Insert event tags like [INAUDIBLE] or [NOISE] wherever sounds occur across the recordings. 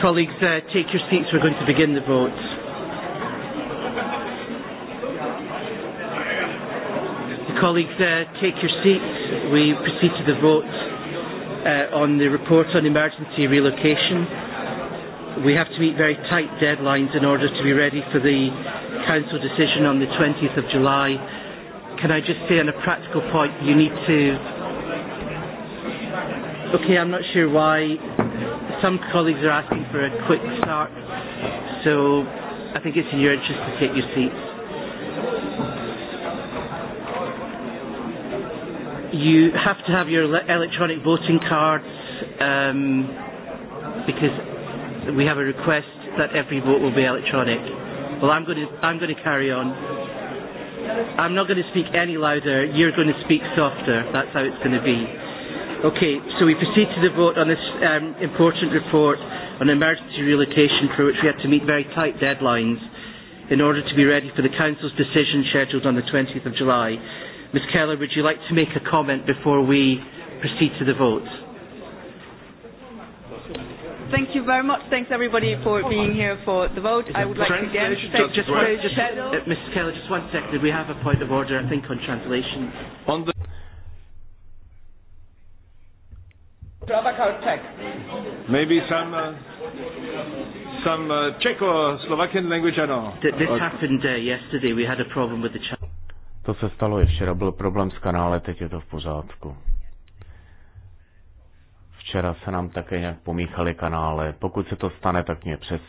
Colleagues, uh, take your seats. We're going to begin the vote. Colleagues, uh, take your seats. We proceed to the vote uh, on the report on emergency relocation. We have to meet very tight deadlines in order to be ready for the council decision on the 20th of July. Can I just say on a practical point, you need to. Okay, I'm not sure why some colleagues are asking for a quick start, so I think it's in your interest to take your seats. You have to have your electronic voting cards um, because we have a request that every vote will be electronic. Well, I'm going to, I'm going to carry on. I'm not going to speak any louder. You're going to speak softer. That's how it's going to be. Okay, so we proceed to the vote on this um, important report on emergency relocation for which we had to meet very tight deadlines in order to be ready for the Council's decision scheduled on the 20th of July. Ms Keller, would you like to make a comment before we proceed to the vote? Thank you very much. Thanks everybody for being here for the vote. I would like to again to thank just, just, just, uh, Ms Keller, just one second. We have a point of order, I think, on translation. On the our text. Maybe some uh, some uh, Czech or Slovakian language, I all. know. Th this okay. happened uh, yesterday. We had a problem with the chat. To se stalo včera, byl problém s kanále, teď je to v pořádku. Včera se nám také nějak pomíchaly kanály. Pokud se to stane, tak mě, přes,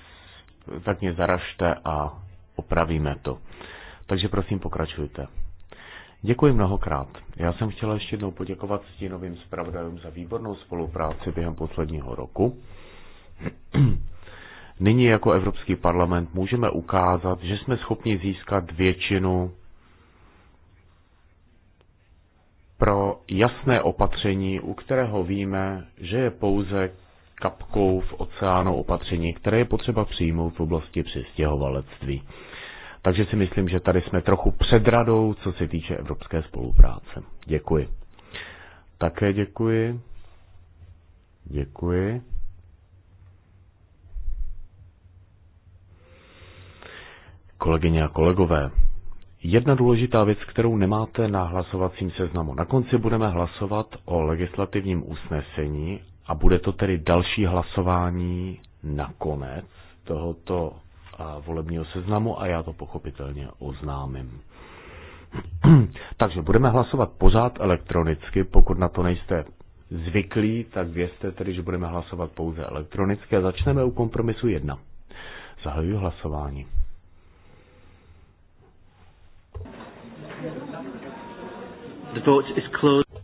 tak mě zaražte a opravíme to. Takže prosím, pokračujte. Děkuji mnohokrát. Já jsem chtěla ještě jednou poděkovat stínovým zpravodajům za výbornou spolupráci během posledního roku. [CLEARS THROAT] Nyní jako Evropský parlament můžeme ukázat, že jsme schopni získat většinu pro jasné opatření, u kterého víme, že je pouze kapkou v oceánu opatření, které je potřeba přijmout v oblasti přistěhovalectví. Takže si myslím, že tady jsme trochu před radou, co se týče evropské spolupráce. Děkuji. Také děkuji. Děkuji. Kolegyně a kolegové, jedna důležitá věc, kterou nemáte na hlasovacím seznamu. Na konci budeme hlasovat o legislativním usnesení a bude to tedy další hlasování nakonec tohoto volebního seznamu a já to pochopitelně oznámím. [CLEARS THROAT] Takže budeme hlasovat pořád elektronicky, pokud na to nejste zvyklí, tak vězte tedy, že budeme hlasovat pouze elektronicky a začneme u kompromisu 1. Zahajuji hlasování. The vote is closed.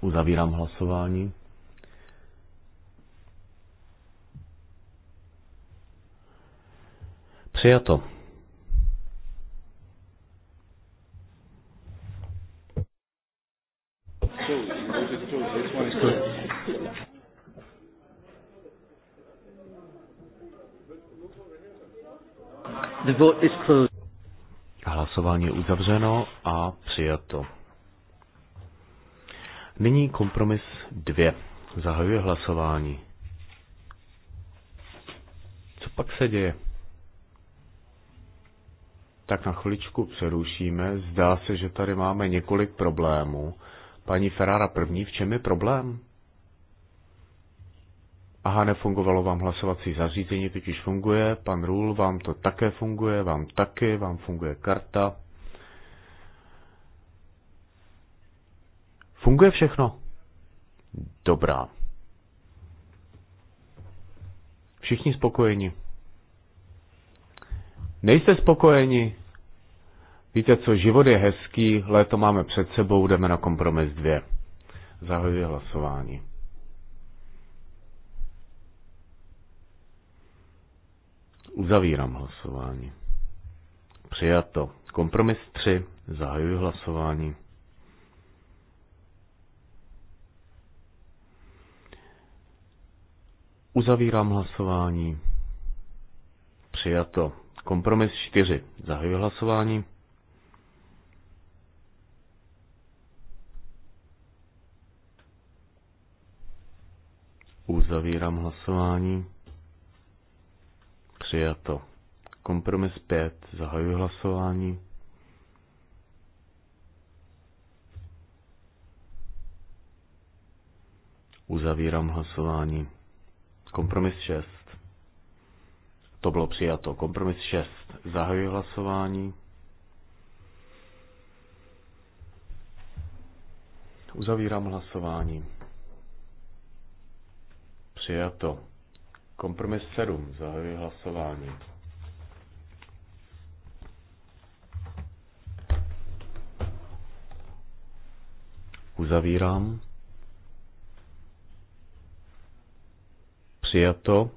Uzavírám hlasování. Přijato. The vote is closed. Hlasování je uzavřeno a přijato. Nyní kompromis 2. Zahajuje hlasování. Co pak se děje? tak na chviličku přerušíme. Zdá se, že tady máme několik problémů. Paní Ferrara první, v čem je problém? Aha, nefungovalo vám hlasovací zařízení, teď už funguje, pan Růl, vám to také funguje, vám taky, vám funguje karta. Funguje všechno? Dobrá. Všichni spokojeni. Nejste spokojeni? Víte co, život je hezký, léto máme před sebou, jdeme na kompromis dvě. Zahajuji hlasování. Uzavírám hlasování. Přijato. Kompromis 3. Zahajuji hlasování. Uzavírám hlasování. Přijato. Kompromis 4. Zahajuji hlasování. Uzavírám hlasování. Přijato. Kompromis 5. Zahajuji hlasování. Uzavírám hlasování. Kompromis 6. To bylo přijato. Kompromis 6. Zahajuji hlasování. Uzavírám hlasování. Přijato. Kompromis 7. Zahajuji hlasování. Uzavírám. Přijato.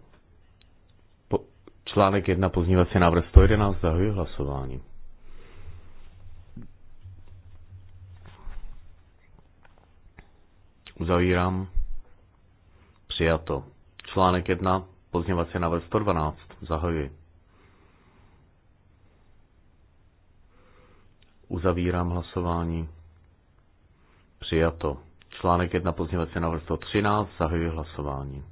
Po, článek 1 pozměňovací návrh 111. Zahajuji hlasování. Uzavírám. Přijato. Článek 1, pozněvací návrh 112. Zahajuji. Uzavírám hlasování. Přijato. Článek 1, pozněvací návrh 113. Zahajuji hlasování.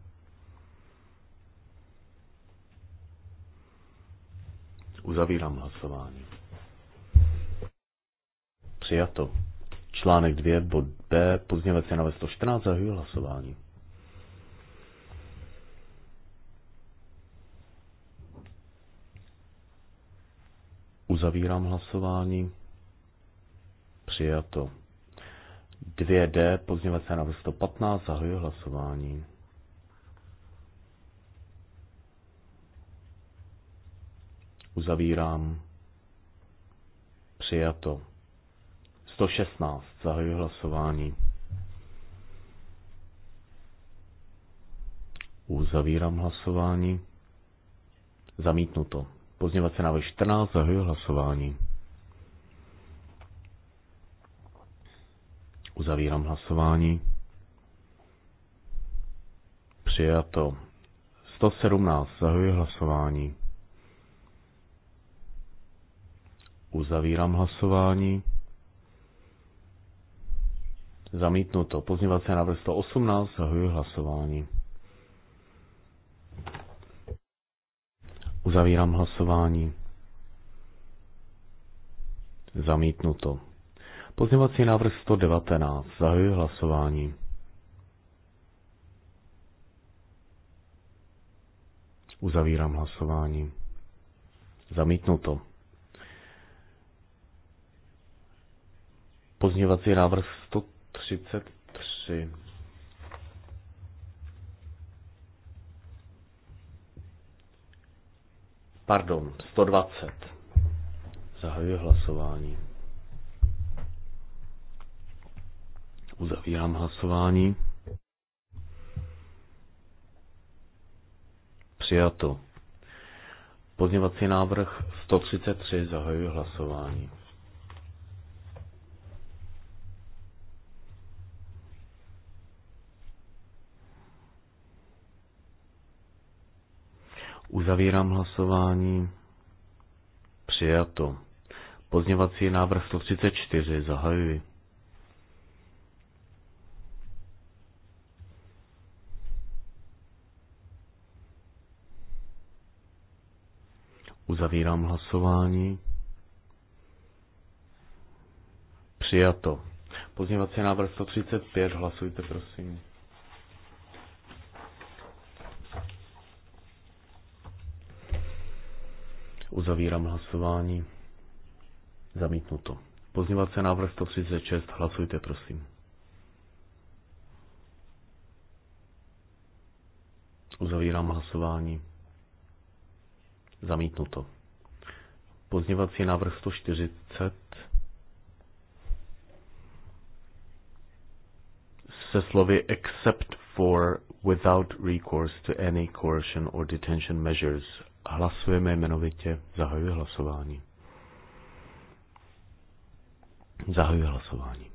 Uzavírám hlasování. Přijato. Článek 2, bod B, pozněvací návrh 114. Zahajuji hlasování. Uzavírám hlasování. Přijato. 2D, pozněvací návrh 115, zahajuji hlasování. Uzavírám. Přijato. 116, zahajuji hlasování. Uzavírám hlasování. Zamítnuto. Pozněvací návrh 14, zahajuji hlasování. Uzavírám hlasování. Přijato. 117, zahajuji hlasování. Uzavírám hlasování. Zamítnuto. Pozněvací návrh 118, zahajuji hlasování. Uzavírám hlasování. Zamítnuto. Pozněvací návrh 119. Zahajuji hlasování. Uzavírám hlasování. Zamítnuto. Pozněvací návrh 133. Pardon, 120. Zahajuji hlasování. Uzavírám hlasování. Přijato. Pozněvací návrh 133. Zahajuji hlasování. Uzavírám hlasování. Přijato. Pozněvací návrh 134. Zahajuji. Uzavírám hlasování. Přijato. Pozněvací návrh 135. Hlasujte, prosím. Uzavírám hlasování. Zamítnuto. Pozněvací návrh 136. Hlasujte, prosím. Uzavírám hlasování. Zamítnuto. Pozněvací návrh 140 se slovy except for without recourse to any coercion or detention measures hlasujeme jmenovitě. Zahajuji hlasování. Zahajuji hlasování.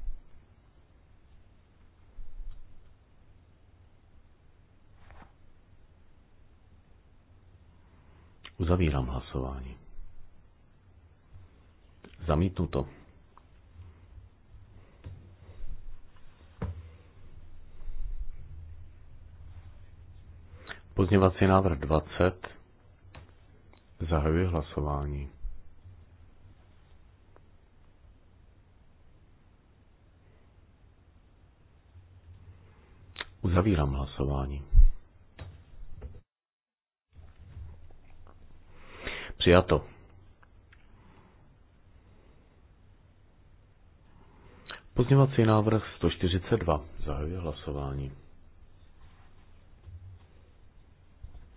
Uzavírám hlasování. Zamítnu to. Pozněvací návrh 20 Zahajuji hlasování. Uzavírám hlasování. Přijato. Pozněvací návrh 142. Zahajuji hlasování.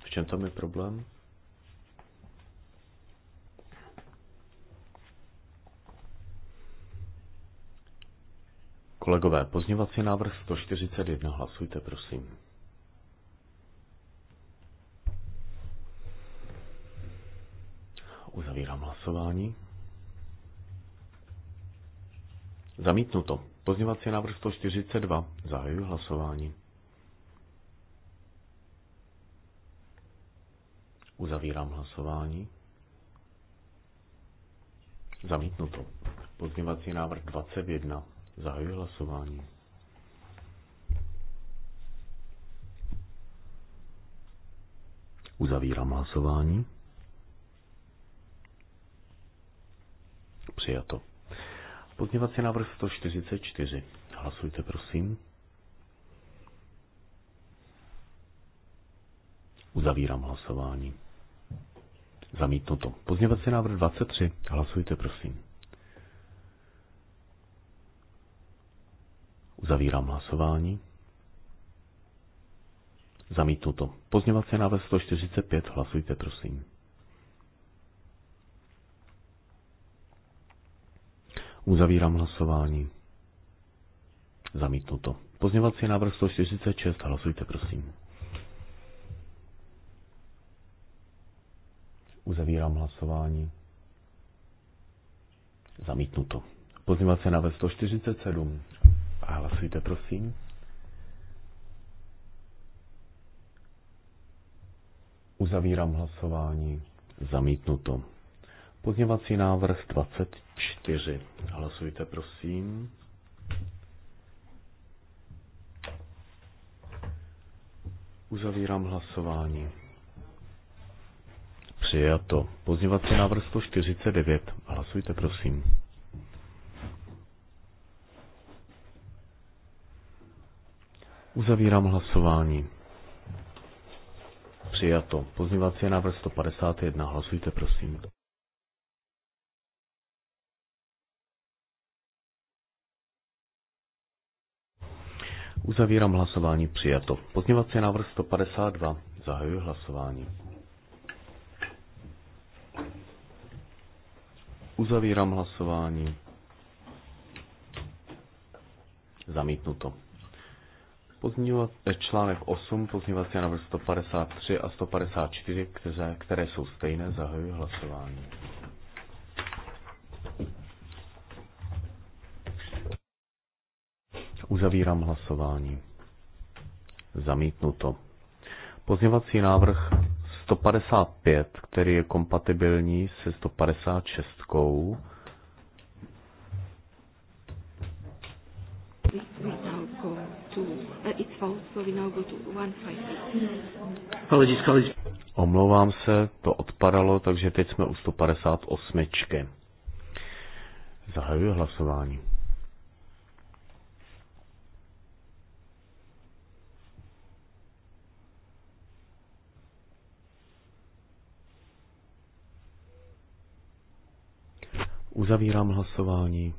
V čem tam je problém? Kolegové, pozněvací návrh 141, hlasujte prosím. Uzavírám hlasování. Zamítnuto. Pozněvací návrh 142. Zahajuji hlasování. Uzavírám hlasování. Zamítnuto. Pozněvací návrh 21. Zahajuji hlasování. Uzavírám hlasování. Přijato. Podněvací návrh 144. Hlasujte, prosím. Uzavírám hlasování. Zamítnuto. Pozněvací návrh 23. Hlasujte, prosím. Uzavírám hlasování. Zamítnuto. Pozněvací návrh 145. Hlasujte, prosím. Uzavírám hlasování. Zamítnuto. Pozněvací návrh 146. Hlasujte, prosím. Uzavírám hlasování. Zamítnuto. Pozněvací návrh 147. A hlasujte, prosím. Uzavírám hlasování. Zamítnuto. Pozněvací návrh 24. Hlasujte, prosím. Uzavírám hlasování. Přijato. Pozněvací návrh 149. Hlasujte, prosím. Uzavírám hlasování. Přijato. Pozměvací návrh 151. Hlasujte, prosím. Uzavírám hlasování. Přijato. Pozměvací návrh 152. Zahajuji hlasování. Uzavírám hlasování. Zamítnuto. Eh, článek 8, pozměňovací návrh 153 a 154, které, které jsou stejné, zahajuji hlasování. Uzavírám hlasování. Zamítnuto. Pozměňovací návrh 155, který je kompatibilní se 156, vote, we now go to Omlouvám se, to odpadalo, takže teď jsme u 158. Zahajuji hlasování. Uzavírám hlasování.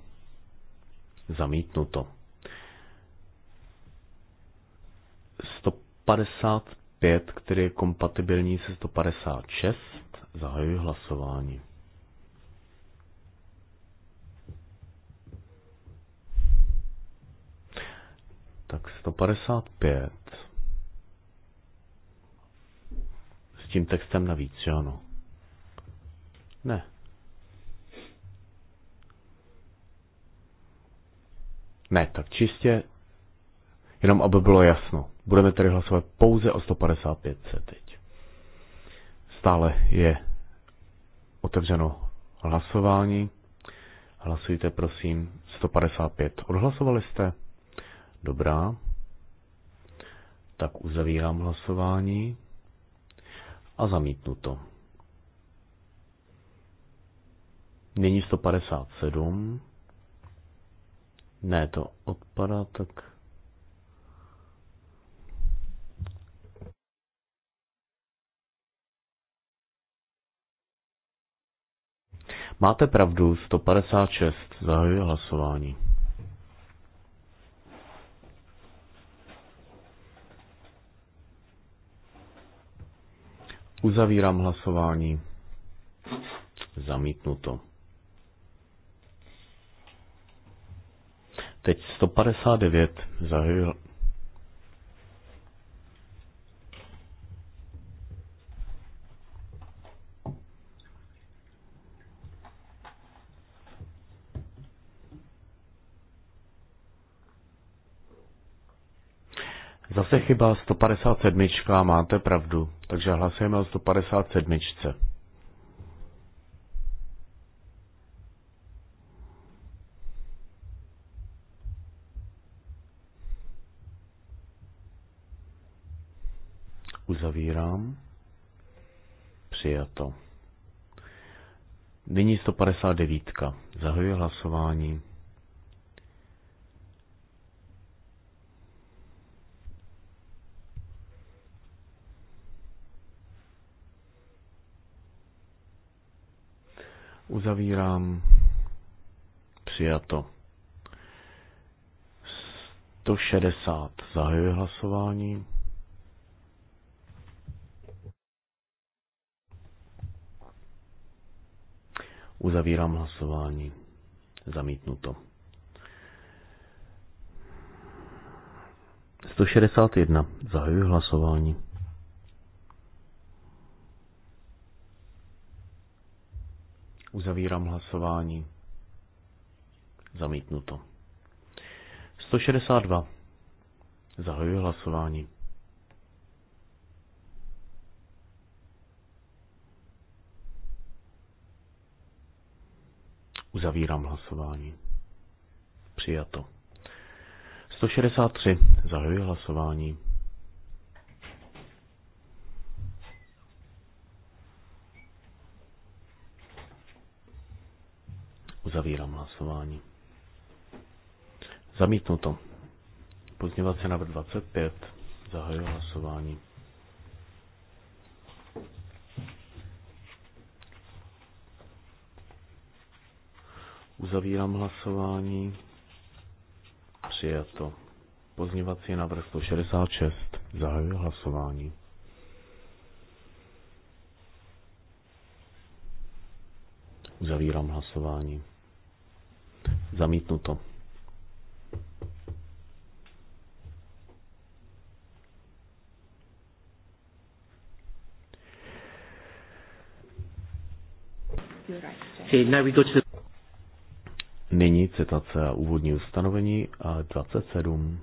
Zamítnuto. 155, který je kompatibilní se 156. Zahajuji hlasování. Tak 155. S tím textem navíc, že ano? Ne. Ne, tak čistě, jenom aby bylo jasno. Budeme tedy hlasovat pouze o 155 teď. Stále je otevřeno hlasování. Hlasujte prosím 155. Odhlasovali jste? Dobrá. Tak uzavírám hlasování a zamítnu to. Nyní 157. Ne, to odpadá, tak Máte pravdu, 156. Zahajuji hlasování. Uzavírám hlasování. Zamítnuto. Teď 159. Zahajuji Zase chyba 157, máte pravdu, takže hlasujeme o 157. Uzavírám. Přijato. Nyní 159. Zahajuji hlasování. Uzavírám. Přijato. 160. zahajuje hlasování. Uzavírám hlasování. Zamítnuto. 161. Zahajuji hlasování. Uzavírám hlasování. Zamítnuto. 162. Zahajuji hlasování. Uzavírám hlasování. Přijato. 163. Zahajuji hlasování. Uzavírám hlasování. Zamítnuto. Pozměňovací návrh 25. Zahajuji hlasování. Uzavírám hlasování. Přijato. Pozměňovací návrh 166. Zahajuji hlasování. Uzavírám hlasování. Zamítnuto. Nyní citace a úvodní ustanovení a 27.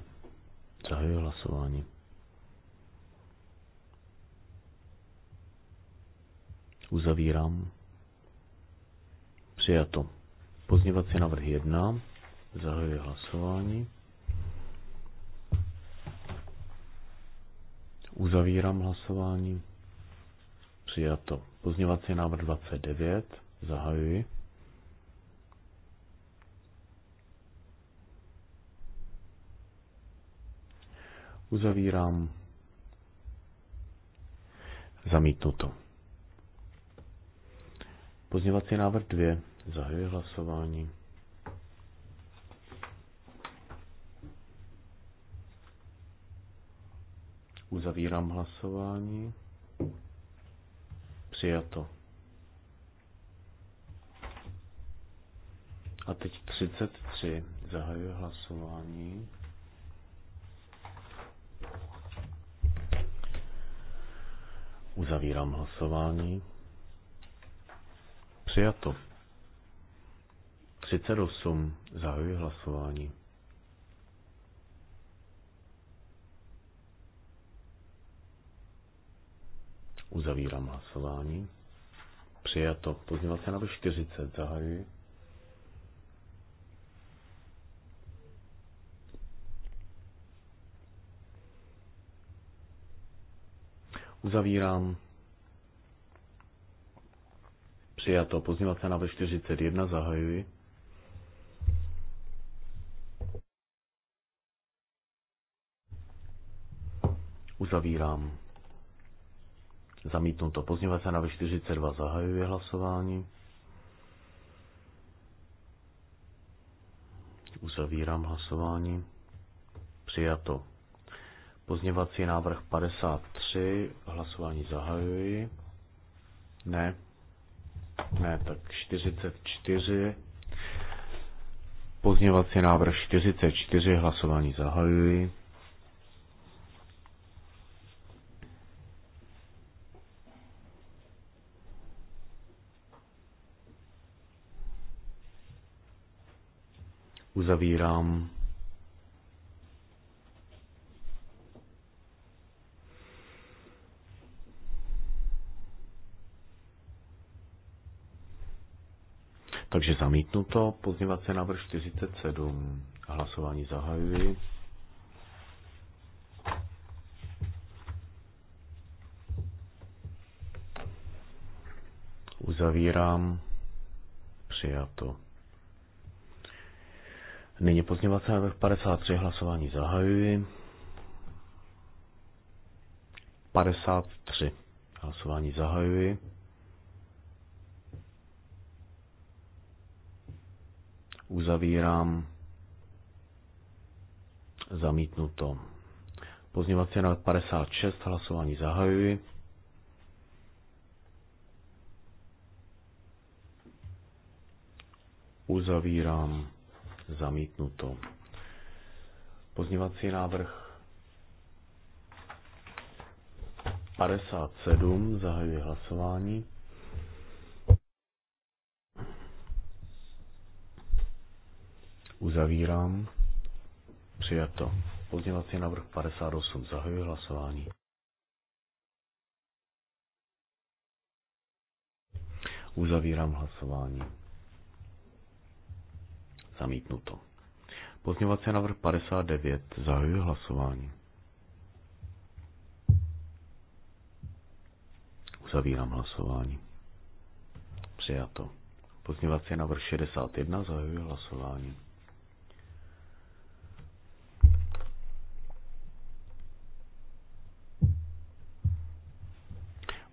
Zahajuje hlasování. Uzavírám. Přijato. Pozněvací návrh 1. Zahajuji hlasování. Uzavírám hlasování. Přijato. Pozněvací návrh 29. Zahajuji. Uzavírám. Zamítnuto. Pozněvací návrh 2. Zahajuji hlasování. Uzavírám hlasování. Přijato. A teď 33. Zahajuji hlasování. Uzavírám hlasování. Přijato. 38. Zahajuji hlasování. Uzavírám hlasování. Přijato. Pozměňovací návrh 40. Zahajuji. Uzavírám. Přijato. Pozměňovací návrh 41. Zahajuji. Uzavírám. Zamítnuto. Pozněvací na 42 zahajuje hlasování. Uzavírám hlasování. Přijato. Pozněvací návrh 53. Hlasování zahajuji. Ne. Ne, tak 44. Pozněvací návrh 44. Hlasování zahajuji. Uzavírám. Takže zamítnuto. Pozněvací návrh 47. Hlasování zahajuji. Uzavírám. Přijato. Nyní pozněvací návrh 53 hlasování zahajuji. 53 hlasování zahajuji. Uzavírám. Zamítnuto. Pozněvací návrh 56 hlasování zahajuji. Uzavírám zamítnuto. Pozněvací návrh 57, zahajuje hlasování. Uzavírám. Přijato. Pozněvací návrh 58. zahajuje hlasování. Uzavírám hlasování. Zamítnuto. Pozměňovací návrh 59. Zahajuji hlasování. Uzavírám hlasování. Přijato. Pozměňovací návrh 61. Zahajuji hlasování.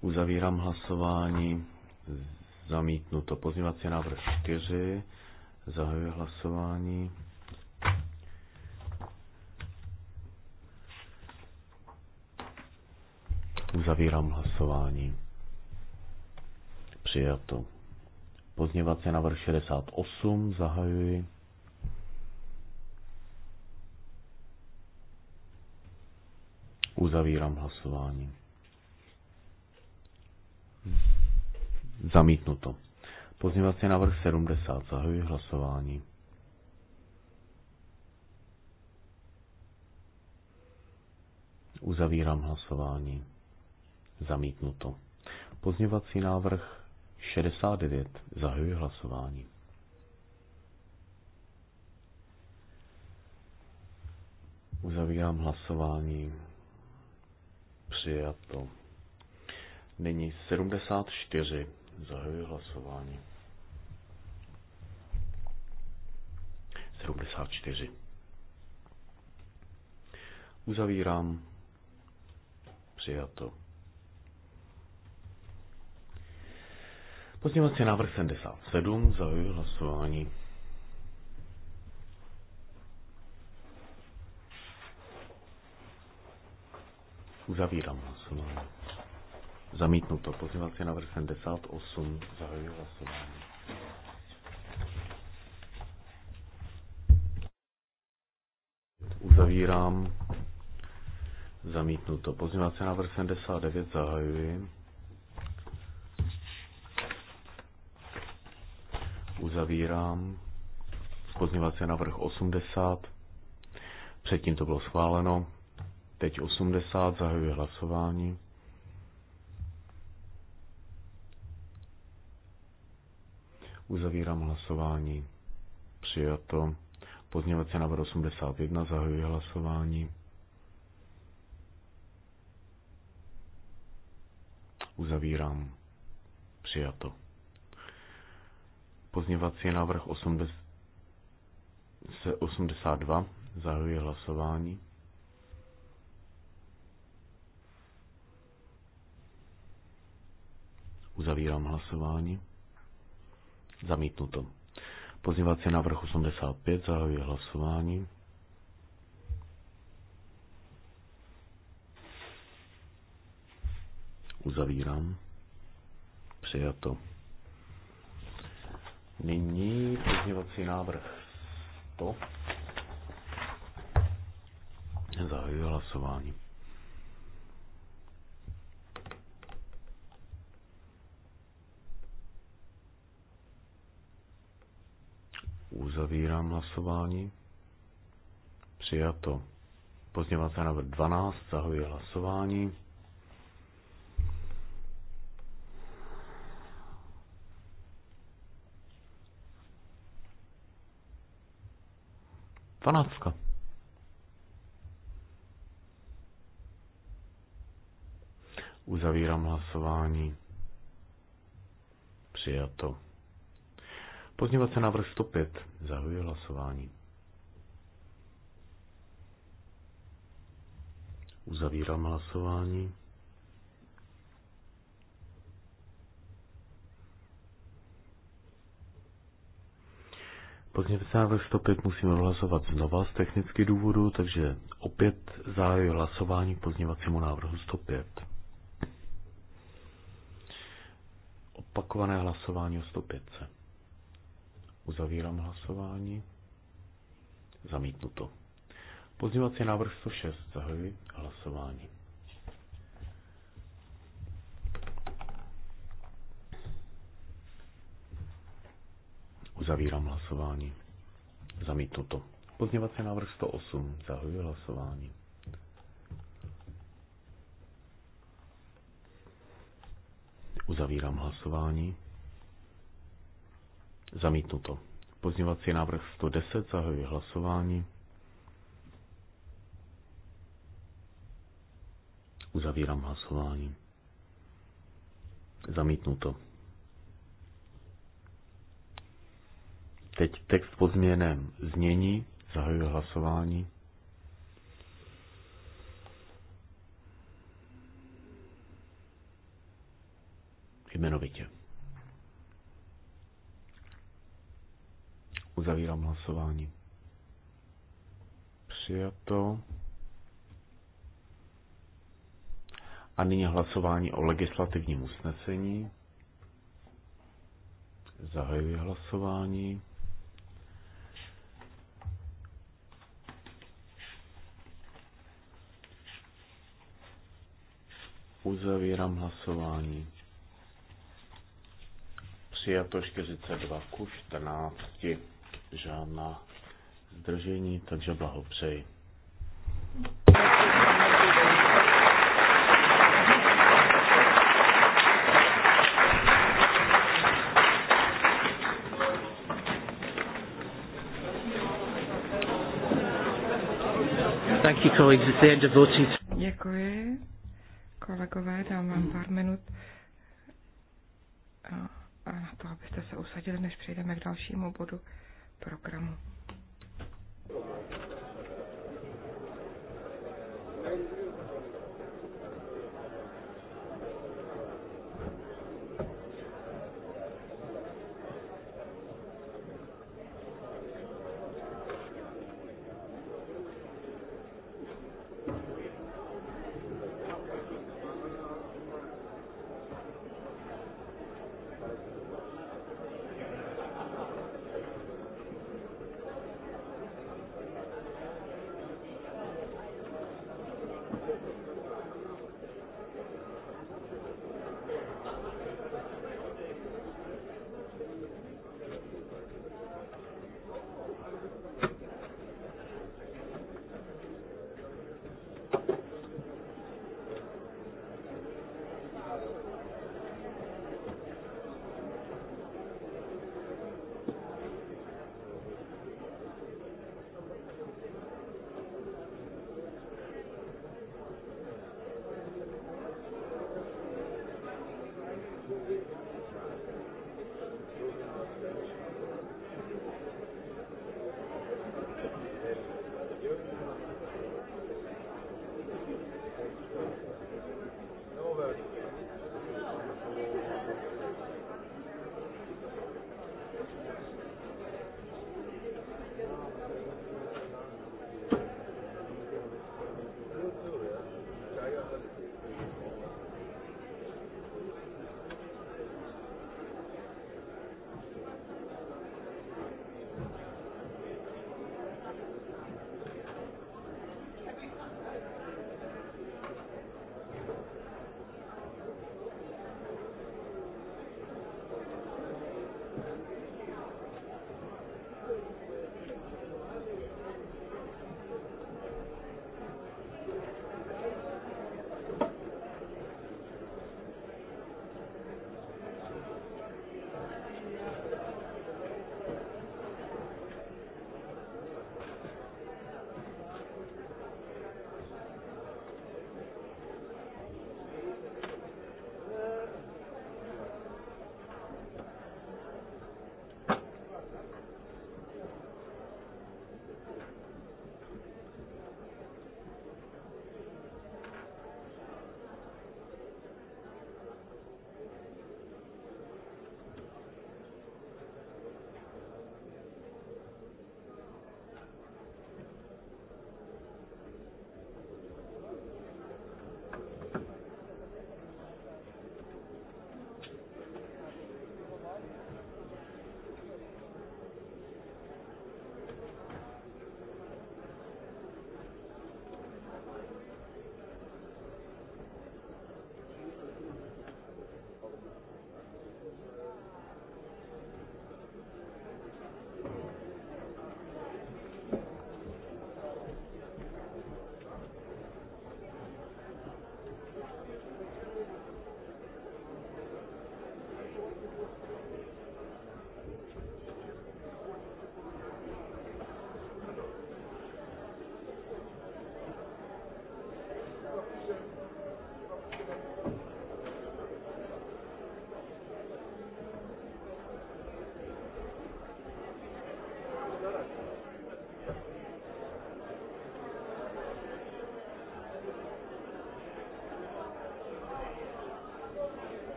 Uzavírám hlasování. Zamítnuto. Pozměňovací návrh 4. Zahajuji hlasování. Uzavírám hlasování. Přijato. Pozněvací návrh 68 zahajuji. Uzavírám hlasování. Zamítnuto. Pozněvací návrh 70. Zahajuji hlasování. Uzavírám hlasování. Zamítnuto. Pozněvací návrh 69. Zahajuji hlasování. Uzavírám hlasování. Přijato. Nyní 74. Zahajuji hlasování. 74. Uzavírám. Přijato. Pozměňovací návrh 77. Zahajuji hlasování. Uzavírám hlasování. Zamítnuto. Pozivací návrh 78. Zahajuji hlasování. Uzavírám. Zamítnuto. Pozivací návrh 79. Zahajuji. Uzavírám. Pozivací návrh 80. Předtím to bylo schváleno. Teď 80. Zahajuji hlasování. Uzavírám hlasování. Přijato. Pozměňovací návrh 81. Zahajuji hlasování. Uzavírám. Přijato. Pozměňovací návrh 82. Zahajuji hlasování. Uzavírám hlasování. Zamítnuto. Pozývací návrh 85, zahajuji hlasování. Uzavírám. Přijato. Nyní pozněvací návrh 100. Zahajuji hlasování. Uzavírám hlasování. Přijato. Pozměňovací návrh 12. Zahajuji hlasování. Dvanáctka. Uzavírám hlasování. Přijato. Pozněvat se návrh 105. Zahajuji hlasování. Uzavírám hlasování. se návrh 105 musíme hlasovat znova z technických důvodů, takže opět zahajuji hlasování k pozněvacímu návrhu 105. Opakované hlasování o 105. Uzavírám hlasování. Zamítnuto. Pozměňovací návrh 106. Zahajuji hlasování. Uzavírám hlasování. Zamítnuto. Pozměňovací návrh 108. Zahajuji hlasování. Uzavírám hlasování. Zamítnuto. Pozněvací návrh 110, zahajuji hlasování. Uzavírám hlasování. Zamítnuto. Teď text po změném znění, zahajuji hlasování. Jmenovitě. Uzavírám hlasování. Přijato. A nyní hlasování o legislativním usnesení. Zahajuji hlasování. Uzavírám hlasování. Přijato 42 ku 14 žádná zdržení, takže blahopřeji. Thank you, Děkuji, kolegové, dám vám pár minut a eh, na to, abyste se usadili, než přejdeme k dalšímu bodu programu.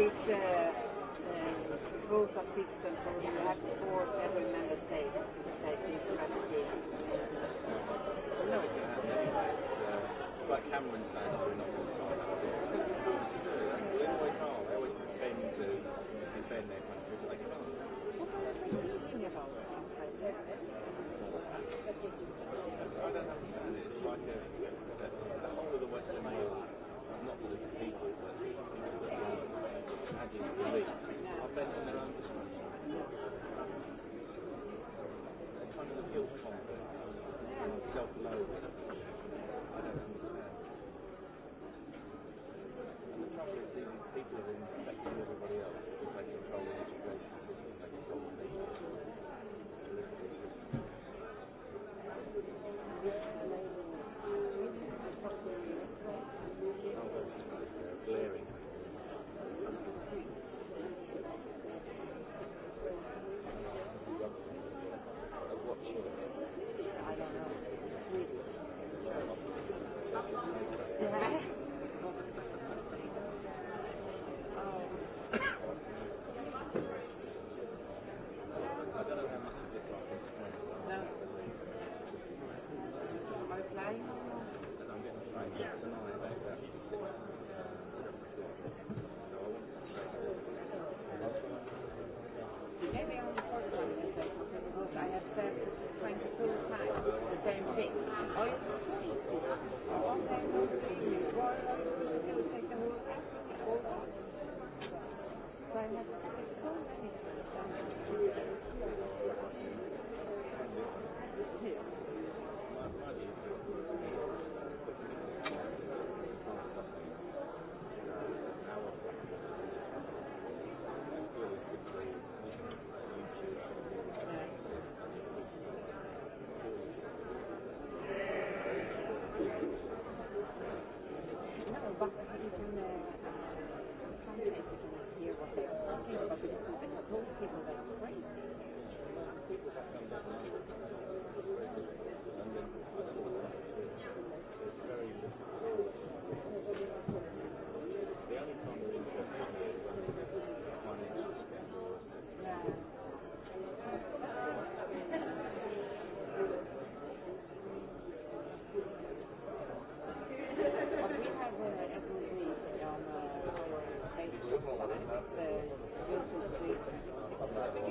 this uh, uh, quota system, so you have to force every member state to take this ratification. No. Like Cameron said, we're not going to They always are. They always defend, defend their country, but they can't. What are they thinking about?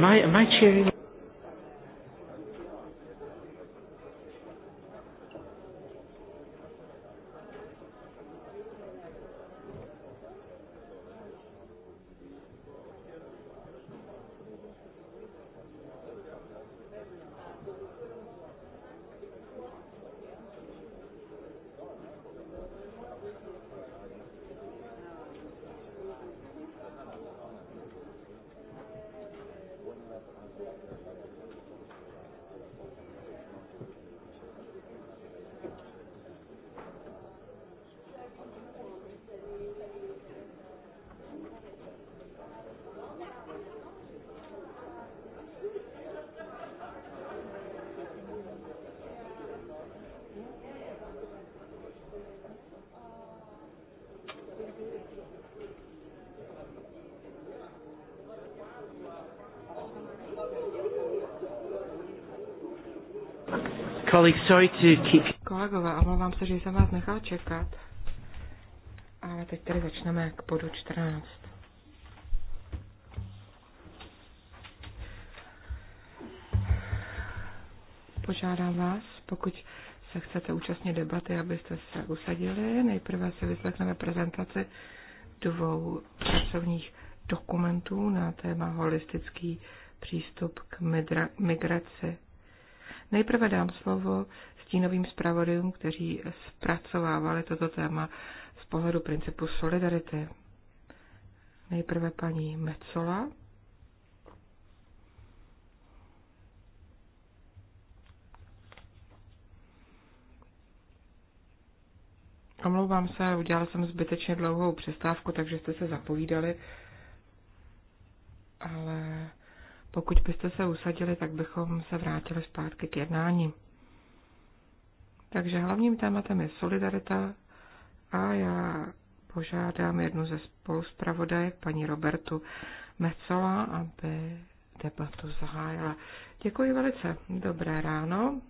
am I am I cheering? Kolegové, omlouvám se, že jsem vás nechal čekat. Ale teď tady začneme k bodu 14. Požádám vás, pokud se chcete účastnit debaty, abyste se usadili. Nejprve si vyslechneme prezentaci dvou pracovních dokumentů na téma holistický přístup k migraci Nejprve dám slovo stínovým zpravodajům, kteří zpracovávali toto téma z pohledu principu solidarity. Nejprve paní Mecola. Omlouvám se, udělal jsem zbytečně dlouhou přestávku, takže jste se zapovídali, ale pokud byste se usadili, tak bychom se vrátili zpátky k jednání. Takže hlavním tématem je solidarita a já požádám jednu ze spoluspravodajek, paní Robertu Mecola, aby debatu zahájila. Děkuji velice. Dobré ráno.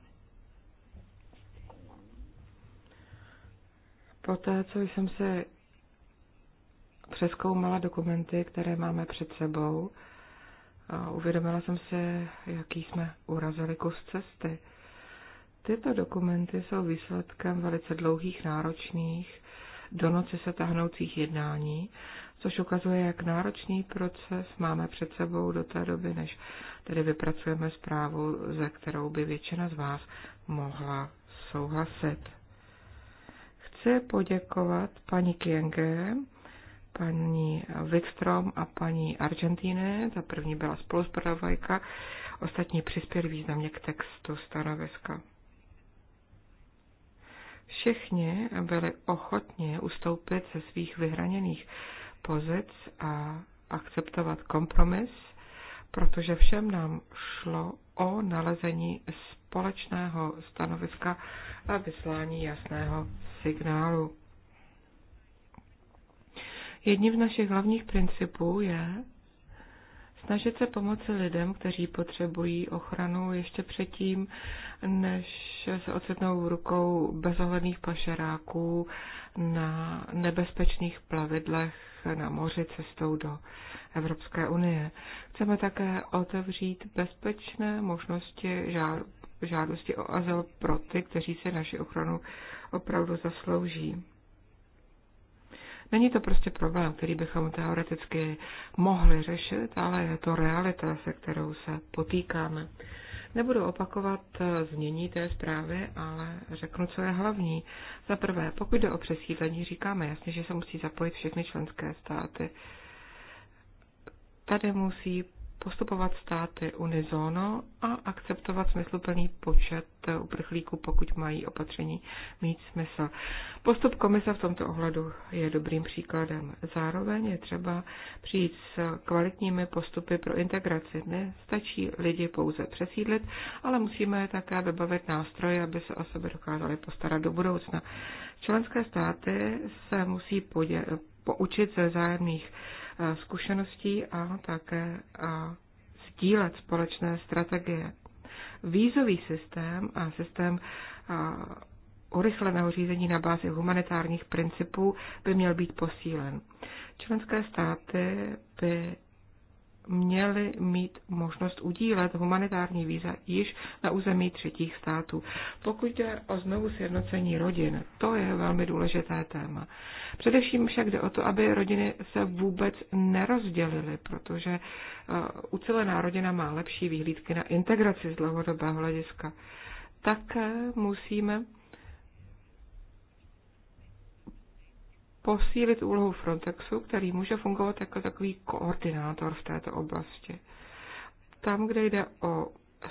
Poté, co jsem se přeskoumala dokumenty, které máme před sebou, a uvědomila jsem si, jaký jsme urazili kus cesty. Tyto dokumenty jsou výsledkem velice dlouhých, náročných, do noci se tahnoucích jednání, což ukazuje, jak náročný proces máme před sebou do té doby, než tedy vypracujeme zprávu, ze kterou by většina z vás mohla souhlasit. Chci poděkovat paní Kienge, paní Wikstrom a paní Argentine. Ta první byla spoluspravodajka, ostatní přispěli významně k textu stanoviska. Všichni byli ochotně ustoupit ze svých vyhraněných pozic a akceptovat kompromis, protože všem nám šlo o nalezení společného stanoviska a vyslání jasného signálu. Jedním z našich hlavních principů je snažit se pomoci lidem, kteří potřebují ochranu ještě předtím, než se ocitnou v rukou bezohledných pašeráků na nebezpečných plavidlech na moři cestou do Evropské unie. Chceme také otevřít bezpečné možnosti žádosti o azyl pro ty, kteří se naši ochranu opravdu zaslouží. Není to prostě problém, který bychom teoreticky mohli řešit, ale je to realita, se kterou se potýkáme. Nebudu opakovat eh, znění té zprávy, ale řeknu, co je hlavní. Za prvé, pokud jde o přesídlení, říkáme jasně, že se musí zapojit všechny členské státy. Tady musí postupovat státy unizono a akceptovat smysluplný počet uprchlíků, pokud mají opatření mít smysl. Postup komise v tomto ohledu je dobrým příkladem. Zároveň je třeba přijít s kvalitními postupy pro integraci. Nestačí lidi pouze přesídlit, ale musíme je také vybavit nástroje, aby se o sebe dokázali postarat do budoucna. Členské státy se musí podě- poučit ze zájemných zkušeností a také sdílet společné strategie. Vízový systém a systém urychleného řízení na bázi humanitárních principů by měl být posílen. Členské státy by měli mít možnost udílet humanitární víza již na území třetích států. Pokud jde o znovu sjednocení rodin, to je velmi důležité téma. Především však jde o to, aby rodiny se vůbec nerozdělily, protože eh, ucelená rodina má lepší výhlídky na integraci z dlouhodobého hlediska. Také musíme posílit úlohu Frontexu, který může fungovat jako takový koordinátor v této oblasti. Tam, kde jde o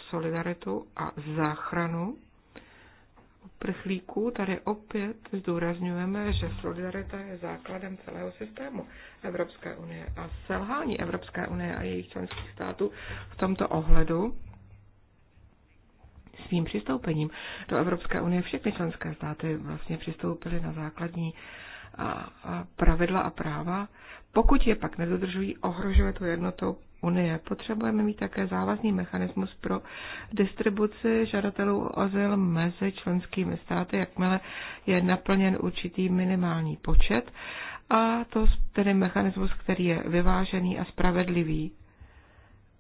solidaritu a záchranu uprchlíků, tady opět zdůrazňujeme, že solidarita je základem celého systému Evropské unie a selhání Evropské unie a jejich členských států v tomto ohledu svým přistoupením do Evropské unie všechny členské státy vlastně přistoupily na základní uh, pravidla a práva. Pokud je pak nedodržují, ohrožuje to jednotu Unie. Potřebujeme mít také závazný mechanismus pro distribuci žadatelů o azyl mezi členskými státy, jakmile je naplněn určitý minimální počet. A to tedy mechanismus, který je vyvážený a spravedlivý.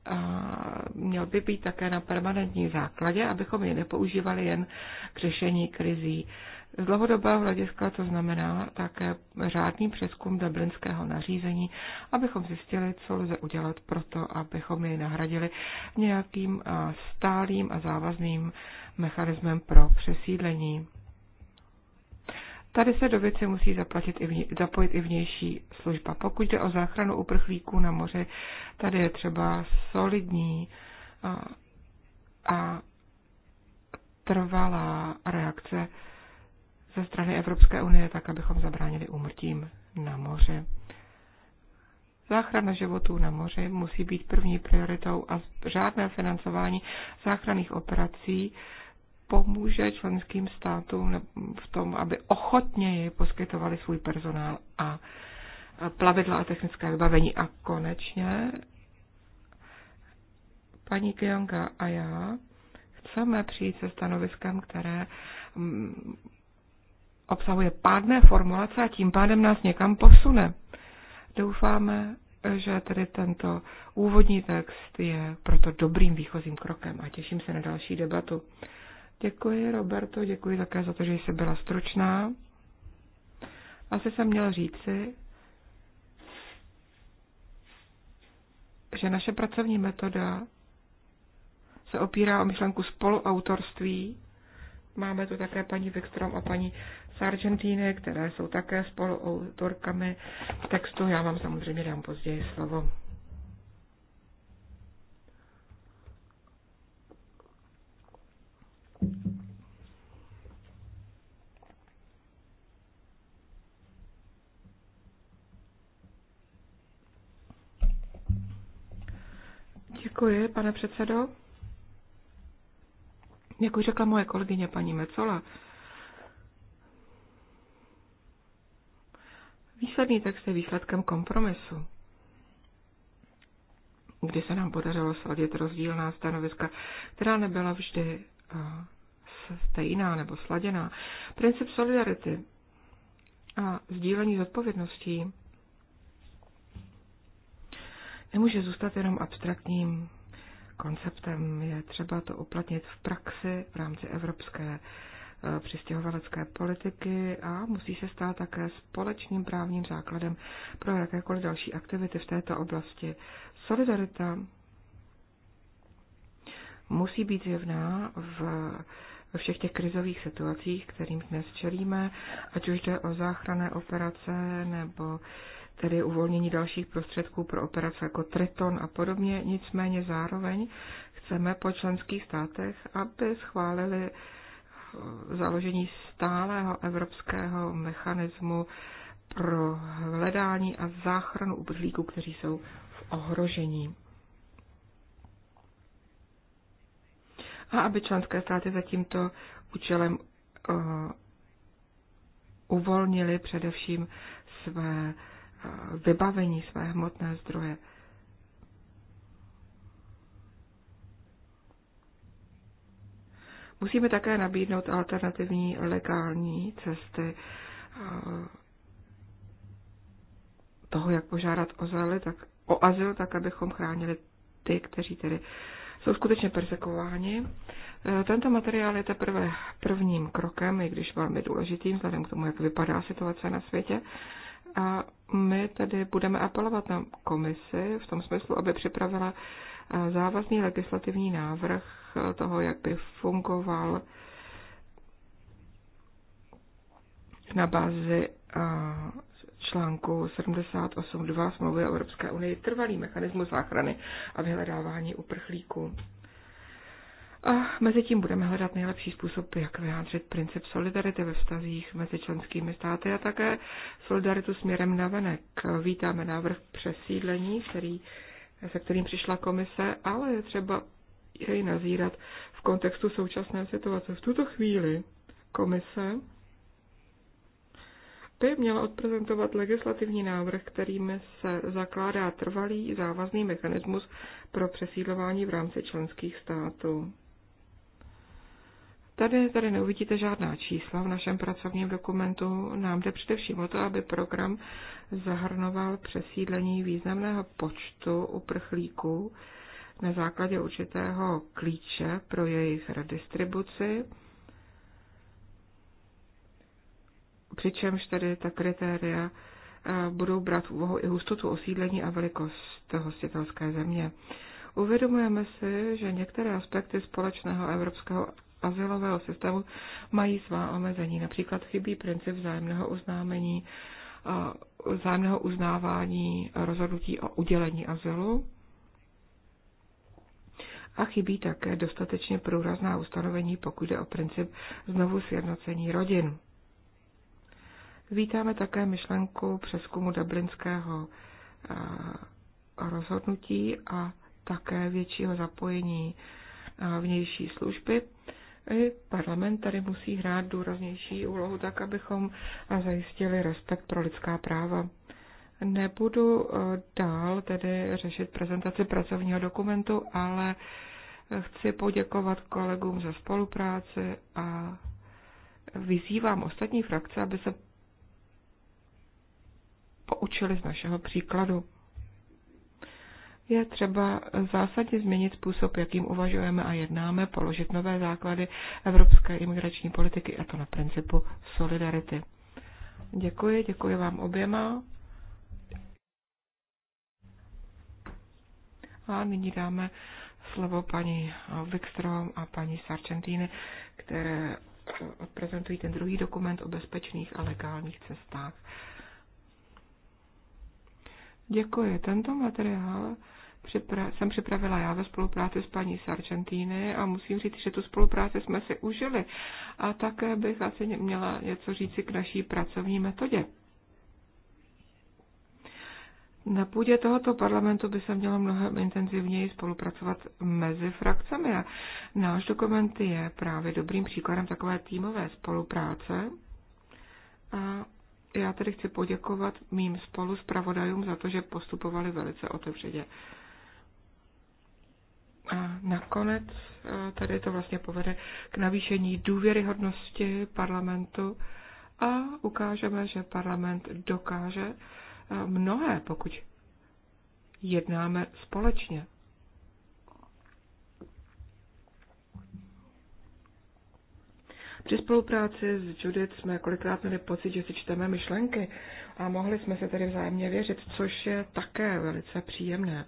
A měl by být také na permanentní základě, abychom je nepoužívali jen k řešení krizí z dlouhodobého hlediska to znamená také řádný přeskum dublinského nařízení, abychom zjistili, co lze udělat pro to, abychom jej nahradili nějakým stálým a závazným mechanismem pro přesídlení. Tady se do věci musí zaplatit i vně, zapojit i vnější služba. Pokud jde o záchranu uprchlíků na moři, tady je třeba solidní a, a trvalá reakce ze strany Evropské unie, tak abychom zabránili úmrtím na moře. Záchrana životů na moři musí být první prioritou a řádné financování záchranných operací pomůže členským státům v tom, aby ochotněji poskytovali svůj personál a plavidla a technické vybavení. A konečně paní Kionga a já chceme přijít se stanoviskem, které mm, obsahuje pádné formulace a tím pádem nás někam posune. Doufáme, že tedy tento úvodní text je proto dobrým výchozím krokem a těším se na další debatu. Děkuji, Roberto, děkuji také za to, že jsi byla stručná. Asi jsem měl říci, že naše pracovní metoda se opírá o myšlenku spoluautorství. Máme tu také paní Vikstrom a paní z Argentíny, které jsou také spoluautorkami textu. Já vám samozřejmě dám později slovo. Děkuji, pane předsedo. Jak už řekla moje kolegyně paní Mecola, Výsledný text je výsledkem kompromisu, kdy se nám podařilo sladit rozdílná stanoviska, která nebyla vždy eh, stejná nebo sladěná. Princip solidarity a sdílení zodpovědností nemůže zůstat jenom abstraktním konceptem. Je třeba to uplatnit v praxi v rámci evropské Eh, přistěhovalecké politiky a musí se stát také společným právním základem pro jakékoliv další aktivity v této oblasti. Solidarita musí být zjevná v ve všech těch krizových situacích, kterým dnes čelíme, ať už jde o záchranné operace nebo tedy uvolnění dalších prostředků pro operace jako Triton a podobně. Nicméně zároveň chceme po členských státech, aby schválili založení stálého evropského mechanismu pro hledání a záchranu uprchlíků, kteří jsou v ohrožení. A aby členské státy za tímto účelem eh, uvolnili především své eh, vybavení, své hmotné zdroje. Musíme také nabídnout alternativní legální cesty eh, toho, jak požádat o, zali, tak, o azyl, tak abychom chránili ty, kteří tedy jsou skutečně persekováni. Eh, tento materiál je teprve prvním krokem, i když velmi důležitým, vzhledem k tomu, jak vypadá situace na světě. A my tedy budeme apelovat na komisi v tom smyslu, aby připravila eh, závazný legislativní návrh toho, jak by fungoval na bázi článku 78.2 smlouvy Evropské unii trvalý mechanismus záchrany a vyhledávání uprchlíků. A mezi tím budeme hledat nejlepší způsob, jak vyjádřit princip solidarity ve vztazích mezi členskými státy a také solidaritu směrem na venek. Vítáme návrh přesídlení, který, se kterým přišla komise, ale je třeba stíhají nazírat v kontextu současné situace. V tuto chvíli komise by měla odprezentovat legislativní návrh, kterým se zakládá trvalý závazný mechanismus pro přesídlování v rámci členských států. Tady, tady neuvidíte žádná čísla v našem pracovním dokumentu. Nám jde především o to, aby program zahrnoval přesídlení významného počtu uprchlíků na základě určitého klíče pro jejich redistribuci, přičemž tedy ta kritéria eh, budou brát v úvahu i hustotu osídlení a velikost hostitelské země. Uvědomujeme si, že některé aspekty společného evropského azylového systému mají svá omezení. Například chybí princip vzájemného uznámení, vzájemného uznávání rozhodnutí o udělení azylu a chybí také dostatečně průrazná ustanovení, pokud jde o princip znovu sjednocení rodin. Vítáme také myšlenku přeskumu dublinského eh, rozhodnutí a také většího zapojení eh, vnější služby. I parlament tady musí hrát důraznější úlohu tak, abychom eh, zajistili respekt pro lidská práva. Nebudu eh, dál tedy řešit prezentaci pracovního dokumentu, ale eh, chci poděkovat kolegům za spolupráci a vyzývám ostatní frakce, aby se poučili z našeho příkladu. Je třeba zásadně změnit způsob, jakým uvažujeme a jednáme, položit nové základy evropské imigrační politiky a to na principu solidarity. Děkuji, děkuji vám oběma. A nyní dáme slovo paní Wikstrom a paní Sargentini, které odprezentují eh, ten druhý dokument o bezpečných a legálních cestách. Děkuji. Tento materiál připra- jsem připravila já ve spolupráci s paní Sargentini a musím říct, že tu spolupráci jsme si užili. A také bych asi měla něco říci k naší pracovní metodě. Na půdě tohoto parlamentu by se mělo mnohem intenzivněji spolupracovat mezi frakcemi a náš dokument je právě dobrým příkladem takové týmové spolupráce. A já tedy chci poděkovat mým spolu zpravodajům za to, že postupovali velice otevřeně. A nakonec e, tady to vlastně povede k navýšení důvěryhodnosti parlamentu a ukážeme, že parlament dokáže mnohé, pokud jednáme společně. Při spolupráci s Judith jsme kolikrát měli pocit, že si čteme myšlenky a mohli jsme se tedy vzájemně věřit, což je také velice příjemné.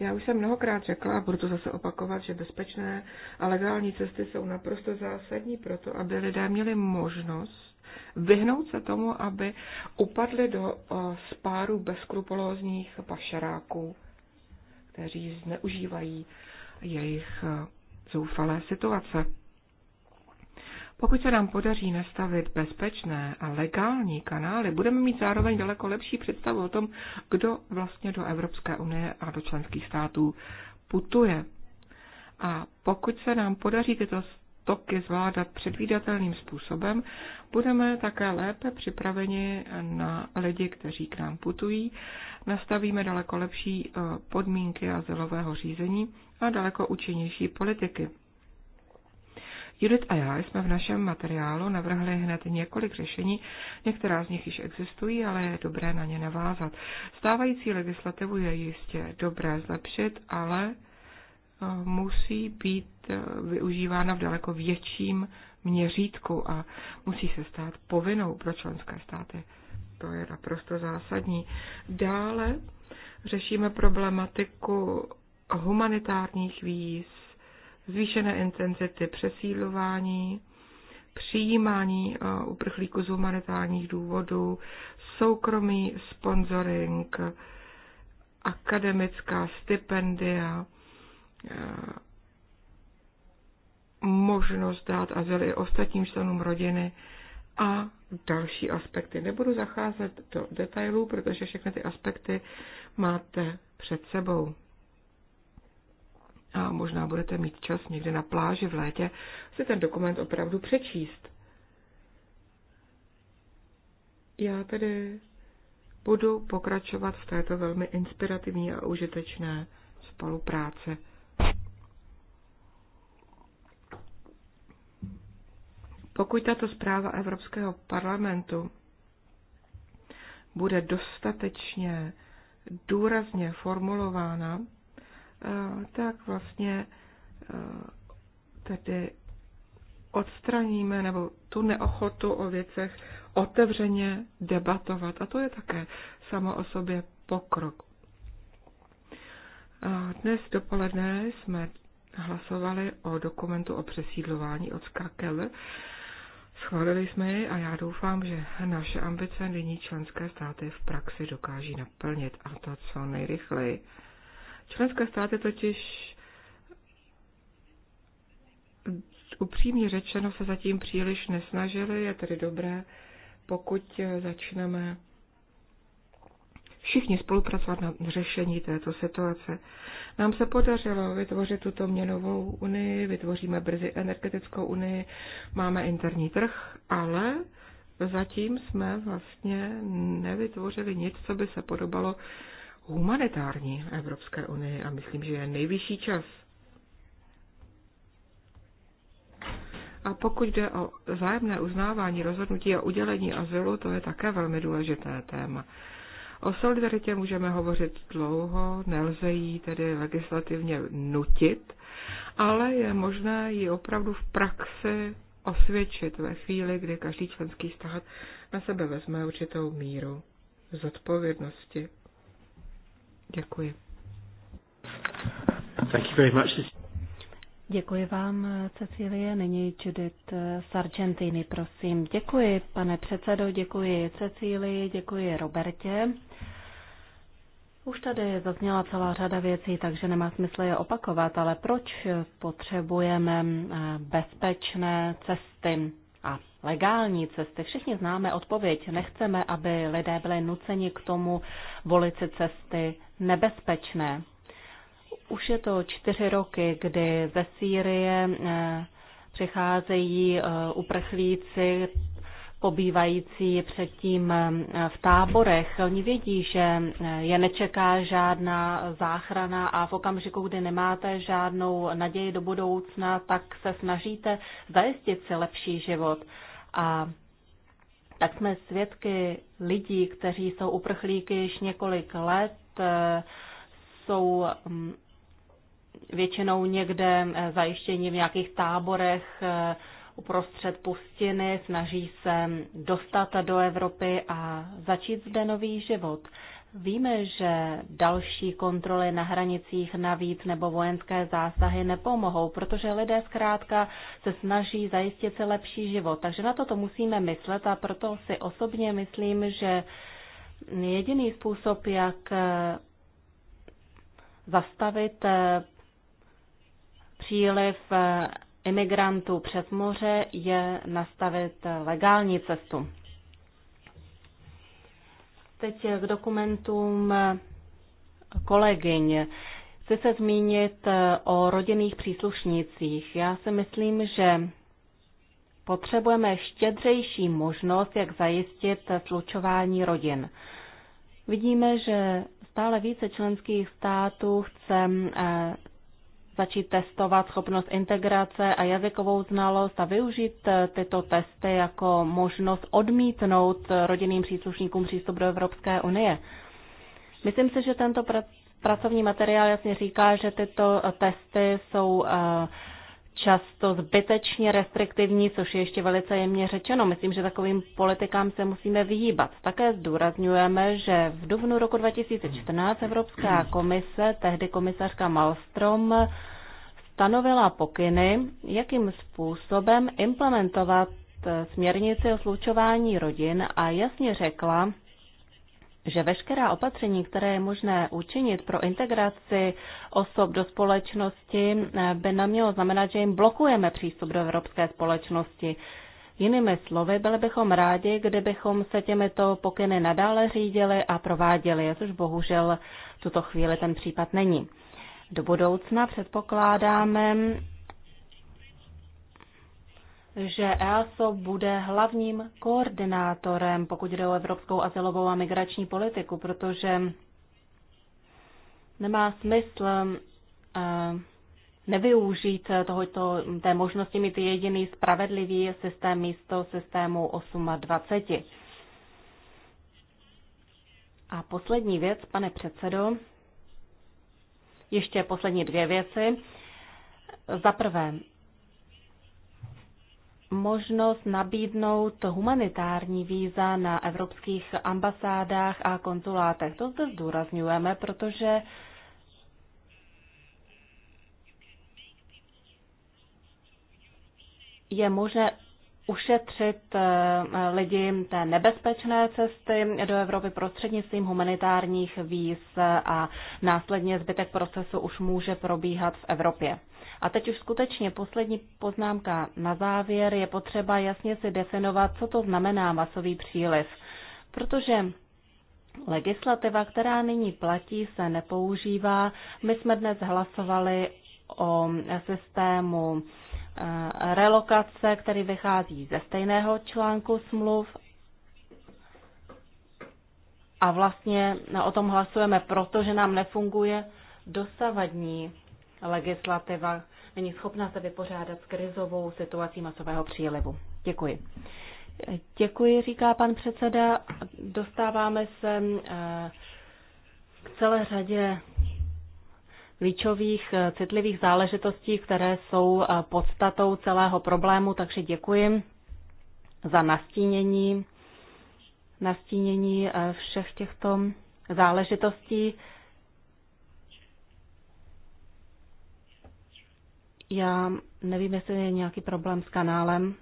Já už jsem mnohokrát řekla, a budu to zase opakovat, že bezpečné a legální cesty jsou naprosto zásadní pro to, aby lidé měli možnost vyhnout se tomu, aby upadli do eh, spáru bezkrupulózních pašeráků, kteří zneužívají jejich eh, zoufalé situace. Pokud se nám podaří nastavit bezpečné a legální kanály, budeme mít zároveň daleko lepší představu o tom, kdo vlastně do Evropské unie a do členských států putuje. A pokud se nám podaří tyto toky zvládat předvídatelným způsobem, budeme také lépe připraveni na lidi, kteří k nám putují, nastavíme daleko lepší eh, podmínky azylového řízení a daleko účinnější politiky. Judith a já jsme v našem materiálu navrhli hned několik řešení, některá z nich již existují, ale je dobré na ně navázat. Stávající legislativu je jistě dobré zlepšit, ale eh, musí být eh, využívána v daleko větším měřítku a musí se stát povinnou pro členské státy. To je naprosto zásadní. Dále řešíme problematiku humanitárních víz, zvýšené intenzity přesídlování, přijímání eh, uprchlíků z humanitárních důvodů, soukromý sponsoring, akademická stipendia, eh, možnost dát azyl i ostatním členům rodiny a další aspekty. Nebudu zacházet do detailů, protože všechny ty aspekty máte před sebou a možná budete mít čas někde na pláži v létě si ten dokument opravdu přečíst. Já tedy budu pokračovat v této velmi inspirativní a užitečné spolupráce. Pokud tato zpráva Evropského parlamentu bude dostatečně důrazně formulována, tak vlastně e, tedy odstraníme nebo tu neochotu o věcech otevřeně debatovat. A to je také samo o sobě pokrok. Dnes dopoledne jsme hlasovali o dokumentu o přesídlování od Skakel. Schválili jsme ji a já doufám, že naše ambice nyní členské státy v praxi dokáží naplnit a to co nejrychleji. Členské státy totiž upřímně řečeno se zatím příliš nesnažili, je tedy dobré, pokud začneme všichni spolupracovat na řešení této situace. Nám se podařilo vytvořit tuto měnovou unii, vytvoříme brzy energetickou unii, máme interní trh, ale zatím jsme vlastně nevytvořili nic, co by se podobalo humanitární Evropské unie a myslím, že je nejvyšší čas. A pokud jde o vzájemné uznávání rozhodnutí a udělení azylu, to je také velmi důležité téma. O solidaritě můžeme hovořit dlouho, nelze ji tedy legislativně nutit, ale je možné ji opravdu v praxi osvědčit ve chvíli, kdy každý členský stát na sebe vezme určitou míru zodpovědnosti. Děkuji. Thank you very much. Děkuji vám, Cecilie. Nyní Judith Sargentini, prosím. Děkuji, pane předsedo, děkuji Cecílii, děkuji Robertě. Už tady zazněla celá řada věcí, takže nemá smysl je opakovat, ale proč potřebujeme eh, bezpečné cesty a legální cesty. Všichni známe odpověď. Nechceme, aby lidé byli nuceni k tomu volit si cesty nebezpečné. Už je to čtyři roky, kdy ze Sýrie eh, přicházejí eh, uprchlíci pobývající předtím eh, v táborech. Oni vědí, že je nečeká žádná záchrana a v okamžiku, kdy nemáte žádnou naději do budoucna, tak se snažíte zajistit si lepší život. A tak jsme svědky lidí, kteří jsou uprchlíky již několik let, eh, jsou mm, většinou někde eh, zajištěni v nějakých táborech eh, uprostřed pustiny, snaží se dostat do Evropy a začít zde nový život. Víme, že další kontroly na hranicích navíc nebo vojenské zásahy nepomohou, protože lidé zkrátka se snaží zajistit si lepší život. Takže na toto musíme myslet a proto si osobně myslím, že jediný způsob, jak eh, zastavit eh, příliv eh, imigrantů přes moře, je nastavit legální cestu teď k dokumentům kolegyň. Chci se zmínit o rodinných příslušnících. Já si myslím, že potřebujeme štědřejší možnost, jak zajistit slučování rodin. Vidíme, že stále více členských států chce eh, začít testovat schopnost integrace a jazykovou znalost a využít eh, tyto testy jako možnost odmítnout rodinným příslušníkům přístup do Evropské unie. Myslím si, že tento pracovní materiál jasně říká, že tyto eh, testy jsou eh, často zbytečně restriktivní, což je ještě velice jemně řečeno. Myslím, že takovým politikám se musíme vyhýbat. Také zdůrazňujeme, že v dubnu roku 2014 Evropská komise, tehdy komisařka Malstrom, stanovila pokyny, jakým způsobem implementovat směrnici o slučování rodin a jasně řekla, že veškerá opatření, které je možné učinit pro integraci osob do společnosti, eh, by nám mělo znamenat, že jim blokujeme přístup do evropské společnosti. Jinými slovy, byli bychom rádi, kdybychom se těmito pokyny nadále řídili a prováděli, což bohužel v tuto chvíli ten případ není. Do budoucna předpokládáme že EASO bude hlavním koordinátorem, pokud jde o evropskou asilovou a migrační politiku, protože nemá smysl eh, nevyužít tohoto, té možnosti mít jediný spravedlivý systém místo systému 20. A poslední věc, pane předsedo, ještě poslední dvě věci. Za prvé, možnost nabídnout humanitární víza na evropských ambasádách a konzulátech. To zde zdůrazňujeme, protože je možné ušetřit eh, lidi té nebezpečné cesty do Evropy prostřednictvím humanitárních víz a následně zbytek procesu už může probíhat v Evropě. A teď už skutečně poslední poznámka na závěr. Je potřeba jasně si definovat, co to znamená masový příliv. Protože legislativa, která nyní platí, se nepoužívá. My jsme dnes hlasovali o systému eh, relokace, který vychází ze stejného článku smluv a vlastně o tom hlasujeme, protože nám nefunguje dosavadní legislativa není schopná se vypořádat s krizovou situací masového přílivu. Děkuji. Děkuji, říká pan předseda. Dostáváme se eh, k celé řadě klíčových eh, citlivých záležitostí, které jsou eh, podstatou celého problému, takže děkuji za nastínění, nastínění všech těchto záležitostí. Já nevím, jestli je nějaký problém s kanálem.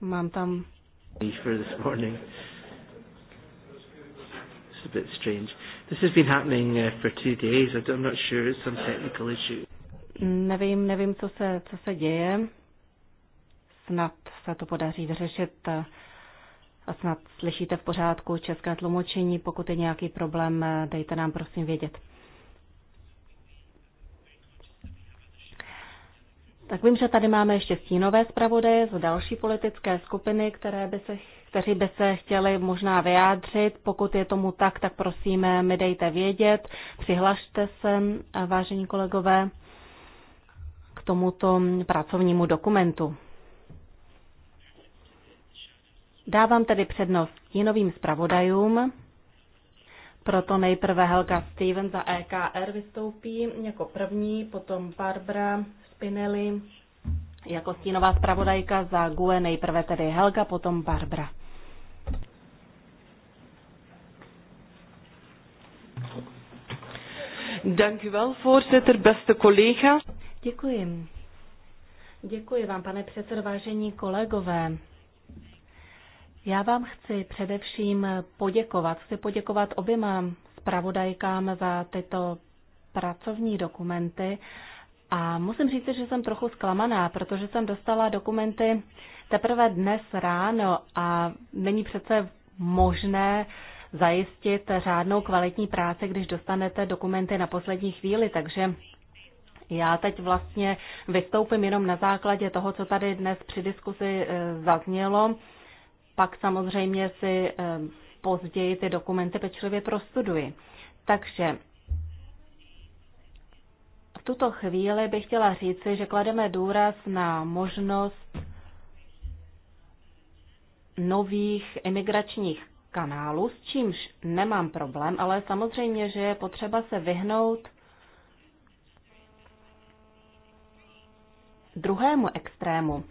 Mám tam... For this morning. It's a bit strange. This has been happening uh, for two days. I'm not sure. It's some technical issue. Nevím, nevím, co se, co se děje. Snad se to podaří vyřešit eh, a snad slyšíte v pořádku české tlumočení. Pokud je nějaký problém, eh, dejte nám prosím vědět. Tak vím, že tady máme ještě stínové zpravodaje z další politické skupiny, které by se, kteří by se chtěli možná vyjádřit. Pokud je tomu tak, tak prosím, mi dejte vědět, přihlašte se, vážení kolegové, k tomuto pracovnímu dokumentu. Dávám tedy přednost stínovým zpravodajům. Proto nejprve Helga Steven za EKR vystoupí jako první, potom Barbara Spinelli jako stínová zpravodajka za GUE, nejprve tedy Helga, potom Barbara. Dank u wel, voorzitter, beste collega. Děkuji. Děkuji vám, pane předsedo, vážení kolegové. Já vám chci především poděkovat. Chci poděkovat oběma zpravodajkám za tyto pracovní dokumenty a musím říct, že jsem trochu zklamaná, protože jsem dostala dokumenty teprve dnes ráno a není přece možné zajistit řádnou kvalitní práci, když dostanete dokumenty na poslední chvíli, takže já teď vlastně vystoupím jenom na základě toho, co tady dnes při diskusi eh, zaznělo. Pak samozřejmě si eh, později ty dokumenty pečlivě prostuduji. Takže tuto chvíli bych chtěla říci, že klademe důraz na možnost nových imigračních kanálů, s čímž nemám problém, ale samozřejmě, že je potřeba se vyhnout druhému extrému.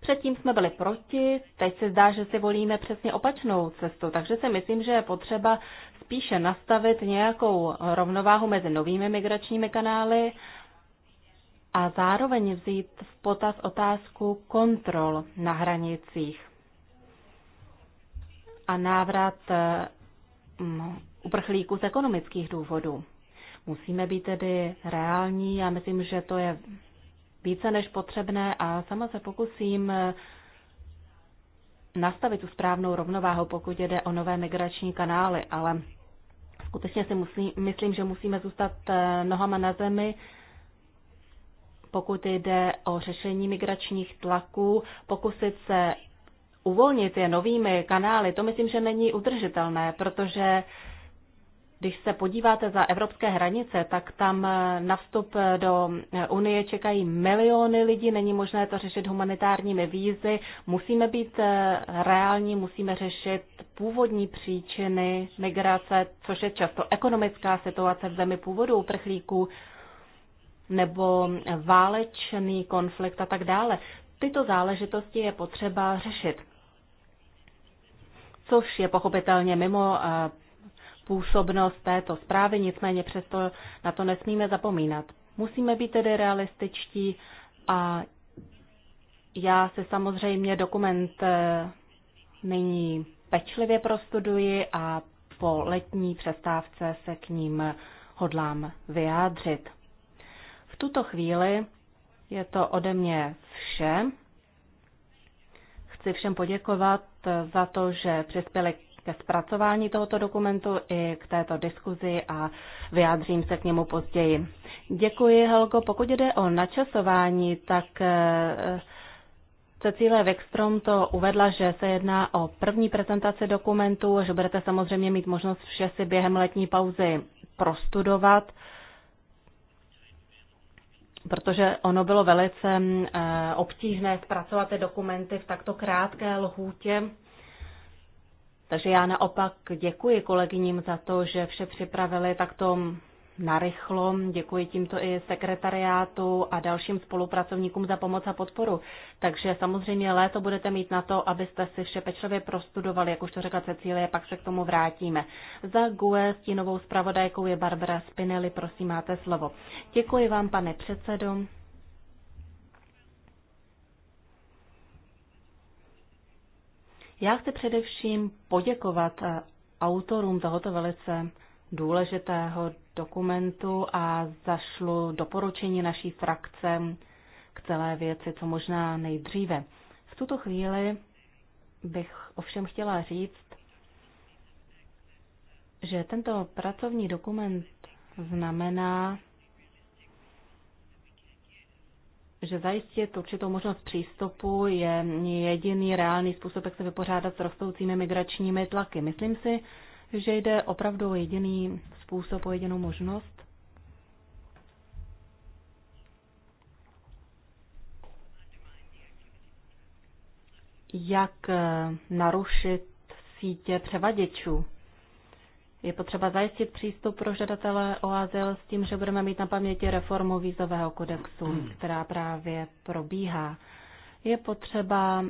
Předtím jsme byli proti, teď se zdá, že si volíme přesně opačnou cestu, takže si myslím, že je potřeba spíše nastavit nějakou rovnováhu mezi novými migračními kanály a zároveň vzít v potaz otázku kontrol na hranicích a návrat mm, uprchlíků z ekonomických důvodů. Musíme být tedy reální, já myslím, že to je více než potřebné a sama se pokusím eh, nastavit tu správnou rovnováhu, pokud jde o nové migrační kanály, ale Skutečně si musí, myslím, že musíme zůstat eh, nohama na zemi, pokud jde o řešení migračních tlaků, pokusit se uvolnit je novými kanály, to myslím, že není udržitelné, protože uh, když se podíváte za evropské hranice, tak tam eh, na vstup eh, do eh, Unie čekají miliony lidí, není možné to řešit humanitárními vízy. Musíme být reální, musíme řešit původní příčiny migrace, což je často ekonomická situace v zemi původu uprchlíků nebo válečný konflikt a tak dále. Tyto záležitosti je potřeba řešit což je pochopitelně mimo působnost této zprávy, nicméně přesto na to nesmíme zapomínat. Musíme být tedy realističtí a já se samozřejmě dokument eh, nyní pečlivě prostuduji a po letní přestávce se k ním hodlám vyjádřit. V tuto chvíli je to ode mě vše. Chci všem poděkovat za to, že přispěli ke zpracování tohoto dokumentu i k této diskuzi a vyjádřím se k němu později. Děkuji, Helgo. Pokud jde o načasování, tak eh, cecíle Vekstrom to uvedla, že se jedná o první prezentaci dokumentu, že budete samozřejmě mít možnost vše si během letní pauzy prostudovat, protože ono bylo velice eh, obtížné zpracovat ty dokumenty v takto krátké lhůtě. Takže já naopak děkuji kolegyním za to, že vše připravili takto narychlo. Děkuji tímto i sekretariátu a dalším spolupracovníkům za pomoc a podporu. Takže samozřejmě léto budete mít na to, abyste si vše pečlivě prostudovali, jak už to řekla Cecílie, pak se k tomu vrátíme. Za GUE s tínovou zpravodajkou je Barbara Spinelli, prosím máte slovo. Děkuji vám, pane předsedo. Já chci především poděkovat eh, autorům tohoto velice důležitého dokumentu a zašlu doporučení naší frakce k celé věci co možná nejdříve. V tuto chvíli bych ovšem chtěla říct, že tento pracovní dokument znamená, že zajistit určitou možnost přístupu je jediný reálný způsob, jak se vypořádat s rostoucími migračními tlaky. Myslím si, že jde opravdu o jediný způsob, o jedinou možnost. Jak eh, narušit sítě převaděčů. Je potřeba zajistit přístup pro žadatele o azyl s tím, že budeme mít na paměti reformu vízového kodexu, hmm. která právě probíhá. Je potřeba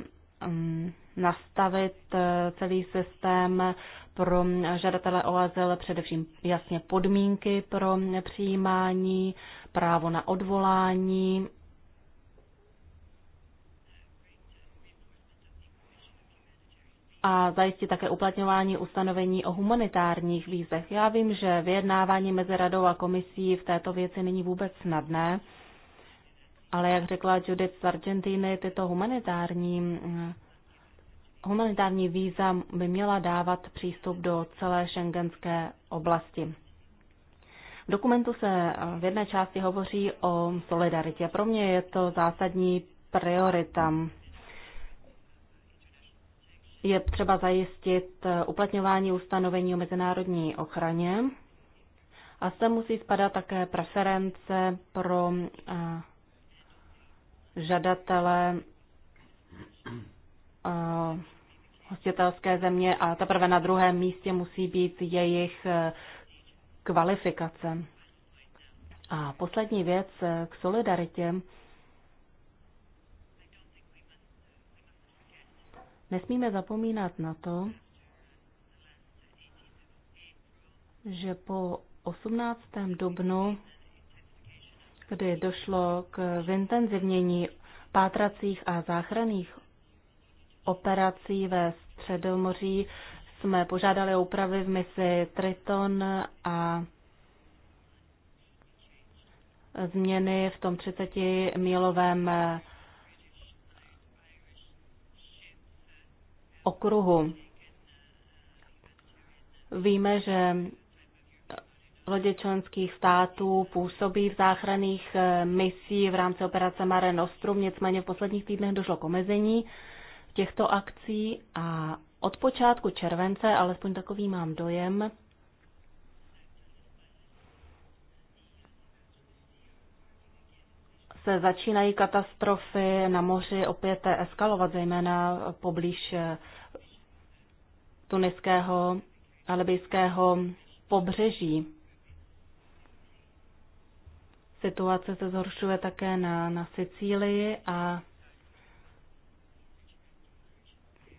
mm, nastavit eh, celý systém pro žadatele o azyl, především jasně podmínky pro přijímání, právo na odvolání a zajistit také uplatňování ustanovení o humanitárních vízech. Já vím, že vyjednávání mezi radou a komisí v této věci není vůbec snadné, ale jak řekla Judith z Argentiny, tyto humanitární, humanitární víza by měla dávat přístup do celé šengenské oblasti. V dokumentu se v jedné části hovoří o solidaritě. Pro mě je to zásadní priorita je třeba zajistit eh, uplatňování ustanovení o mezinárodní ochraně a sem musí spadat také preference pro eh, žadatele eh, hostitelské země a teprve na druhém místě musí být jejich kvalifikace. A poslední věc k solidaritě. Nesmíme zapomínat na to, že po 18. dubnu, kdy došlo k zintenzivnění pátracích a záchranných operací ve Středomoří, jsme požádali úpravy v misi Triton a změny v tom 30-mílovém okruhu. Víme, že lodě členských států působí v záchranných eh, misí v rámci operace Mare Nostrum, nicméně v posledních týdnech došlo k omezení těchto akcí a od počátku července, alespoň takový mám dojem, se začínají katastrofy na moři opět eskalovat, zejména poblíž eh, tuniského a libijského pobřeží. Situace se zhoršuje také na, na Sicílii a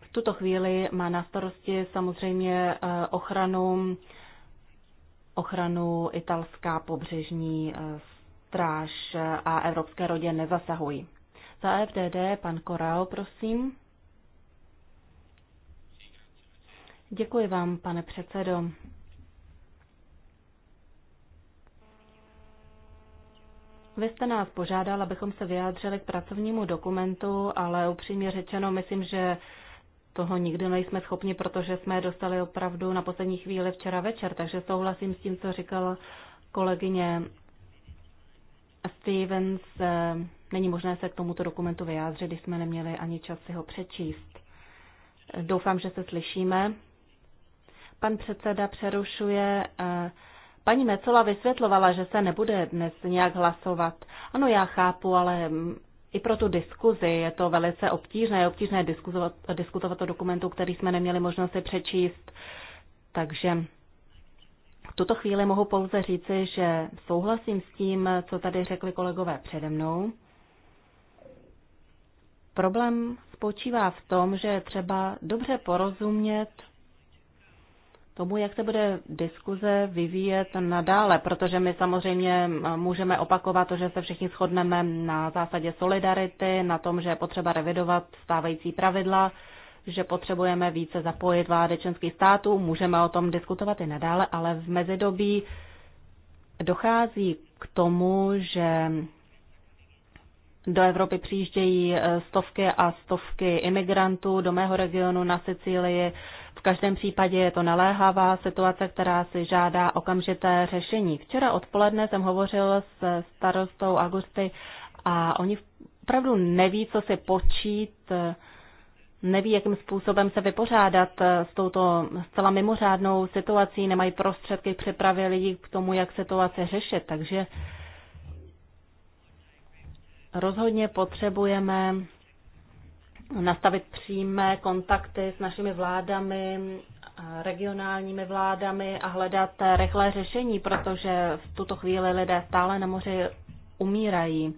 v tuto chvíli má na starosti samozřejmě eh, ochranu, ochranu italská pobřežní eh, stráž a Evropské rodě nezasahují. Za FDD pan Korao, prosím. Děkuji vám, pane předsedo. Vy jste nás požádal, abychom se vyjádřili k pracovnímu dokumentu, ale upřímně řečeno, myslím, že toho nikdy nejsme schopni, protože jsme dostali opravdu na poslední chvíli včera večer, takže souhlasím s tím, co říkala kolegyně Stevens, eh, není možné se k tomuto dokumentu vyjádřit, když jsme neměli ani čas si ho přečíst. Doufám, že se slyšíme. Pan předseda přerušuje. Eh, paní Mecola vysvětlovala, že se nebude dnes nějak hlasovat. Ano, já chápu, ale mm, i pro tu diskuzi je to velice obtížné. Je obtížné diskutovat, diskutovat o dokumentu, který jsme neměli možnost si přečíst. Takže tuto chvíli mohu pouze říci, že souhlasím s tím, co tady řekli kolegové přede mnou. Problém spočívá v tom, že je třeba dobře porozumět tomu, jak se bude diskuze vyvíjet nadále, protože my samozřejmě můžeme opakovat to, že se všichni shodneme na zásadě solidarity, na tom, že je potřeba revidovat stávající pravidla, že potřebujeme více zapojit vlády členských států. Můžeme o tom diskutovat i nadále, ale v mezidobí dochází k tomu, že do Evropy přijíždějí eh, stovky a stovky imigrantů do mého regionu na Sicílii. V každém případě je to naléhavá situace, která si žádá okamžité řešení. Včera odpoledne jsem hovořil s starostou Agusty a oni opravdu neví, co si počít eh, neví, jakým způsobem se vypořádat s touto zcela mimořádnou situací, nemají prostředky k přepravě lidí k tomu, jak situace řešit. Takže rozhodně potřebujeme nastavit přímé kontakty s našimi vládami, regionálními vládami a hledat rychlé řešení, protože v tuto chvíli lidé stále na moři umírají.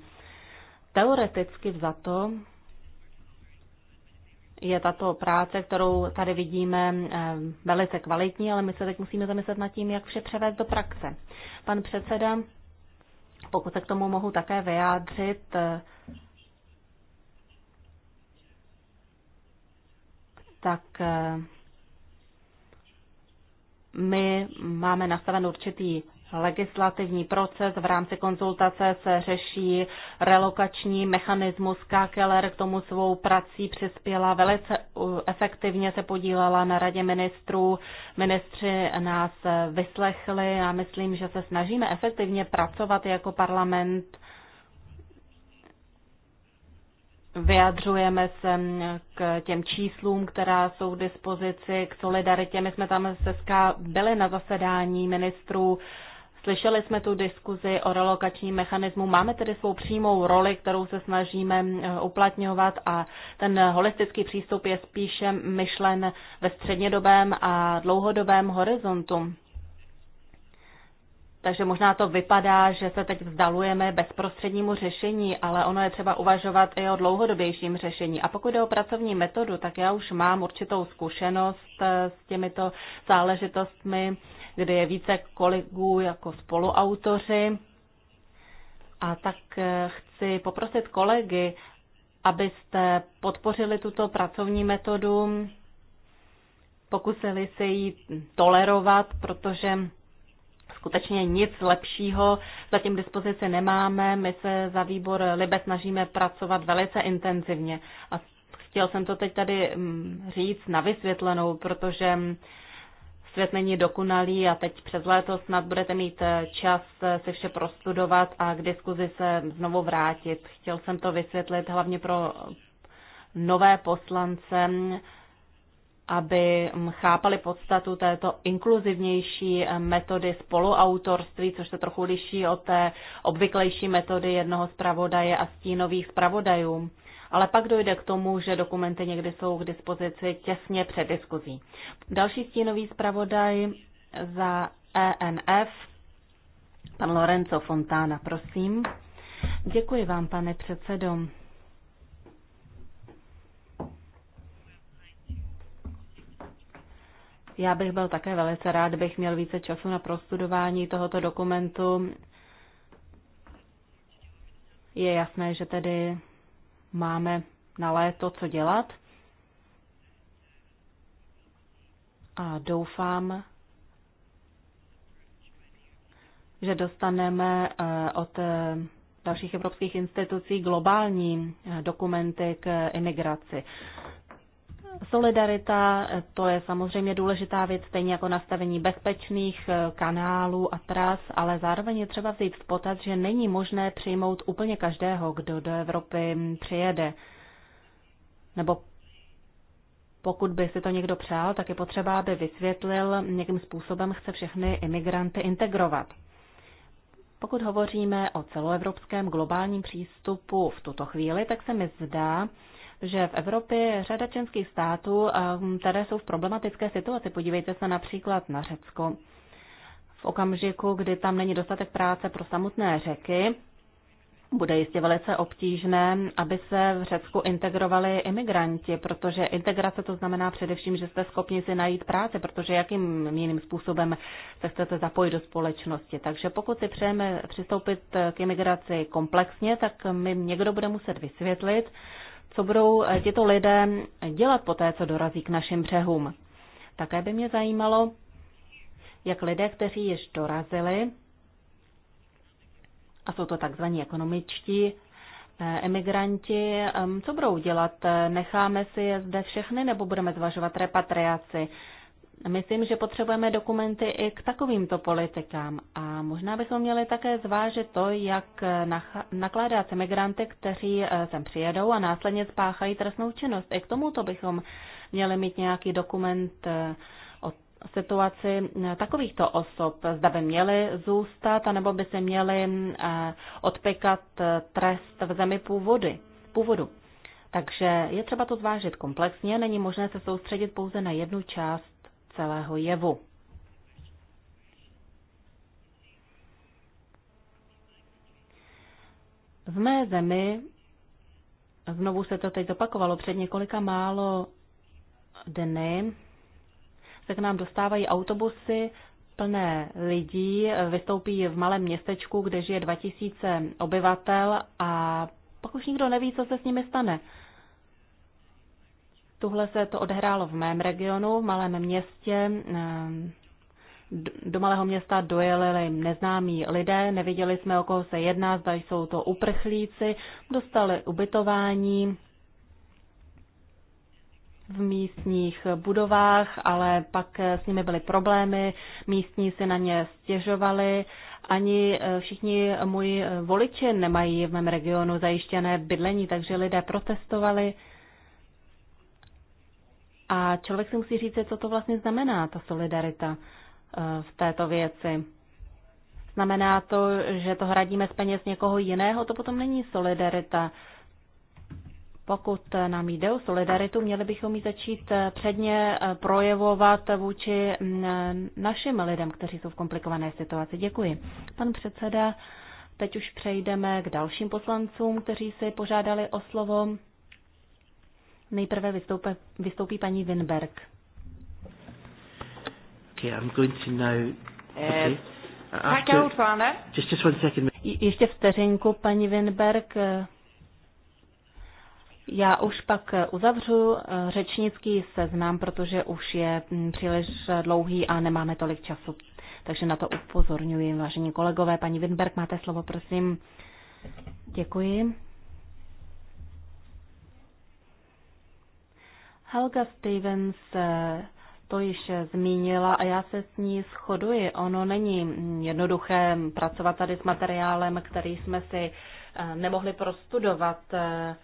Teoreticky za to je tato práce, kterou tady vidíme, eh, velice kvalitní, ale my se teď musíme zamyslet nad tím, jak vše převést do praxe. Pan předseda, pokud se k tomu mohu také vyjádřit, eh, tak eh, my máme nastaven určitý legislativní proces. V rámci konzultace se řeší relokační mechanismus. Keller k tomu svou prací přispěla velice efektivně, se podílela na radě ministrů. Ministři nás vyslechli a myslím, že se snažíme efektivně pracovat jako parlament. Vyjadřujeme se k těm číslům, která jsou k dispozici, k solidaritě. My jsme tam se byli na zasedání ministrů Slyšeli jsme tu diskuzi o relokačním mechanismu. Máme tedy svou přímou roli, kterou se snažíme eh, uplatňovat a ten holistický přístup je spíše myšlen ve střednědobém a dlouhodobém horizontu. Takže možná to vypadá, že se teď vzdalujeme bezprostřednímu řešení, ale ono je třeba uvažovat i o dlouhodobějším řešení. A pokud jde o pracovní metodu, tak já už mám určitou zkušenost eh, s těmito záležitostmi kde je více kolegů jako spoluautoři. A tak eh, chci poprosit kolegy, abyste podpořili tuto pracovní metodu, pokusili se ji tolerovat, protože skutečně nic lepšího zatím dispozici nemáme. My se za výbor Libe snažíme pracovat velice intenzivně. A chtěl jsem to teď tady mm, říct na vysvětlenou, protože mm, svět není dokonalý a teď přes léto snad budete mít eh, čas eh, se vše prostudovat a k diskuzi se znovu vrátit. Chtěl jsem to vysvětlit hlavně pro nové poslance, aby hm, chápali podstatu této inkluzivnější eh, metody spoluautorství, což se trochu liší od té obvyklejší metody jednoho zpravodaje a stínových zpravodajů ale pak dojde k tomu, že dokumenty někdy jsou k dispozici těsně před diskuzí. Další stínový zpravodaj za ENF, pan Lorenzo Fontana, prosím. Děkuji vám, pane předsedo. Já bych byl také velice rád, bych měl více času na prostudování tohoto dokumentu. Je jasné, že tedy máme na léto co dělat. A doufám, že dostaneme eh, od eh, dalších evropských institucí globální eh, dokumenty k imigraci. Solidarita, to je samozřejmě důležitá věc, stejně jako nastavení bezpečných eh, kanálů a tras, ale zároveň je třeba vzít v potaz, že není možné přijmout úplně každého, kdo do Evropy hm, přijede. Nebo pokud by si to někdo přál, tak je potřeba, aby vysvětlil, jakým způsobem chce všechny imigranty integrovat. Pokud hovoříme o celoevropském globálním přístupu v tuto chvíli, tak se mi zdá, že v Evropě je řada členských států, um, které jsou v problematické situaci. Podívejte se například na Řecko. V okamžiku, kdy tam není dostatek práce pro samotné řeky, bude jistě velice obtížné, aby se v Řecku integrovali imigranti, protože integrace to znamená především, že jste schopni si najít práci, protože jakým jiným způsobem se chcete zapojit do společnosti. Takže pokud si přejeme přistoupit k imigraci komplexně, tak mi někdo bude muset vysvětlit, co budou eh, těto lidé dělat po té, co dorazí k našim břehům. Také by mě zajímalo, jak lidé, kteří již dorazili, a jsou to takzvaní ekonomičtí eh, emigranti, eh, co budou dělat? Necháme si je zde všechny nebo budeme zvažovat repatriaci? Myslím, že potřebujeme dokumenty i k takovýmto politikám a možná bychom měli také zvážit to, jak nakládat migranty, kteří eh, sem přijedou a následně spáchají trestnou činnost. I k tomuto bychom měli mít nějaký dokument eh, o situaci eh, takovýchto osob. Zda by měli zůstat, anebo by se měli odpekat trest v zemi původy, původu. Takže je třeba to zvážit komplexně, není možné se soustředit pouze na jednu část celého jevu. V mé zemi, znovu se to teď opakovalo, před několika málo dny se k nám dostávají autobusy plné lidí, vystoupí v malém městečku, kde žije 2000 obyvatel a pak už nikdo neví, co se s nimi stane. Tuhle se to odehrálo v mém regionu, v malém městě. Eh, do malého města dojeli neznámí lidé, neviděli jsme, o koho se jedná, zda jsou to uprchlíci, dostali ubytování v místních budovách, ale pak eh, s nimi byly problémy, místní si na ně stěžovali ani eh, všichni moji voliči nemají v mém regionu zajištěné bydlení, takže lidé protestovali. A člověk si musí říct, co to vlastně znamená, ta solidarita eh, v této věci. Znamená to, že to hradíme z peněz někoho jiného, to potom není solidarita. Pokud nám jde o solidaritu, měli bychom ji začít eh, předně eh, projevovat vůči mm, našim lidem, kteří jsou v komplikované situaci. Děkuji. Pan předseda, teď už přejdeme k dalším poslancům, kteří si požádali o slovo. Nejprve vystoupe, vystoupí paní Winberg. Okay, I'm going to now... Eh, okay. After, just, just one second. Ještě vteřinku, paní Winberg. Já už pak uzavřu eh, řečnický seznam, protože už je mm, příliš dlouhý a nemáme tolik času. Takže na to upozorňuji, vážení kolegové. Paní Winberg, máte slovo, prosím. Děkuji. Helga Stevens eh, to již zmínila a já se s ní shoduji. Ono není jednoduché pracovat tady s materiálem, který jsme si eh, nemohli prostudovat. Eh,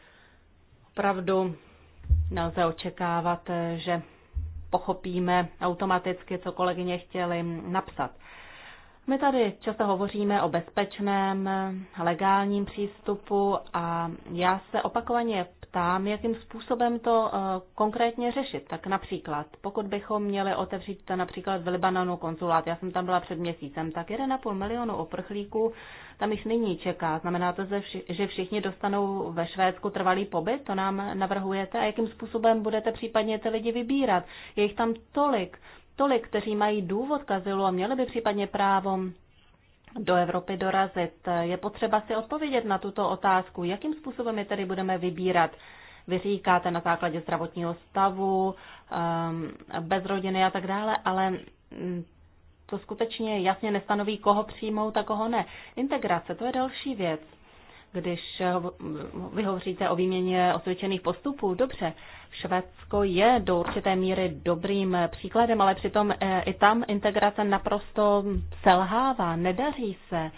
opravdu nelze očekávat, že pochopíme automaticky, co kolegyně chtěli napsat. My tady často hovoříme o bezpečném, legálním přístupu a já se opakovaně ptám, jakým způsobem to eh, konkrétně řešit. Tak například, pokud bychom měli otevřít například v Libanonu konzulát, já jsem tam byla před měsícem, tak 1,5 milionu oprchlíků tam již nyní čeká. Znamená to, že všichni dostanou ve Švédsku trvalý pobyt, to nám navrhujete a jakým způsobem budete případně ty lidi vybírat. Je jich tam tolik, tolik, kteří mají důvod k azylu a měli by případně právo do Evropy dorazit. Je potřeba si odpovědět na tuto otázku, jakým způsobem je tedy budeme vybírat. Vy říkáte na základě zdravotního stavu, ehm, bez rodiny a tak dále, ale mm, to skutečně jasně nestanoví, koho přijmout a koho ne. Integrace, to je další věc když eh, eh, vy hovoříte o výměně osvědčených postupů, dobře, Švédsko je do určité míry dobrým eh, příkladem, ale přitom i tam integrace naprosto selhává, nedaří se.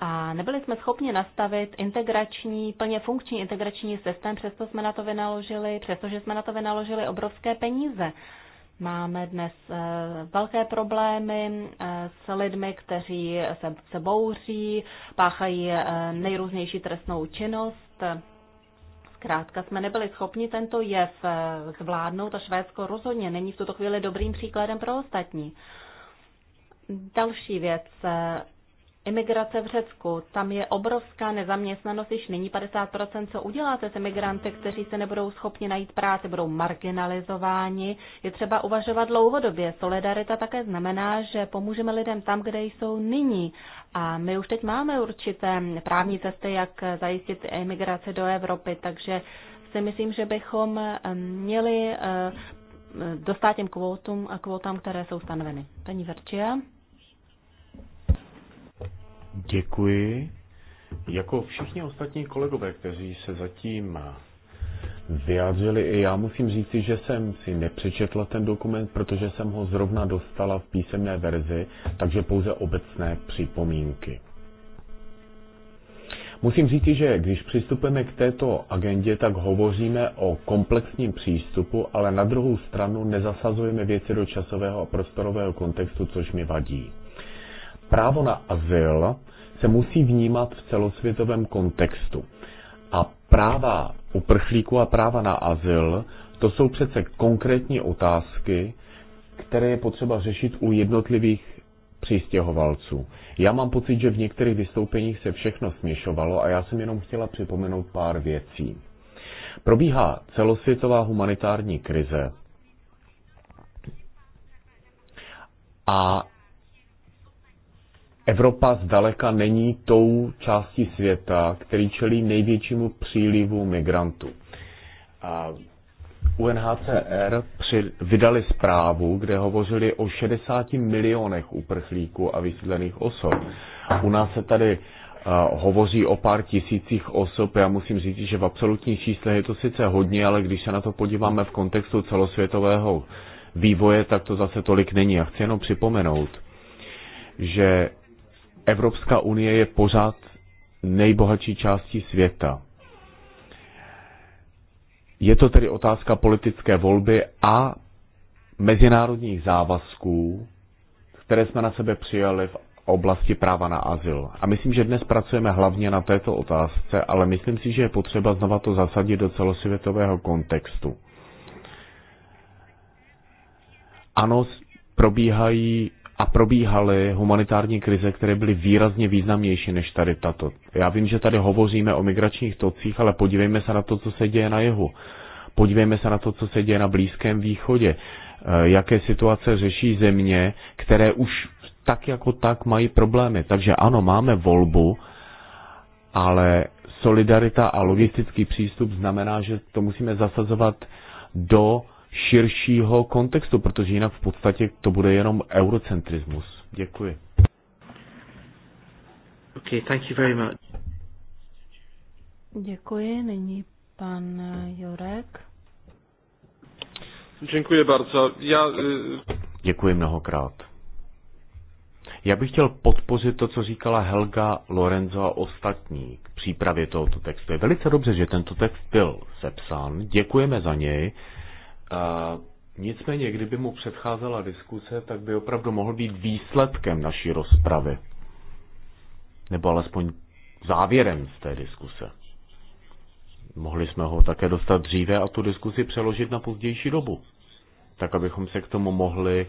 A nebyli jsme schopni nastavit integrační, plně funkční integrační systém, přesto jsme na to vynaložili, přestože jsme na to vynaložili obrovské peníze. Máme dnes eh, velké problémy eh, s lidmi, kteří se, bouří, páchají eh, nejrůznější trestnou činnost. Zkrátka jsme nebyli schopni tento jev zvládnout a Švédsko rozhodně není v tuto chvíli dobrým příkladem pro ostatní. Další věc. Imigrace v Řecku, tam je obrovská nezaměstnanost, již není 50%. Co uděláte s emigranty, kteří se nebudou schopni najít práci, budou marginalizováni? Je třeba uvažovat dlouhodobě. Solidarita také znamená, že pomůžeme lidem tam, kde jsou nyní. A my už teď máme určité právní cesty, jak zajistit emigraci do Evropy, takže si myslím, že bychom ehm, měli eh, dostat těm kvótům a kvótám, které jsou stanoveny. Paní Verčia. Děkuji. Jako všichni ostatní kolegové, kteří se zatím vyjádřili, i já musím říci, že jsem si nepřečetla ten dokument, protože jsem ho zrovna dostala v písemné verzi, takže pouze obecné připomínky. Musím říct, že když přistupujeme k této agendě, tak hovoříme o komplexním přístupu, ale na druhou stranu nezasazujeme věci do časového a prostorového kontextu, což mi vadí. Právo na azyl se musí vnímat v celosvětovém kontextu. A práva uprchlíků a práva na azyl, to jsou přece konkrétní otázky, které je potřeba řešit u jednotlivých přistěhovalců. Já mám pocit, že v některých vystoupeních se všechno směšovalo a já jsem jenom chtěla připomenout pár věcí. Probíhá celosvětová humanitární krize a Evropa zdaleka není tou částí světa, který čelí největšímu přílivu migrantů. A UNHCR při, vydali zprávu, kde hovořili o 60 milionech uprchlíků a vysídlených osob. U nás se tady uh, hovoří o pár tisících osob. Já musím říct, že v absolutních číslech je to sice hodně, ale když se na to podíváme v kontextu celosvětového vývoje, tak to zase tolik není. A chci jenom připomenout, že Evropská unie je pořád nejbohatší částí světa. Je to tedy otázka politické volby a mezinárodních závazků, které jsme na sebe přijali v oblasti práva na azyl. A myslím, že dnes pracujeme hlavně na této otázce, ale myslím si, že je potřeba znova to zasadit do celosvětového kontextu. Ano, probíhají a probíhaly humanitární krize, které byly výrazně významnější než tady tato. Já vím, že tady hovoříme o migračních tocích, ale podívejme se na to, co se děje na jihu. Podívejme se na to, co se děje na Blízkém východě. Eh, jaké situace řeší země, které už tak jako tak mají problémy. Takže ano, máme volbu, ale solidarita a logistický přístup znamená, že to musíme zasazovat do širšího kontextu, protože jinak v podstatě to bude jenom eurocentrismus. Děkuji. Okay, thank you very much. Děkuji. Nyní pan Jurek. Děkuji bardzo. Já... Děkuji mnohokrát. Já bych chtěl podpořit to, co říkala Helga Lorenzo a ostatní k přípravě tohoto textu. Je velice dobře, že tento text byl sepsán. Děkujeme za něj. A nicméně, kdyby mu předcházela diskuse, tak by opravdu mohl být výsledkem naší rozpravy. Nebo alespoň závěrem z té diskuse. Mohli jsme ho také dostat dříve a tu diskusi přeložit na pozdější dobu, tak abychom se k tomu mohli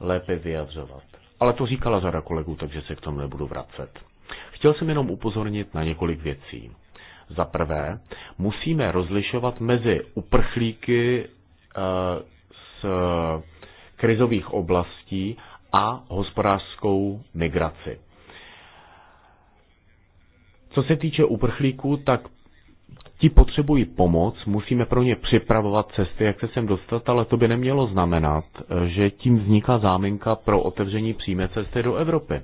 lépe vyjadřovat. Ale to říkala řada kolegů, takže se k tomu nebudu vracet. Chtěl jsem jenom upozornit na několik věcí. Za prvé, musíme rozlišovat mezi uprchlíky z krizových oblastí a hospodářskou migraci. Co se týče uprchlíků, tak ti potřebují pomoc, musíme pro ně připravovat cesty, jak se sem dostat, ale to by nemělo znamenat, že tím vzniká záminka pro otevření přímé cesty do Evropy.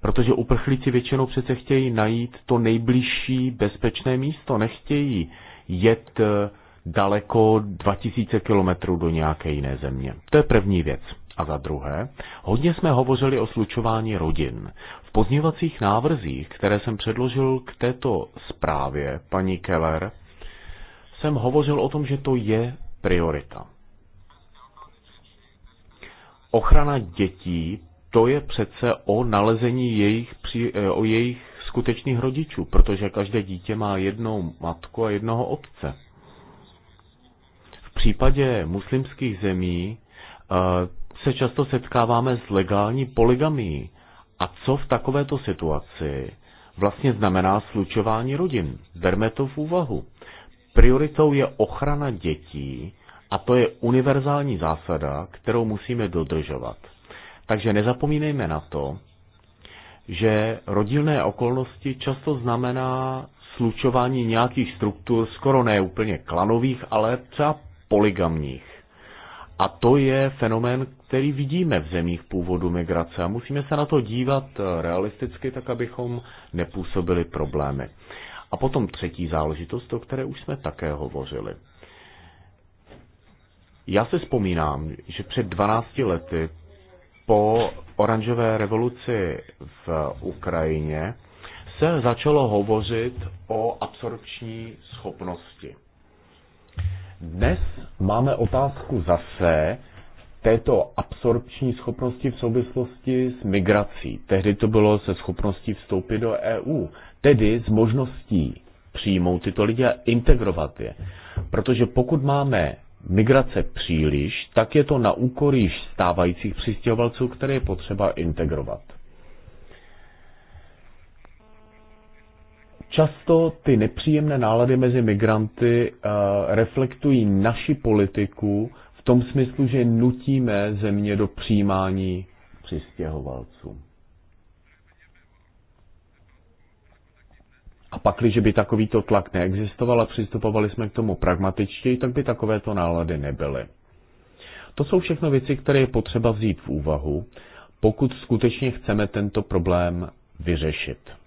Protože uprchlíci většinou přece chtějí najít to nejbližší bezpečné místo, nechtějí jet eh, daleko 2000 kilometrů do nějaké jiné země. To je první věc. A za druhé, hodně jsme hovořili o slučování rodin. V pozněvacích návrzích, které jsem předložil k této zprávě, paní Keller, jsem hovořil o tom, že to je priorita. Ochrana dětí, to je přece o nalezení jejich, eh, o jejich skutečných rodičů, protože každé dítě má jednou matku a jednoho otce případě muslimských zemí eh, se často setkáváme s legální poligamí. A co v takovéto situaci vlastně znamená slučování rodin? Berme to v úvahu. Prioritou je ochrana dětí a to je univerzální zásada, kterou musíme dodržovat. Takže nezapomínejme na to, že rodilné okolnosti často znamená slučování nějakých struktur, skoro ne úplně klanových, ale třeba poligamních. A to je fenomén, který vidíme v zemích původu migrace a musíme se na to dívat eh, realisticky, tak abychom nepůsobili problémy. A potom třetí záležitost, o které už jsme také hovořili. Já se vzpomínám, že před 12 lety po oranžové revoluci v Ukrajině se začalo hovořit o absorpční schopnosti dnes máme otázku zase této absorpční schopnosti v souvislosti s migrací. Tehdy to bylo se schopností vstoupit do EU, tedy s možností přijmout tyto lidi a integrovat je. Protože pokud máme migrace příliš, tak je to na úkor již stávajících přistěhovalců, které je potřeba integrovat. Často ty nepříjemné nálady mezi migranty eh, reflektují naši politiku v tom smyslu, že nutíme země do přijímání přistěhovalců. A pak, když by takovýto tlak neexistoval a přistupovali jsme k tomu pragmatičtěji, tak by takovéto nálady nebyly. To jsou všechno věci, které je potřeba vzít v úvahu, pokud skutečně chceme tento problém vyřešit.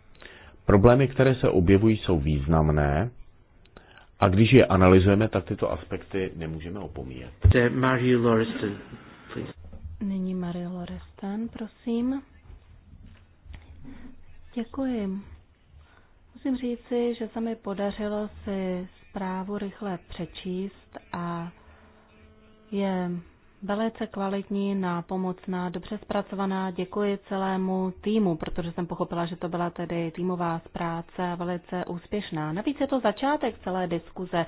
Problémy, které se objevují, jsou významné a když je analyzujeme, tak tyto aspekty nemůžeme opomíjet. Nyní Marie Lorestan, prosím. Děkuji. Musím říci, že se mi podařilo si zprávu rychle přečíst a je velice kvalitní, na pomocná, dobře zpracovaná. Děkuji celému týmu, protože jsem pochopila, že to byla tedy týmová práce velice úspěšná. Navíc je to začátek celé diskuze.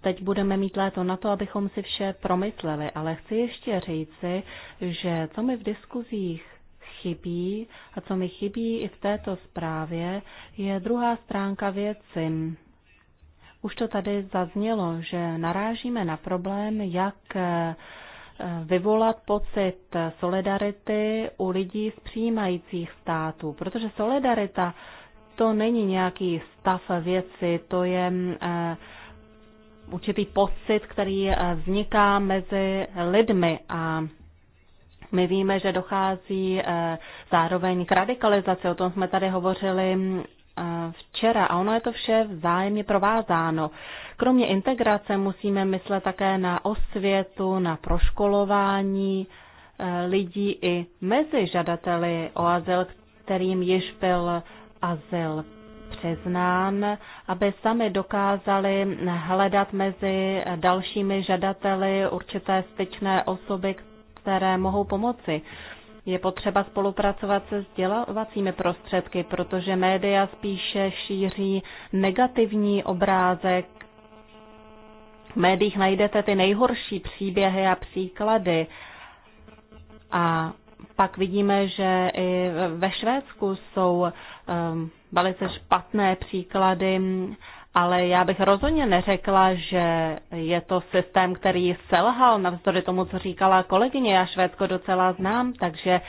Teď budeme mít léto na to, abychom si vše promysleli, ale chci ještě říci, že co mi v diskuzích chybí a co mi chybí i v této zprávě, je druhá stránka věci. Už to tady zaznělo, že narážíme na problém, jak vyvolat pocit solidarity u lidí z přijímajících států, protože solidarita to není nějaký stav věci, to je eh, určitý pocit, který eh, vzniká mezi lidmi a my víme, že dochází eh, zároveň k radikalizaci, o tom jsme tady hovořili včera a ono je to vše vzájemně provázáno. Kromě integrace musíme myslet také na osvětu, na proškolování e, lidí i mezi žadateli o azyl, kterým již byl azyl přiznán, aby sami dokázali hledat mezi dalšími žadateli určité styčné osoby, které mohou pomoci. Je potřeba spolupracovat se sdělovacími prostředky, protože média spíše šíří negativní obrázek. V médiích najdete ty nejhorší příběhy a příklady. A pak vidíme, že i ve Švédsku jsou um, velice špatné příklady ale já bych rozhodně neřekla, že je to systém, který selhal, navzdory tomu, co říkala kolegyně. Já Švédsko docela znám, takže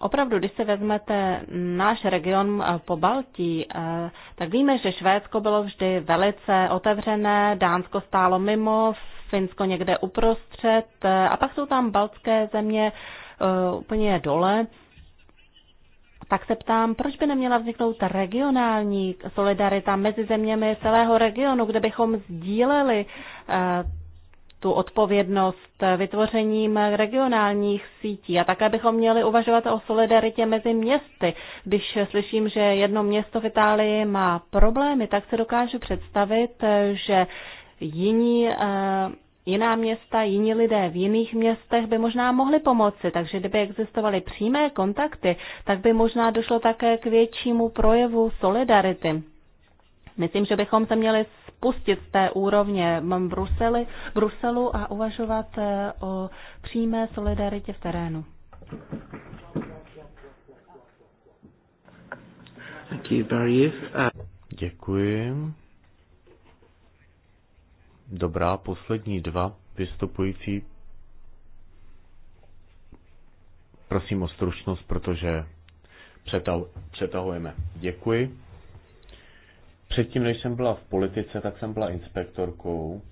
opravdu, když se vezmete náš region eh, po Baltí, eh, tak víme, že Švédsko bylo vždy velice otevřené, Dánsko stálo mimo, Finsko někde uprostřed eh, a pak jsou tam baltské země úplně dole tak se ptám, proč by neměla vzniknout regionální solidarita mezi zeměmi celého regionu, kde bychom sdíleli eh, tu odpovědnost vytvořením regionálních sítí. A také bychom měli uvažovat o solidaritě mezi městy. Když slyším, že jedno město v Itálii má problémy, tak se dokážu představit, eh, že jiní eh, jiná města, jiní lidé v jiných městech by možná mohli pomoci, takže kdyby existovaly přímé kontakty, tak by možná došlo také k většímu projevu solidarity. Myslím, že bychom se měli spustit z té úrovně Bruseli, Bruselu a uvažovat eh, o přímé solidaritě v terénu. Uh, Děkuji. Dobrá, poslední dva vystupující. Prosím o stručnost, protože přetahujeme. Děkuji. Předtím, než jsem byla v politice, tak jsem byla inspektorkou.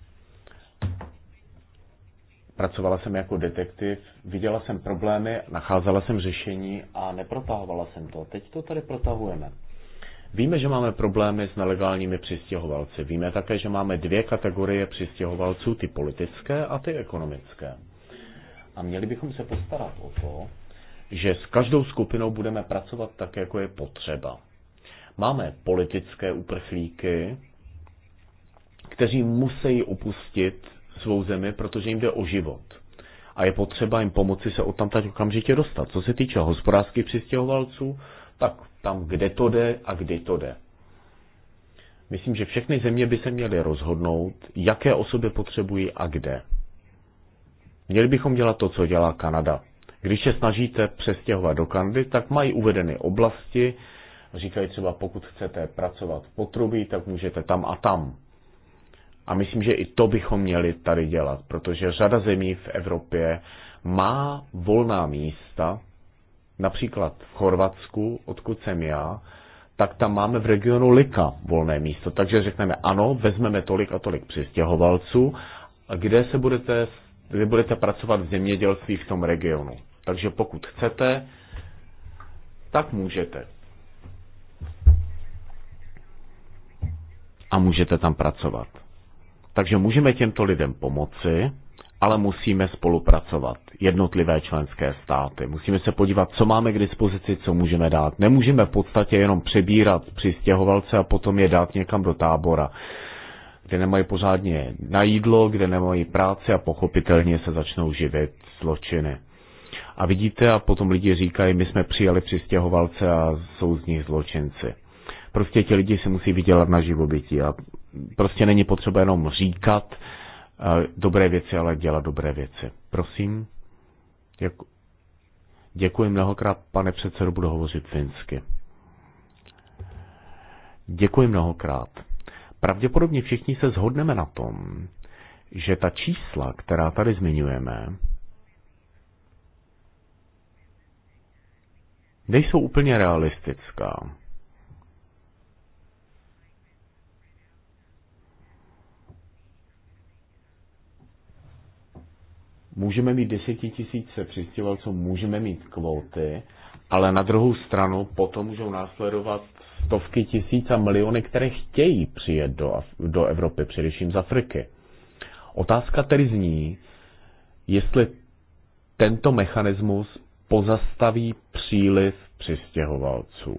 Pracovala jsem jako detektiv, viděla jsem problémy, nacházela jsem řešení a neprotahovala jsem to. Teď to tady protahujeme. Víme, že máme problémy s nelegálními přistěhovalci. Víme také, že máme dvě kategorie přistěhovalců, ty politické a ty ekonomické. A měli bychom se postarat o to, že s každou skupinou budeme pracovat tak, jako je potřeba. Máme politické uprchlíky, kteří musí opustit svou zemi, protože jim jde o život. A je potřeba jim pomoci se odtamtať okamžitě dostat. Co se týče hospodářských přistěhovalců, tak tam, kde to jde a kdy to jde. Myslím, že všechny země by se měly rozhodnout, jaké osoby potřebují a kde. Měli bychom dělat to, co dělá Kanada. Když se snažíte přestěhovat do Kanady, tak mají uvedeny oblasti, říkají třeba, pokud chcete pracovat v potrubí, tak můžete tam a tam. A myslím, že i to bychom měli tady dělat, protože řada zemí v Evropě má volná místa, Například v Chorvatsku, odkud jsem já, tak tam máme v regionu Lika volné místo. Takže řekneme ano, vezmeme tolik a tolik přistěhovalců, kde se budete, kde budete pracovat v zemědělství v tom regionu. Takže pokud chcete, tak můžete. A můžete tam pracovat. Takže můžeme těmto lidem pomoci, ale musíme spolupracovat, jednotlivé členské státy. Musíme se podívat, co máme k dispozici, co můžeme dát. Nemůžeme v podstatě jenom přebírat přistěhovalce a potom je dát někam do tábora, kde nemají pořádně na jídlo, kde nemají práci a pochopitelně se začnou živit zločiny. A vidíte, a potom lidi říkají, my jsme přijali přistěhovalce a jsou z nich zločinci. Prostě ti lidi si musí vydělat na živobytí a prostě není potřeba jenom říkat, Eh, dobré věci, ale dělat dobré věci. Prosím. Děku... Děkuji mnohokrát, pane předsedo, budu hovořit finsky. Děkuji mnohokrát. Pravděpodobně všichni se zhodneme na tom, že ta čísla, která tady zmiňujeme, nejsou úplně realistická. Můžeme mít desetitisíce přistěhovalců, můžeme mít kvóty, ale na druhou stranu potom můžou následovat stovky tisíc a miliony, které chtějí přijet do, do Evropy, především z Afriky. Otázka tedy zní, jestli tento mechanismus pozastaví příliv přistěhovalců.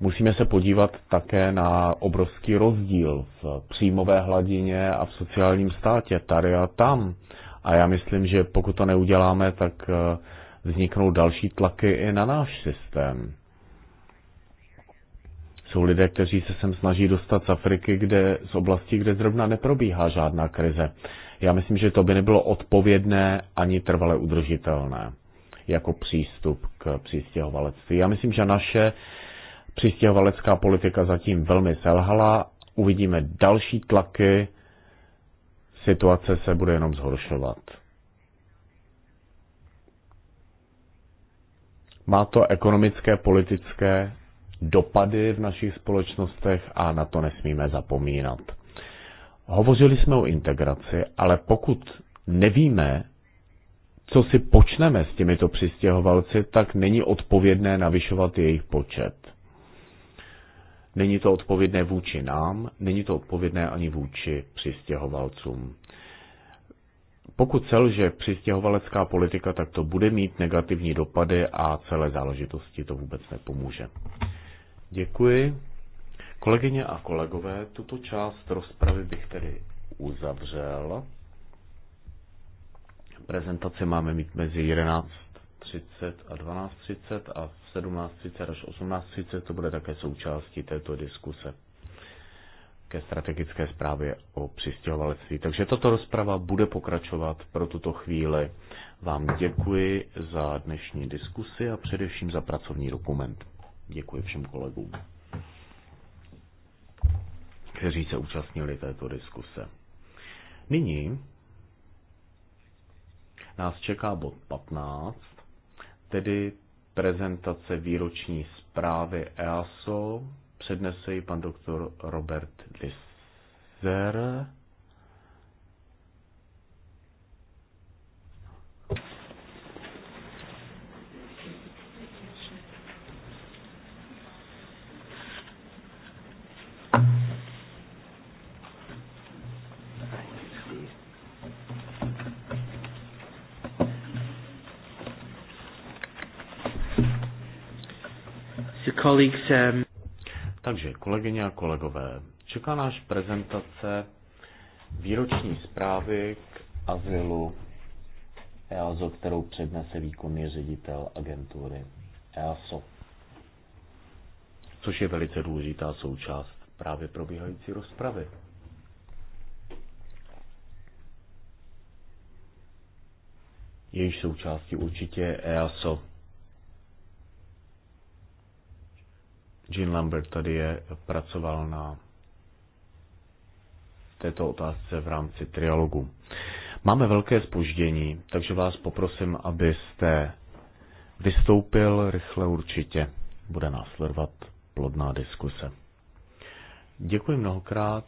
Musíme se podívat také na obrovský rozdíl v příjmové hladině a v sociálním státě, tady a tam. A já myslím, že pokud to neuděláme, tak eh, vzniknou další tlaky i na náš systém. Jsou lidé, kteří se sem snaží dostat z Afriky, kde, z oblasti, kde zrovna neprobíhá žádná krize. Já myslím, že to by nebylo odpovědné ani trvale udržitelné jako přístup k přistěhovalectví. Já myslím, že naše přistěhovalecká politika zatím velmi selhala, uvidíme další tlaky, situace se bude jenom zhoršovat. Má to ekonomické, politické dopady v našich společnostech a na to nesmíme zapomínat. Hovořili jsme o integraci, ale pokud nevíme, co si počneme s těmito přistěhovalci, tak není odpovědné navyšovat jejich počet. Není to odpovědné vůči nám, není to odpovědné ani vůči přistěhovalcům. Pokud selže přistěhovalecká politika, tak to bude mít negativní dopady a celé záležitosti to vůbec nepomůže. Děkuji. Kolegyně a kolegové, tuto část rozpravy bych tedy uzavřel. Prezentace máme mít mezi 11.30 a 12.30 a 17.30 až 18.30 to bude také součástí této diskuse ke strategické zprávě o přistěhovalectví. Takže tato rozprava bude pokračovat pro tuto chvíli. Vám děkuji za dnešní diskusi a především za pracovní dokument. Děkuji všem kolegům, kteří se účastnili této diskuse. Nyní nás čeká bod 15, tedy prezentace výroční zprávy EASO. Přednese ji pan doktor Robert Lisser. colleagues, um... Takže, kolegyně a kolegové, čeká nás prezentace výroční zprávy k azylu EASO, kterou přednese výkonný ředitel agentury EASO, což je velice důležitá součást právě probíhající rozpravy. Jejíž součástí určitě je EASO Jean Lambert tady je, pracoval na této otázce v rámci trialogu. Máme velké spoždění, takže vás poprosím, abyste vystoupil rychle určitě. Bude následovat plodná diskuse. Děkuji mnohokrát,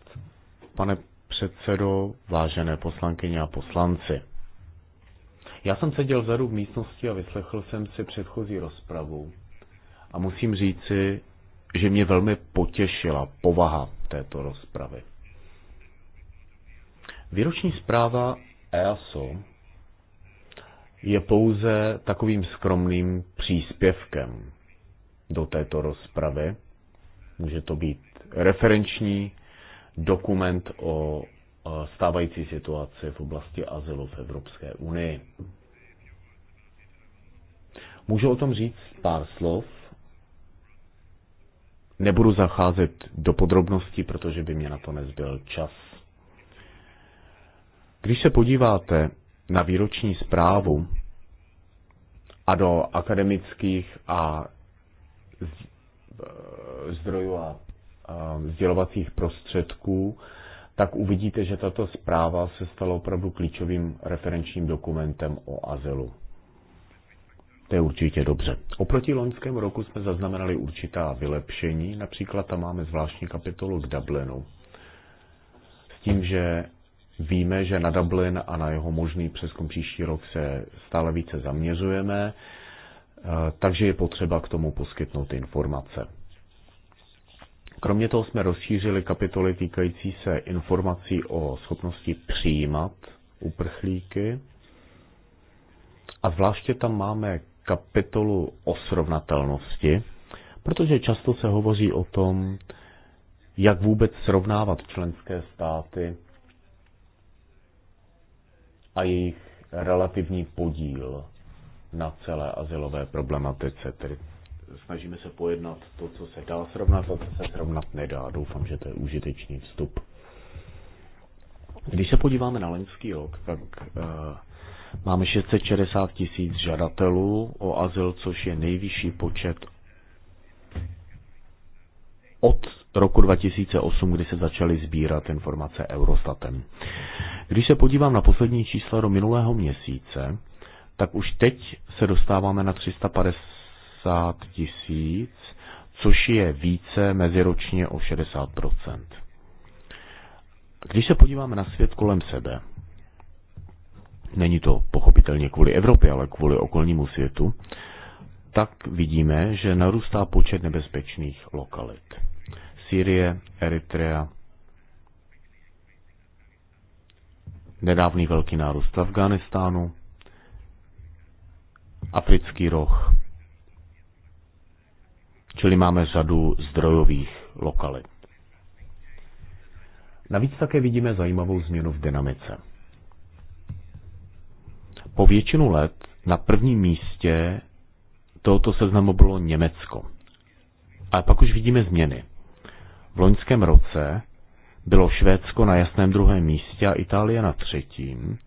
pane předsedo, vážené poslankyně a poslanci. Já jsem seděl vzadu v místnosti a vyslechl jsem si předchozí rozpravu a musím říci, že mě velmi potěšila povaha této rozpravy. Výroční zpráva EASO je pouze takovým skromným příspěvkem do této rozpravy. Může to být referenční dokument o e, stávající situaci v oblasti azylu v Evropské unii. Můžu o tom říct pár slov, Nebudu zacházet do podrobností, protože by mě na to nezbyl čas. Když se podíváte na výroční zprávu a do akademických a e, zdrojů a sdělovacích prostředků, tak uvidíte, že tato zpráva se stala opravdu klíčovým referenčním dokumentem o azylu. To je určitě dobře. Oproti loňskému roku jsme zaznamenali určitá vylepšení, například tam máme zvláštní kapitolu k Dublinu. S tím, že víme, že na Dublin a na jeho možný přeskum příští rok se stále více zaměřujeme, eh, takže je potřeba k tomu poskytnout informace. Kromě toho jsme rozšířili kapitoly týkající se informací o schopnosti přijímat uprchlíky. A zvláště tam máme kapitolu o srovnatelnosti, protože často se hovoří o tom, jak vůbec srovnávat členské státy a jejich relativní podíl na celé asilové problematice. Tedy snažíme se pojednat to, co se dá srovnat a co se srovnat nedá. Doufám, že to je užitečný vstup. Když se podíváme na loňský rok, tak eh, Máme 660 tisíc žadatelů o azyl, což je nejvyšší počet od roku 2008, kdy se začaly sbírat informace Eurostatem. Když se podívám na poslední čísla do minulého měsíce, tak už teď se dostáváme na 350 tisíc, což je více meziročně o 60 Když se podíváme na svět kolem sebe, není to pochopitelně kvůli Evropě, ale kvůli okolnímu světu, tak vidíme, že narůstá počet nebezpečných lokalit. Sýrie, Eritrea, nedávný velký nárůst v Afganistánu, africký roh, čili máme řadu zdrojových lokalit. Navíc také vidíme zajímavou změnu v dynamice po většinu let na prvním místě tohoto seznamu bylo Německo. Ale pak už vidíme změny. V loňském roce bylo Švédsko na jasném druhém místě a Itálie na třetím,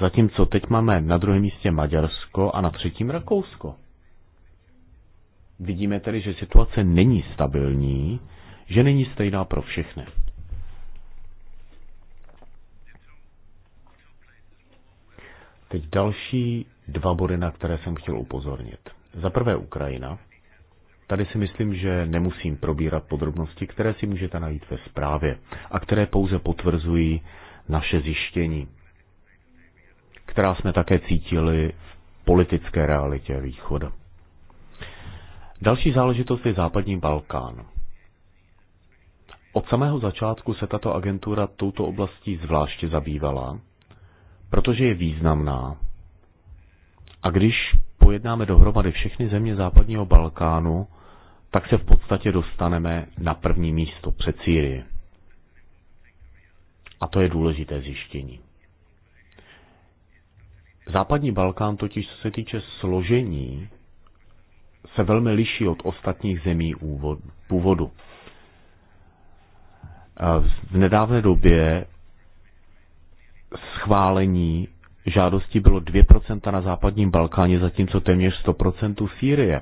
zatímco teď máme na druhém místě Maďarsko a na třetím Rakousko. Vidíme tedy, že situace není stabilní, že není stejná pro všechny. Teď další dva body, na které jsem chtěl upozornit. Za prvé Ukrajina. Tady si myslím, že nemusím probírat podrobnosti, které si můžete najít ve zprávě a které pouze potvrzují naše zjištění, která jsme také cítili v politické realitě východu. Další záležitost je západní Balkán. Od samého začátku se tato agentura touto oblastí zvláště zabývala protože je významná. A když pojednáme dohromady všechny země západního Balkánu, tak se v podstatě dostaneme na první místo před Sýrii. A to je důležité zjištění. Západní Balkán totiž, co se týče složení, se velmi liší od ostatních zemí původu. V nedávné době schválení žádostí bylo 2% na západním Balkáně, zatímco téměř 100% Sýrie.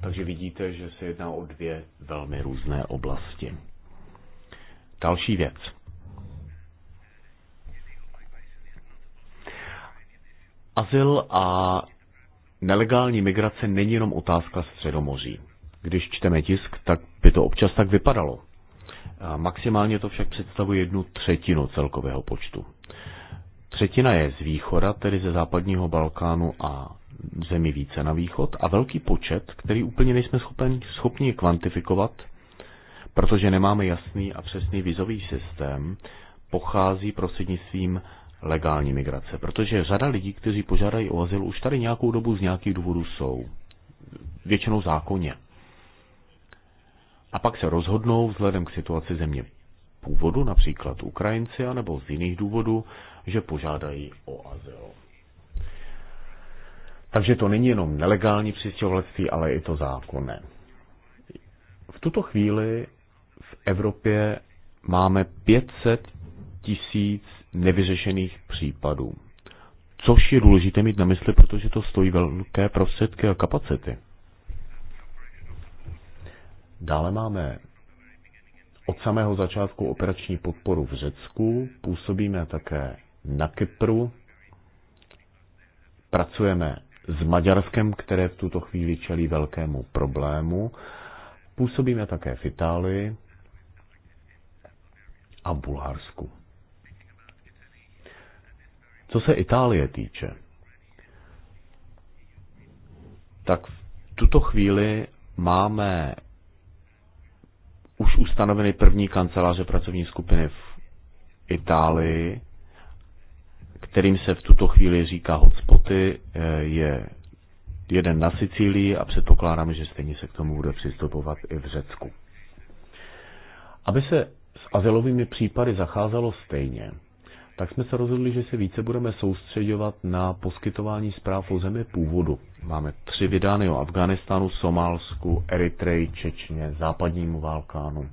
Takže vidíte, že se jedná o dvě velmi různé oblasti. Další věc. Azyl a nelegální migrace není jenom otázka Středomoří. Když čteme tisk, tak by to občas tak vypadalo. A maximálně to však představuje jednu třetinu celkového počtu. Třetina je z východa, tedy ze západního Balkánu a zemi více na východ a velký počet, který úplně nejsme schopni, schopni kvantifikovat, protože nemáme jasný a přesný vizový systém, pochází prostřednictvím legální migrace. Protože řada lidí, kteří požádají o azyl, už tady nějakou dobu z nějakých důvodů jsou. Většinou zákonně a pak se rozhodnou vzhledem k situaci země původu, například Ukrajinci, anebo z jiných důvodů, že požádají o azyl. Takže to není jenom nelegální přistěhovalectví, ale i to zákonné. V tuto chvíli v Evropě máme 500 tisíc nevyřešených případů. Což je důležité mít na mysli, protože to stojí velké prostředky a kapacity. Dále máme od samého začátku operační podporu v Řecku, působíme také na Kypru, pracujeme s Maďarskem, které v tuto chvíli čelí velkému problému, působíme také v Itálii a Bulharsku. Co se Itálie týče, tak v tuto chvíli máme už ustanoveny první kanceláře pracovní skupiny v Itálii, kterým se v tuto chvíli říká hotspoty, eh, je jeden na Sicílii a předpokládáme, že stejně se k tomu bude přistupovat i v Řecku. Aby se s azylovými případy zacházelo stejně, tak jsme se rozhodli, že se více budeme soustředovat na poskytování zpráv o zemi původu. Máme tři vydány o Afganistánu, Somálsku, Eritreji, Čečně, Západnímu Balkánu.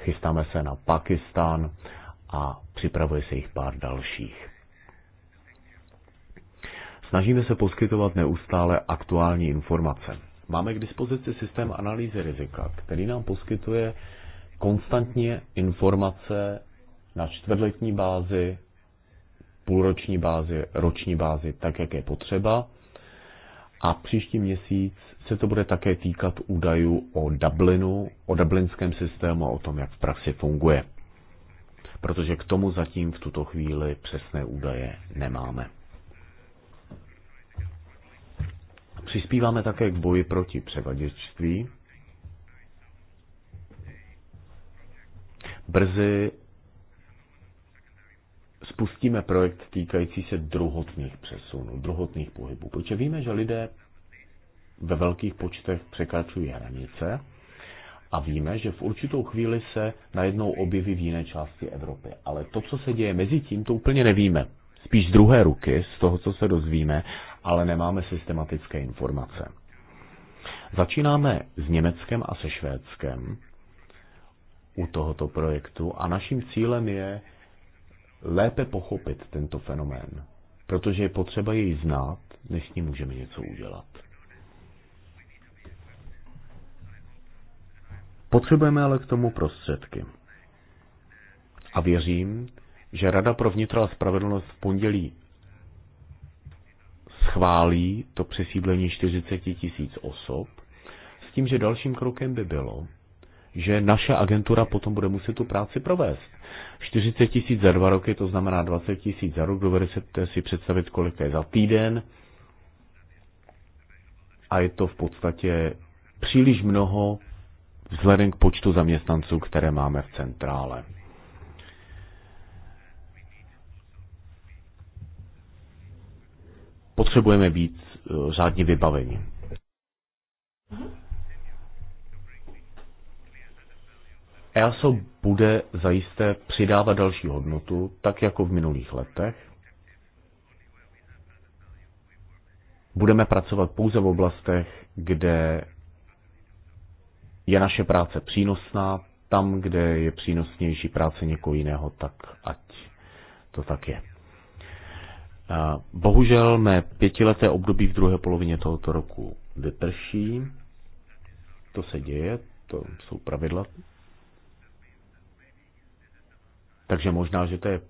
Chystáme se na Pakistán a připravuje se jich pár dalších. Snažíme se poskytovat neustále aktuální informace. Máme k dispozici systém analýzy rizika, který nám poskytuje konstantně informace na čtvrtletní bázi půlroční bázi, roční bázi, tak jak je potřeba. A příští měsíc se to bude také týkat údajů o Dublinu, o dublinském systému a o tom, jak v praxi funguje. Protože k tomu zatím v tuto chvíli přesné údaje nemáme. Přispíváme také k boji proti převaděčství. Brzy spustíme projekt týkající se druhotných přesunů, druhotných pohybů, protože víme, že lidé ve velkých počtech překračují hranice a víme, že v určitou chvíli se najednou objeví v jiné části Evropy. Ale to, co se děje mezi tím, to úplně nevíme. Spíš z druhé ruky, z toho, co se dozvíme, ale nemáme systematické informace. Začínáme s Německem a se Švédskem u tohoto projektu a naším cílem je lépe pochopit tento fenomén, protože je potřeba jej znát, než s ním můžeme něco udělat. Potřebujeme ale k tomu prostředky. A věřím, že Rada pro vnitra a spravedlnost v pondělí schválí to přesídlení 40 tisíc osob, s tím, že dalším krokem by bylo, že naše agentura potom bude muset tu práci provést. 40 tisíc za dva roky, to znamená 20 tisíc za rok, dovedete si představit, kolik je za týden. A je to v podstatě příliš mnoho vzhledem k počtu zaměstnanců, které máme v centrále. Potřebujeme být eh, řádně vybaveni. Mhm. EASO bude zajisté přidávat další hodnotu, tak jako v minulých letech. Budeme pracovat pouze v oblastech, kde je naše práce přínosná, tam, kde je přínosnější práce někoho jiného, tak ať to tak je. Bohužel mé pětileté období v druhé polovině tohoto roku vyprší. To se děje, to jsou pravidla takže možná, že to je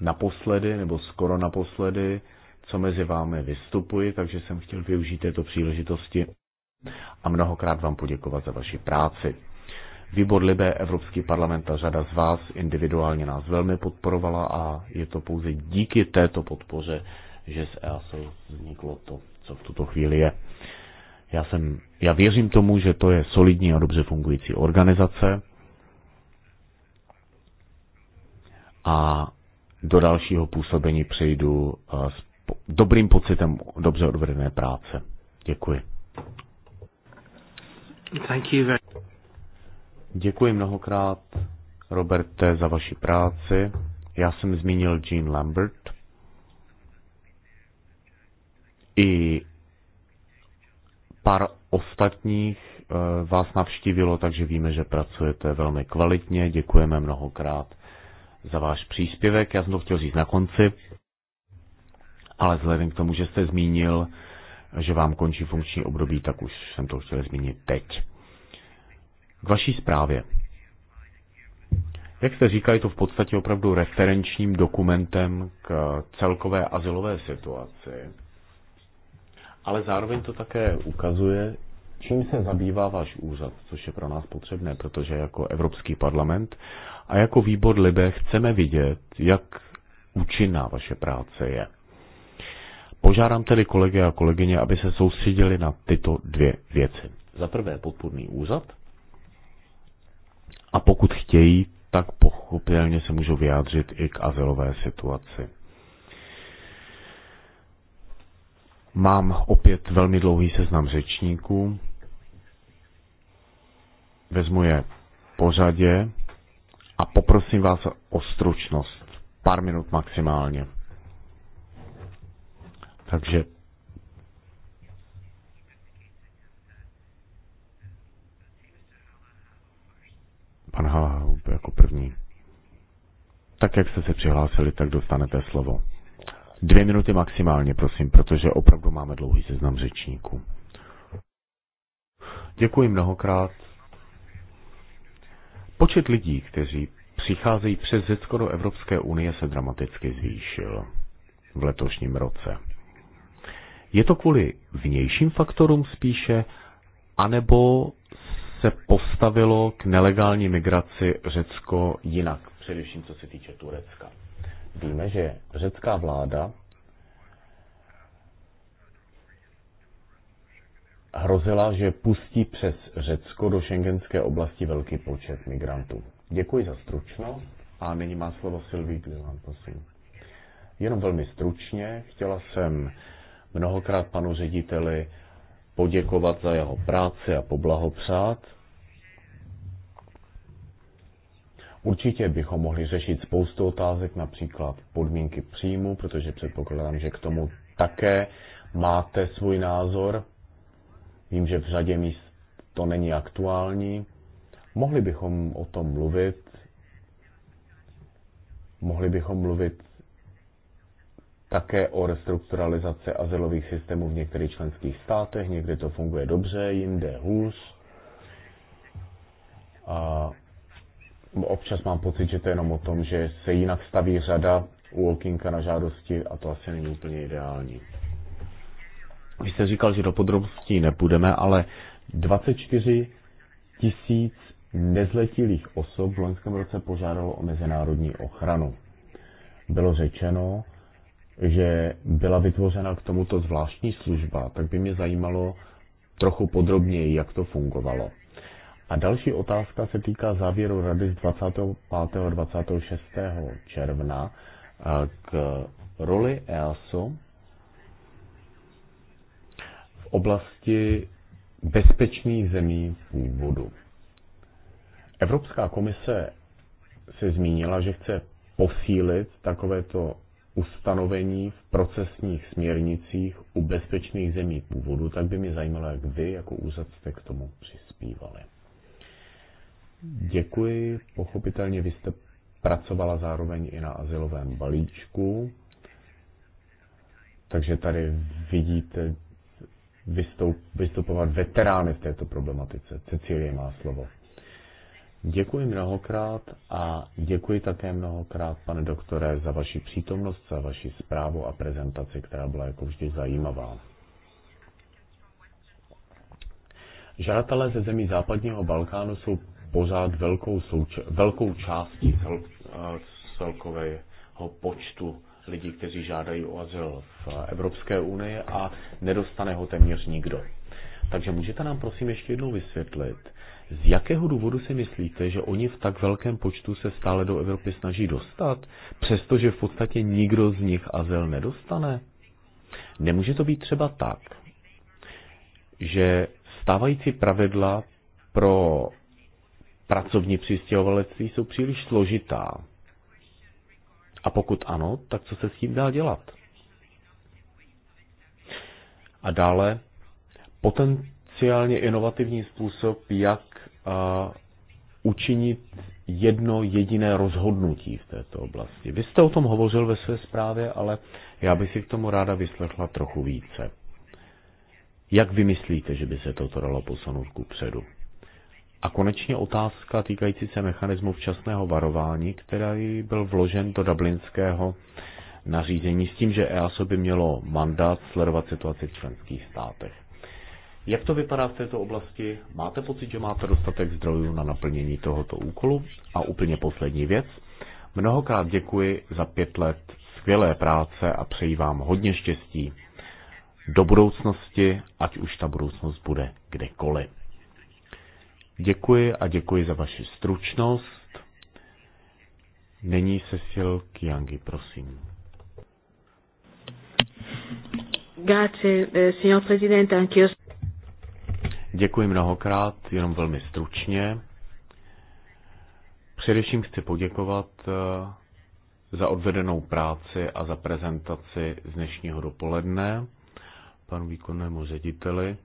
naposledy nebo skoro naposledy, co mezi vámi vystupuji, takže jsem chtěl využít této příležitosti a mnohokrát vám poděkovat za vaši práci. Výbor Libé, Evropský parlament a řada z vás individuálně nás velmi podporovala a je to pouze díky této podpoře, že z EASO vzniklo to, co v tuto chvíli je. Já, jsem, já věřím tomu, že to je solidní a dobře fungující organizace, a do dalšího působení přejdu eh, s dobrým pocitem dobře odvedené práce. Děkuji. Thank you very... Děkuji mnohokrát, Roberte, za vaši práci. Já jsem zmínil Jean Lambert. I pár ostatních eh, vás navštívilo, takže víme, že pracujete velmi kvalitně. Děkujeme mnohokrát za váš příspěvek. Já jsem to chtěl říct na konci, ale vzhledem k tomu, že jste zmínil, že vám končí funkční období, tak už jsem to chtěl zmínit teď. K vaší zprávě. Jak jste říkali, to v podstatě opravdu referenčním dokumentem k celkové azylové situaci. Ale zároveň to také ukazuje, čím se zabývá váš úřad, což je pro nás potřebné, protože jako Evropský parlament a jako výbor Libe chceme vidět, jak účinná vaše práce je. Požádám tedy kolegy a kolegyně, aby se soustředili na tyto dvě věci. Za prvé podpůrný úřad a pokud chtějí, tak pochopitelně se můžou vyjádřit i k azylové situaci. Mám opět velmi dlouhý seznam řečníků, vezmu je pořadě a poprosím vás o stručnost. Pár minut maximálně. Takže pan Halahub jako první. Tak, jak jste se přihlásili, tak dostanete slovo. Dvě minuty maximálně, prosím, protože opravdu máme dlouhý seznam řečníků. Děkuji mnohokrát Počet lidí, kteří přicházejí přes Řecko do Evropské unie, se dramaticky zvýšil v letošním roce. Je to kvůli vnějším faktorům spíše, anebo se postavilo k nelegální migraci Řecko jinak, především co se týče Turecka? Víme, že řecká vláda hrozila, že pustí přes Řecko do šengenské oblasti velký počet migrantů. Děkuji za stručnost a nyní má slovo Silví Kliman, prosím. Jenom velmi stručně, chtěla jsem mnohokrát panu řediteli poděkovat za jeho práci a poblahopřát. Určitě bychom mohli řešit spoustu otázek, například podmínky příjmu, protože předpokládám, že k tomu také máte svůj názor. Vím, že v řadě míst to není aktuální. Mohli bychom o tom mluvit. Mohli bychom mluvit také o restrukturalizaci azylových systémů v některých členských státech. Někdy to funguje dobře, jinde hůř. A občas mám pocit, že to je jenom o tom, že se jinak staví řada u Olkinka na žádosti a to asi není úplně ideální. Vy jste říkal, že do podrobností nepůjdeme, ale 24 tisíc nezletilých osob v loňském roce požádalo o mezinárodní ochranu. Bylo řečeno, že byla vytvořena k tomuto zvláštní služba, tak by mě zajímalo trochu podrobněji, jak to fungovalo. A další otázka se týká závěru Rady z 25. a 26. června eh, k roli EASO oblasti bezpečných zemí původu. Evropská komise se zmínila, že chce posílit takovéto ustanovení v procesních směrnicích u bezpečných zemí původu, tak by mě zajímalo, jak vy jako úřad jste k tomu přispívali. Děkuji. Pochopitelně vy jste pracovala zároveň i na asilovém balíčku, takže tady vidíte vystoup, vystupovat veterány v této problematice. Cecílie má slovo. Děkuji mnohokrát a děkuji také mnohokrát, pane doktore, za vaši přítomnost, za vaši zprávu a prezentaci, která byla jako vždy zajímavá. Žadatelé ze zemí západního Balkánu jsou pořád velkou, souč- velkou částí eh, celkového počtu lidí, kteří žádají o azyl v Evropské unii a nedostane ho téměř nikdo. Takže můžete nám prosím ještě jednou vysvětlit, z jakého důvodu si myslíte, že oni v tak velkém počtu se stále do Evropy snaží dostat, přestože v podstatě nikdo z nich azyl nedostane? Nemůže to být třeba tak, že stávající pravidla pro pracovní přistěhovalectví jsou příliš složitá a pokud ano, tak co se s tím dá dělat? A dále potenciálně inovativní způsob, jak a, učinit jedno jediné rozhodnutí v této oblasti. Vy jste o tom hovořil ve své zprávě, ale já bych si k tomu ráda vyslechla trochu více. Jak vymyslíte, že by se toto dalo posunout ku předu? A konečně otázka týkající se mechanismu včasného varování, který byl vložen do dublinského nařízení s tím, že EASO by mělo mandát sledovat situaci v členských státech. Jak to vypadá v této oblasti? Máte pocit, že máte dostatek zdrojů na naplnění tohoto úkolu? A úplně poslední věc. Mnohokrát děkuji za pět let skvělé práce a přeji vám hodně štěstí do budoucnosti, ať už ta budoucnost bude kdekoliv. Děkuji a děkuji za vaši stručnost. Není Cecil Kiangi, prosím. Grazie, eh, signor Děkuji mnohokrát, jenom velmi stručně. Především chci poděkovat eh, za odvedenou práci a za prezentaci z dnešního dopoledne panu výkonnému řediteli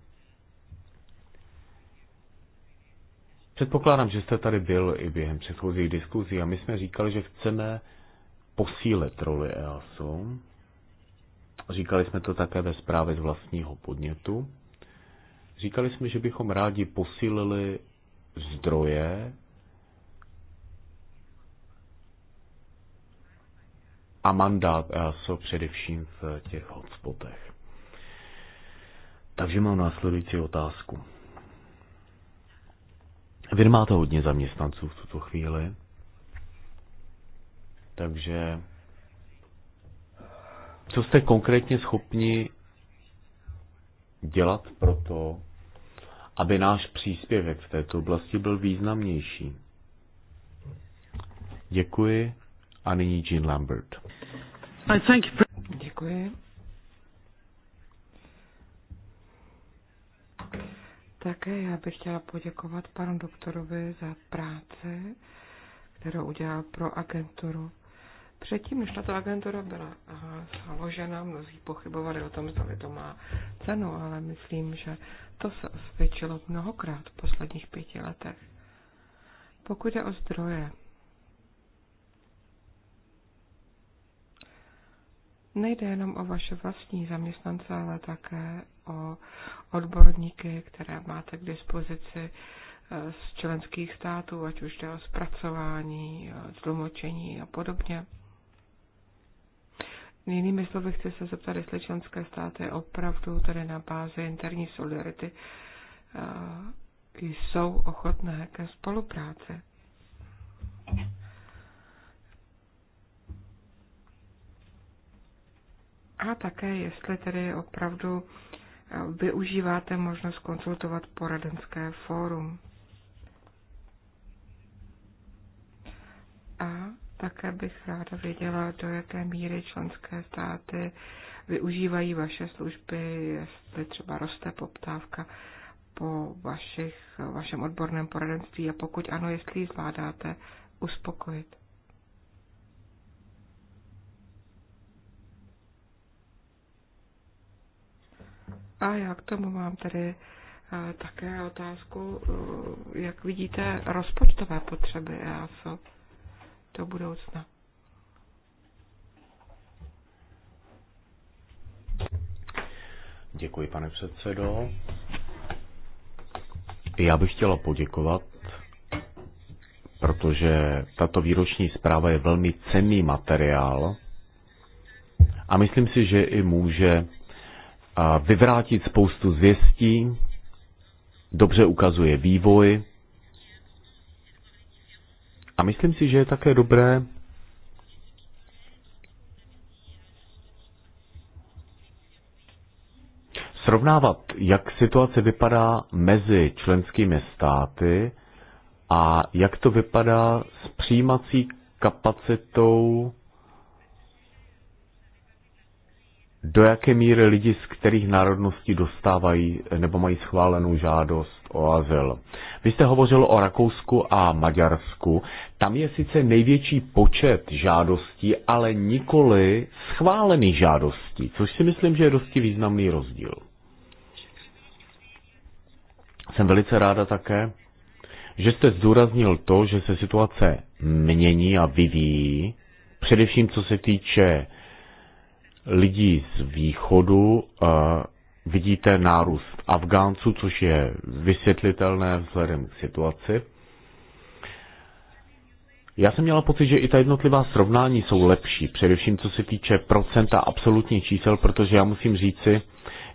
Předpokládám, že jste tady byl i během předchozích diskuzí a my jsme říkali, že chceme posílit roli EASu. Říkali jsme to také ve zprávě z vlastního podnětu. Říkali jsme, že bychom rádi posílili zdroje a mandát EASO především v těch hotspotech. Takže mám následující otázku. Vy máte hodně zaměstnanců v tuto chvíli, takže co jste konkrétně schopni dělat pro to, aby náš příspěvek v této oblasti byl významnější? Děkuji a nyní Jean Lambert. Děkuji. Také já bych chtěla poděkovat panu doktorovi za práci, kterou udělal pro agenturu. Předtím, než tato agentura byla založena, mnozí pochybovali o tom, zda to má cenu, ale myslím, že to se osvědčilo mnohokrát v posledních pěti letech. Pokud je o zdroje, Nejde jenom o vaše vlastní zaměstnance, ale také o odborníky, které máte k dispozici eh, z členských států, ať už jde o zpracování, zlumočení eh, a podobně. Jinými slovy chci se zeptat, jestli členské státy opravdu tedy na bázi interní solidarity eh, jsou ochotné ke spolupráci. A také, jestli tedy opravdu eh, využíváte možnost konzultovat poradenské fórum. A také bych ráda věděla, do jaké míry členské státy využívají vaše služby, jestli třeba roste poptávka po vašich, vašem odborném poradenství a pokud ano, jestli ji zvládáte uspokojit. A já k tomu mám tady eh, také otázku, eh, jak vidíte rozpočtové potřeby EASO do budoucna. Děkuji, pane předsedo. Já bych chtěla poděkovat, protože tato výroční zpráva je velmi cenný materiál a myslím si, že i může a vyvrátit spoustu zvěstí, dobře ukazuje vývoj a myslím si, že je také dobré srovnávat, jak situace vypadá mezi členskými státy a jak to vypadá s přijímací kapacitou do jaké míry lidi, z kterých národností dostávají nebo mají schválenou žádost o azyl. Vy jste hovořil o Rakousku a Maďarsku. Tam je sice největší počet žádostí, ale nikoli schválených žádostí, což si myslím, že je dosti významný rozdíl. Jsem velice ráda také, že jste zdůraznil to, že se situace mění a vyvíjí, především co se týče lidí z východu vidíte nárůst Afgánců, což je vysvětlitelné vzhledem k situaci. Já jsem měla pocit, že i ta jednotlivá srovnání jsou lepší, především co se týče procenta absolutních čísel, protože já musím říci,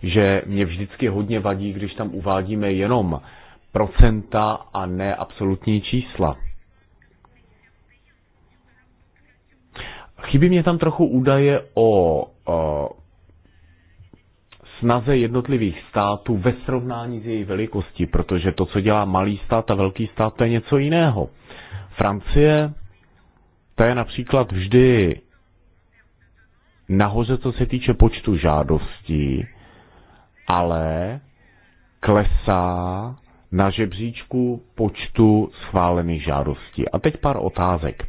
že mě vždycky hodně vadí, když tam uvádíme jenom procenta a ne absolutní čísla. Chybí mě tam trochu údaje o, o snaze jednotlivých států ve srovnání s její velikostí, protože to, co dělá malý stát a velký stát, to je něco jiného. Francie, ta je například vždy nahoře, co se týče počtu žádostí, ale klesá na žebříčku počtu schválených žádostí. A teď pár otázek.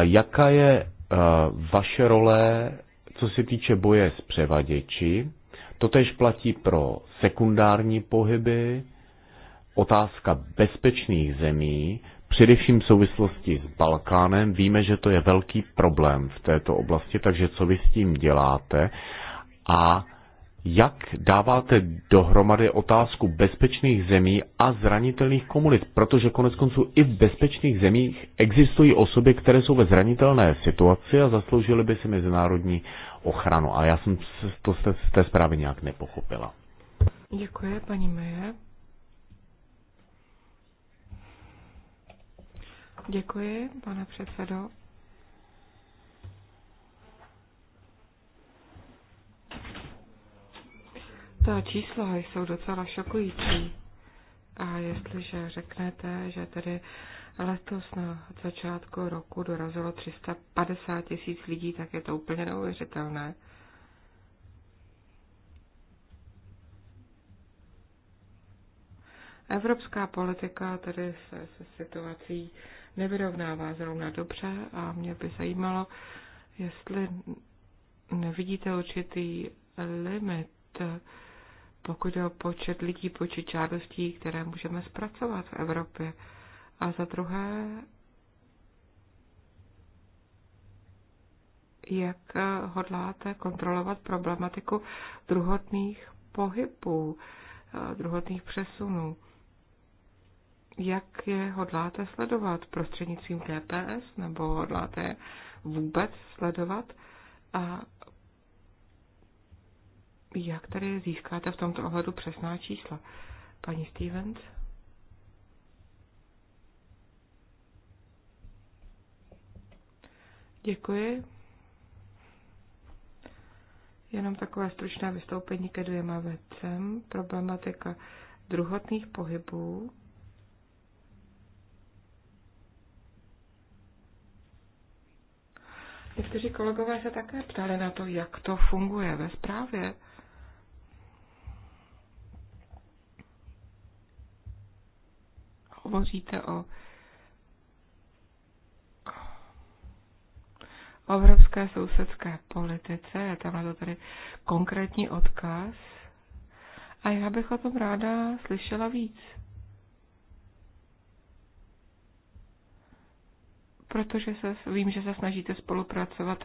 Jaká je eh, vaše role, co se týče boje s převaděči? Totež platí pro sekundární pohyby, otázka bezpečných zemí, především v souvislosti s Balkánem. Víme, že to je velký problém v této oblasti, takže co vy s tím děláte? A jak dáváte dohromady otázku bezpečných zemí a zranitelných komunit, protože konec konců i v bezpečných zemích existují osoby, které jsou ve zranitelné situaci a zasloužily by si mezinárodní ochranu. A já jsem to z té zprávy nějak nepochopila. Děkuji, paní Meje. Děkuji, pane předsedo. Ta čísla jsou docela šokující. A jestliže řeknete, že tedy letos na začátku roku dorazilo 350 tisíc lidí, tak je to úplně neuvěřitelné. Evropská politika tedy se, se situací nevyrovnává zrovna dobře a mě by zajímalo, jestli nevidíte určitý limit pokud je o počet lidí, počet žádostí, které můžeme zpracovat v Evropě. A za druhé, jak eh, hodláte kontrolovat problematiku druhotných pohybů, eh, druhotných přesunů. Jak je hodláte sledovat? Prostřednictvím GPS nebo hodláte vůbec sledovat? A jak tady získáte v tomto ohledu přesná čísla? Paní Stevens? Děkuji. Jenom takové stručné vystoupení ke dvěma věcem. Problematika druhotných pohybů. Někteří kolegové se také ptali na to, jak to funguje ve zprávě. hovoříte o evropské sousedské politice, je tam na to tady konkrétní odkaz a já bych o tom ráda slyšela víc. Protože se, vím, že se snažíte spolupracovat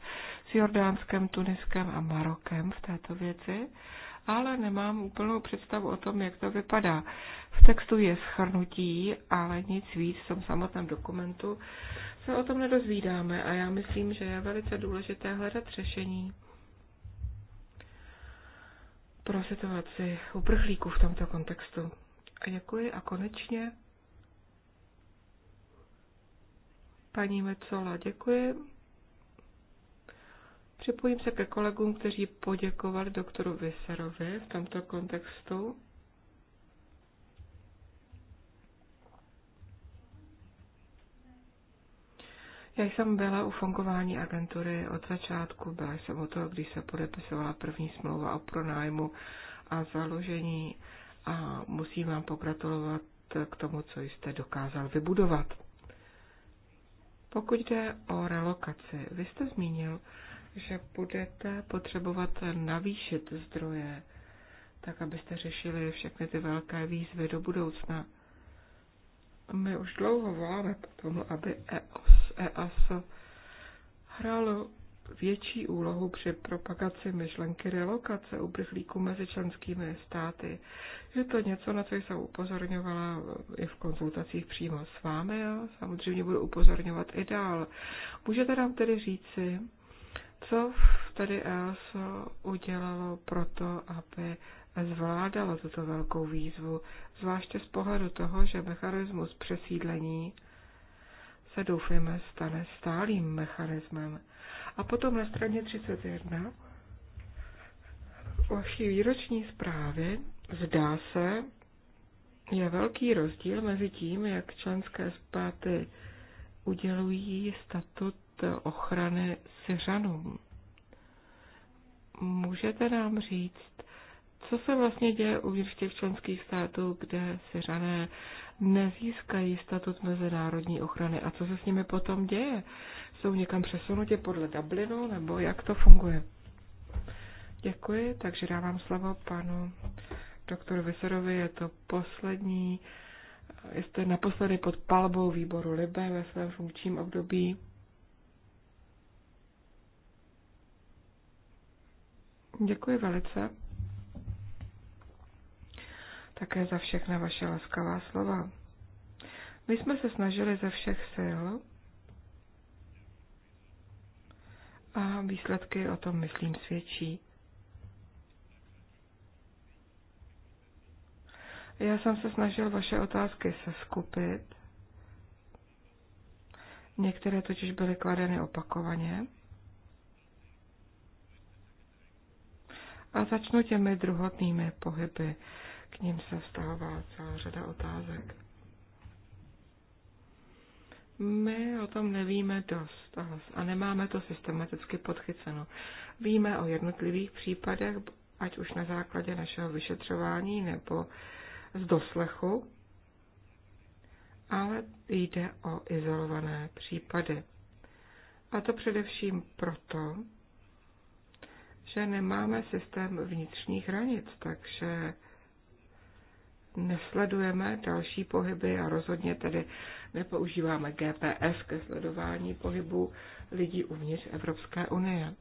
s Jordánskem, Tuniskem a Marokem v této věci ale nemám úplnou představu o tom, jak to vypadá. V textu je schrnutí, ale nic víc v tom samotném dokumentu se o tom nedozvídáme a já myslím, že je velice důležité hledat řešení pro situaci uprchlíků v tomto kontextu. A děkuji a konečně paní Mecola, děkuji. Připojím se ke kolegům, kteří poděkovali doktoru Viserovi v tomto kontextu. Já jsem byla u fungování agentury od začátku, byla jsem u toho, když se podepisovala první smlouva o pronájmu a založení a musím vám pogratulovat k tomu, co jste dokázal vybudovat. Pokud jde o relokaci, vy jste zmínil, že budete potřebovat navýšit zdroje, tak abyste řešili všechny ty velké výzvy do budoucna. My už dlouho voláme po tom, aby EOS, E.A.S. hrálo větší úlohu při propagaci myšlenky relokace uprchlíků mezi členskými státy. Je to něco, na co jsem upozorňovala i v konzultacích přímo s vámi a samozřejmě budu upozorňovat i dál. Můžete nám tedy říci, co tady ELSO udělalo pro to, aby zvládalo tuto velkou výzvu, zvláště z pohledu toho, že mechanismus přesídlení se doufujeme stane stálým mechanismem. A potom na straně 31 vaší výroční zprávy zdá se, je velký rozdíl mezi tím, jak členské státy udělují statut ochrany Syřanům. Můžete nám říct, co se vlastně děje uvnitř těch členských států, kde Syřané nezískají statut mezinárodní ochrany a co se s nimi potom děje? Jsou někam přesunutě podle Dublinu nebo jak to funguje? Děkuji, takže dávám slovo panu doktoru Viserovi, je to poslední, jste naposledy pod palbou výboru Libe ve svém funkčním období. Děkuji velice. Také za všechna vaše laskavá slova. My jsme se snažili ze všech sil a výsledky o tom, myslím, svědčí. Já jsem se snažil vaše otázky seskupit. Některé totiž byly kladeny opakovaně. A začnu těmi druhotnými pohyby. K ním se vztahová celá řada otázek. My o tom nevíme dost a nemáme to systematicky podchyceno. Víme o jednotlivých případech, ať už na základě našeho vyšetřování nebo z doslechu, ale jde o izolované případy. A to především proto, že nemáme systém vnitřních hranic, takže nesledujeme další pohyby a rozhodně tedy nepoužíváme GPS ke sledování pohybu lidí uvnitř Evropské unie.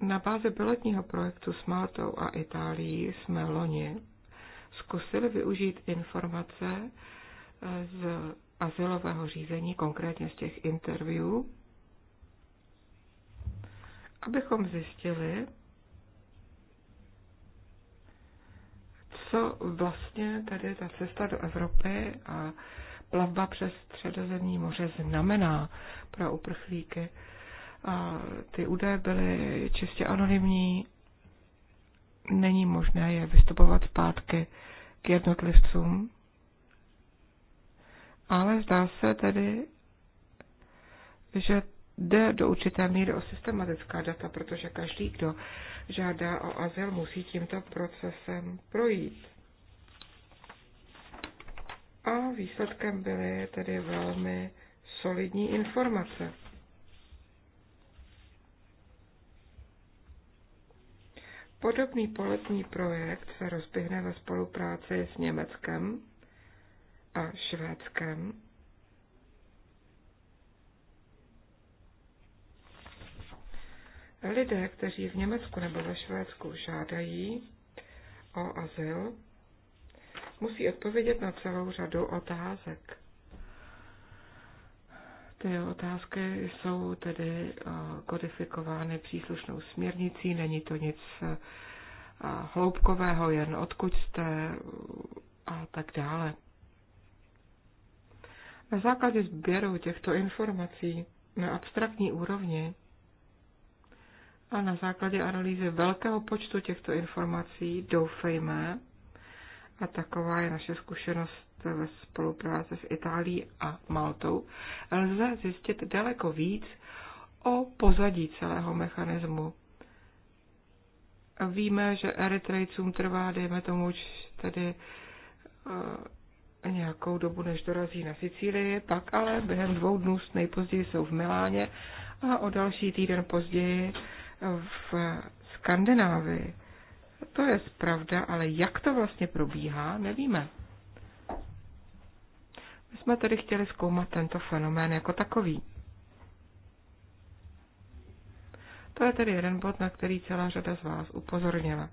Na bázi pilotního projektu s Maltou a Itálií jsme loni zkusili využít informace z azylového řízení, konkrétně z těch interviewů, abychom zjistili, co vlastně tady ta cesta do Evropy a plavba přes středozemní moře znamená pro uprchlíky. A ty údaje byly čistě anonymní, není možné je vystupovat zpátky k jednotlivcům, ale zdá se tedy, že jde do určité míry o systematická data, protože každý, kdo žádá o azyl, musí tímto procesem projít. A výsledkem byly tedy velmi solidní informace. Podobný poletní projekt se rozběhne ve spolupráci s Německem a Švédskem Lidé, kteří v Německu nebo ve Švédsku žádají o azyl, musí odpovědět na celou řadu otázek. Ty otázky jsou tedy eh, kodifikovány příslušnou směrnicí, není to nic eh, hloubkového, jen odkud jste eh, a tak dále. Na základě sběru těchto informací na abstraktní úrovni a na základě analýzy velkého počtu těchto informací doufejme, a taková je naše zkušenost ve spolupráci s Itálií a Maltou, lze zjistit daleko víc o pozadí celého mechanismu. Víme, že Eritrejcům trvá, dejme tomu, tedy eh, nějakou dobu, než dorazí na Sicílii, pak ale během dvou dnů nejpozději jsou v Miláně a o další týden později v Skandinávii. To je pravda, ale jak to vlastně probíhá, nevíme. My jsme tedy chtěli zkoumat tento fenomén jako takový. To je tedy jeden bod, na který celá řada z vás upozornila.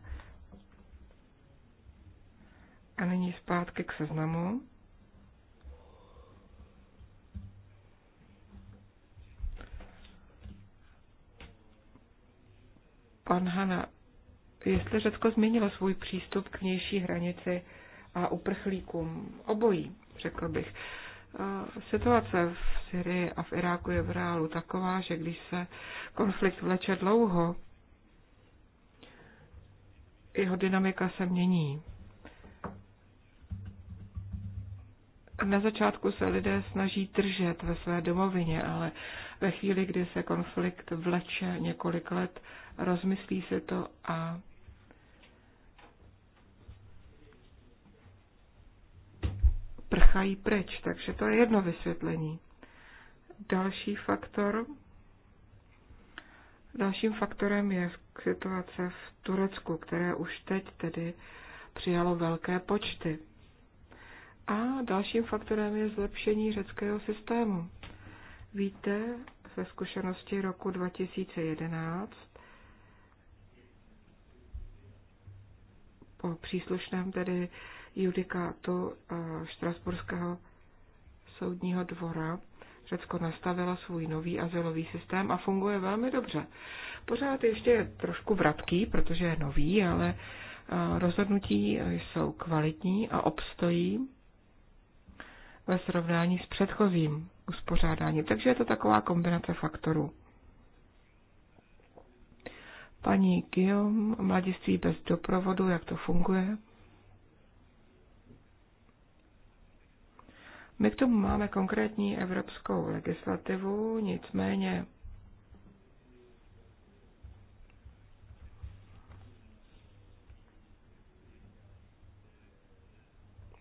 A nyní zpátky k seznamu. Pan Hana, jestli Řecko změnilo svůj přístup k vnější hranici a uprchlíkům, obojí, řekl bych. Situace v Syrii a v Iráku je v reálu taková, že když se konflikt vleče dlouho, jeho dynamika se mění. Na začátku se lidé snaží držet ve své domovině, ale ve chvíli, kdy se konflikt vleče několik let, rozmyslí se to a prchají pryč. Takže to je jedno vysvětlení. Další faktor. Dalším faktorem je situace v Turecku, které už teď tedy přijalo velké počty. A dalším faktorem je zlepšení řeckého systému. Víte ze zkušenosti roku 2011 po příslušném tedy judikátu eh, Štrasburského soudního dvora Řecko nastavila svůj nový azylový systém a funguje velmi dobře. Pořád ještě je trošku vratký, protože je nový, ale eh, rozhodnutí jsou kvalitní a obstojí ve srovnání s předchozím uspořádání. Takže je to taková kombinace faktorů. Paní Guillaume, mladiství bez doprovodu, jak to funguje? My k tomu máme konkrétní evropskou legislativu, nicméně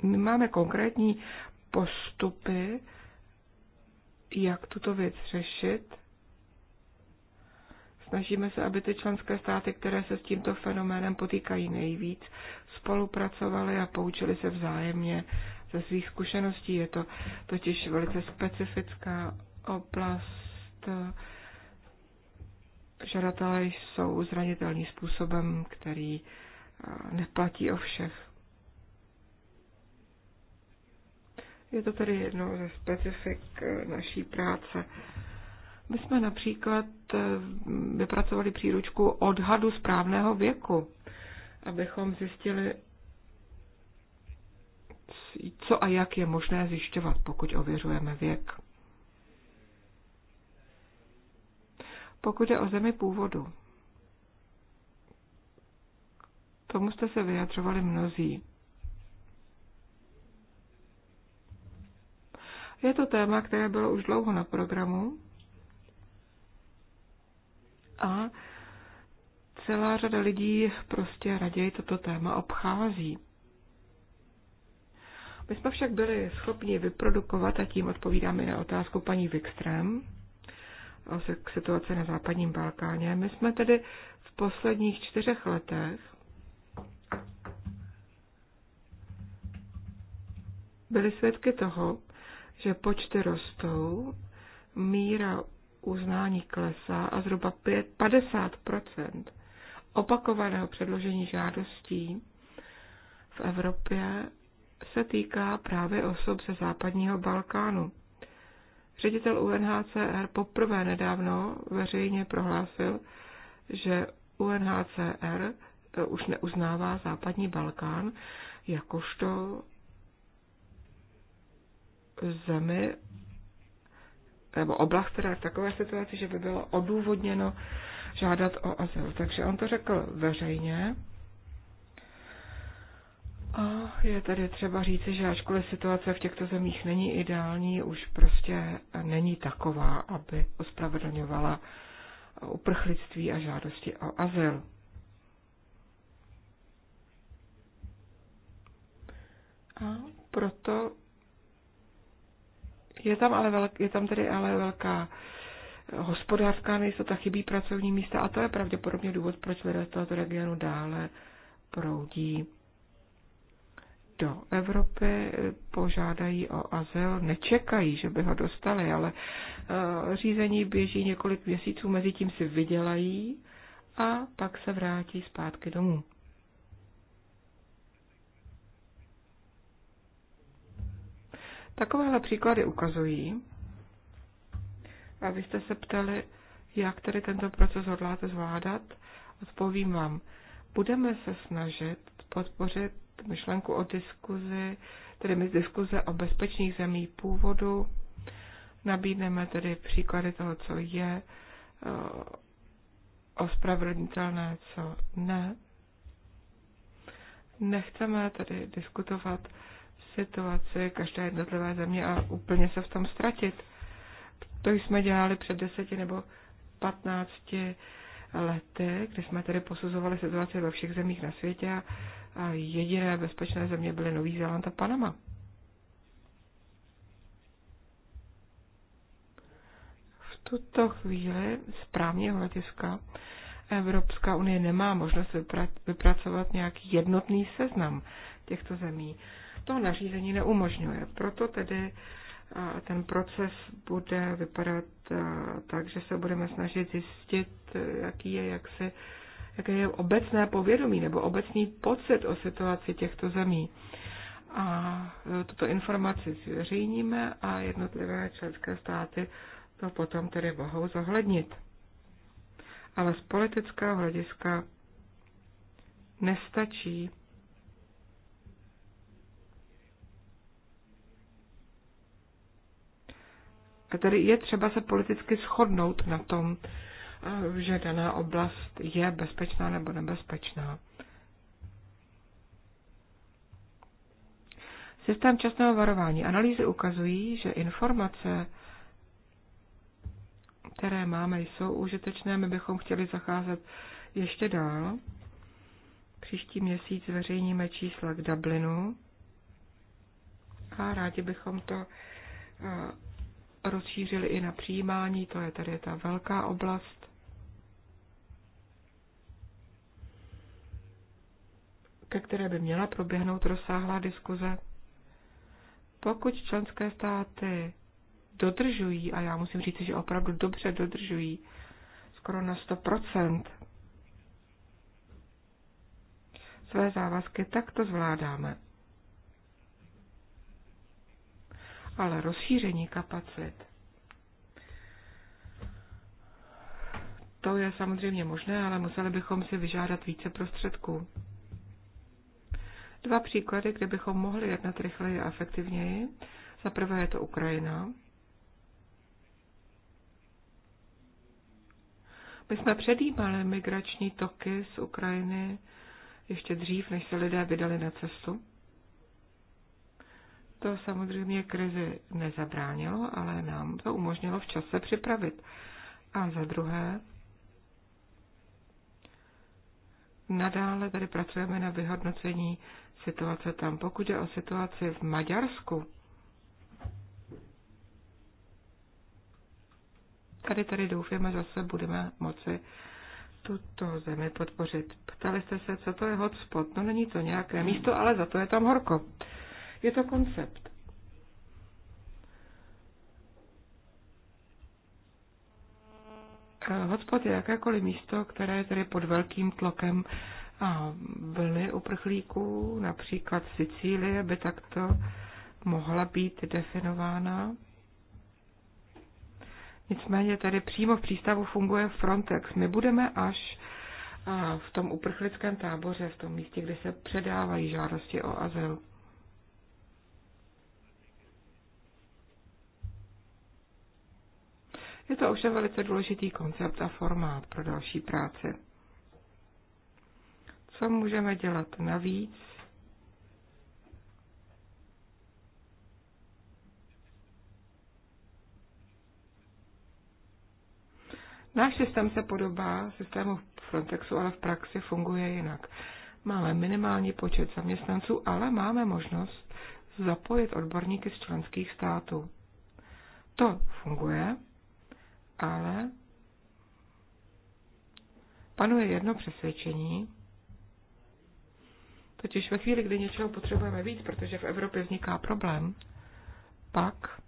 my máme konkrétní postupy, jak tuto věc řešit. Snažíme se, aby ty členské státy, které se s tímto fenoménem potýkají nejvíc, spolupracovaly a poučily se vzájemně ze svých zkušeností. Je to totiž velice specifická oblast. Žadatelé jsou zranitelný způsobem, který eh, neplatí o všech. Je to tedy jedno ze specifik eh, naší práce. My jsme například eh, vypracovali příručku odhadu správného věku, abychom zjistili, co a jak je možné zjišťovat, pokud ověřujeme věk. Pokud je o zemi původu, tomu jste se vyjadřovali mnozí. Je to téma, které bylo už dlouho na programu a celá řada lidí prostě raději toto téma obchází. My jsme však byli schopni vyprodukovat, a tím odpovídáme na otázku paní Wikström, o situaci na západním Balkáně. My jsme tedy v posledních čtyřech letech byli svědky toho, že počty rostou, míra uznání klesá a zhruba 50 opakovaného předložení žádostí v Evropě se týká právě osob ze západního Balkánu. Ředitel UNHCR poprvé nedávno veřejně prohlásil, že UNHCR už neuznává západní Balkán jakožto zemi nebo oblast, která je v takové situaci, že by bylo odůvodněno žádat o azyl. Takže on to řekl veřejně. A je tady třeba říci, že ačkoliv situace v těchto zemích není ideální, už prostě není taková, aby ospravedlňovala uprchlictví a žádosti o azyl. A proto je tam, ale velk, je tam tedy ale velká eh, hospodářská nejistota, chybí pracovní místa a to je pravděpodobně důvod, proč lidé z tohoto regionu dále proudí do Evropy, eh, požádají o azyl, nečekají, že by ho dostali, ale eh, řízení běží několik měsíců, mezi tím si vydělají a pak se vrátí zpátky domů. Takovéhle příklady ukazují, a vy jste se ptali, jak tedy tento proces hodláte zvládat, odpovím vám. Budeme se snažit podpořit myšlenku o diskuzi, tedy my z diskuze o bezpečných zemí původu. Nabídneme tedy příklady toho, co je e, ospravedlnitelné, co ne. Nechceme tedy diskutovat situaci každá jednotlivá země a úplně se v tom ztratit. To jsme dělali před deseti nebo patnácti lety, kdy jsme tedy posuzovali situaci ve všech zemích na světě a, jediné bezpečné země byly Nový Zéland a Panama. V tuto chvíli správně, hlediska Evropská unie nemá možnost vypracovat nějaký jednotný seznam těchto zemí to nařízení neumožňuje. Proto tedy ten proces bude vypadat tak, že se budeme snažit zjistit, jaký je, jak se, jaké je obecné povědomí nebo obecný pocit o situaci těchto zemí. A e, tuto informaci zveřejníme a jednotlivé členské státy to potom tedy mohou zohlednit. Ale z politického hlediska nestačí tedy je třeba se politicky shodnout na tom, eh, že daná oblast je bezpečná nebo nebezpečná. Systém časného varování. Analýzy ukazují, že informace, které máme, jsou užitečné. My bychom chtěli zacházet ještě dál. Příští měsíc zveřejníme čísla k Dublinu a rádi bychom to eh, rozšířili i na přijímání, to je tady ta velká oblast. ke které by měla proběhnout rozsáhlá diskuze. Pokud členské státy dodržují, a já musím říct, že opravdu dobře dodržují, skoro na 100% své závazky, tak to zvládáme. ale rozšíření kapacit. To je samozřejmě možné, ale museli bychom si vyžádat více prostředků. Dva příklady, kde bychom mohli jednat rychleji a efektivněji. Za prvé je to Ukrajina. My jsme předjímali migrační toky z Ukrajiny ještě dřív, než se lidé vydali na cestu. To samozřejmě krizi nezabránilo, ale nám to umožnilo včas se připravit. A za druhé, nadále tady pracujeme na vyhodnocení situace tam. Pokud je o situaci v Maďarsku, tady tady doufáme zase budeme moci tuto zemi podpořit. Ptali jste se, co to je hotspot. No není to nějaké místo, ale za to je tam horko. Je to koncept. Hospod je jakékoliv místo, které je tedy pod velkým tlokem vlny uprchlíků, například Sicílie by takto mohla být definována. Nicméně tady přímo v přístavu funguje Frontex. My budeme až v tom uprchlickém táboře, v tom místě, kde se předávají žádosti o azyl. Je to ovšem velice důležitý koncept a formát pro další práci. Co můžeme dělat navíc? Náš systém se podobá systému Frontexu, ale v praxi funguje jinak. Máme minimální počet zaměstnanců, ale máme možnost zapojit odborníky z členských států. To funguje ale panuje jedno přesvědčení, totiž ve chvíli, kdy něčeho potřebujeme víc, protože v Evropě vzniká problém, pak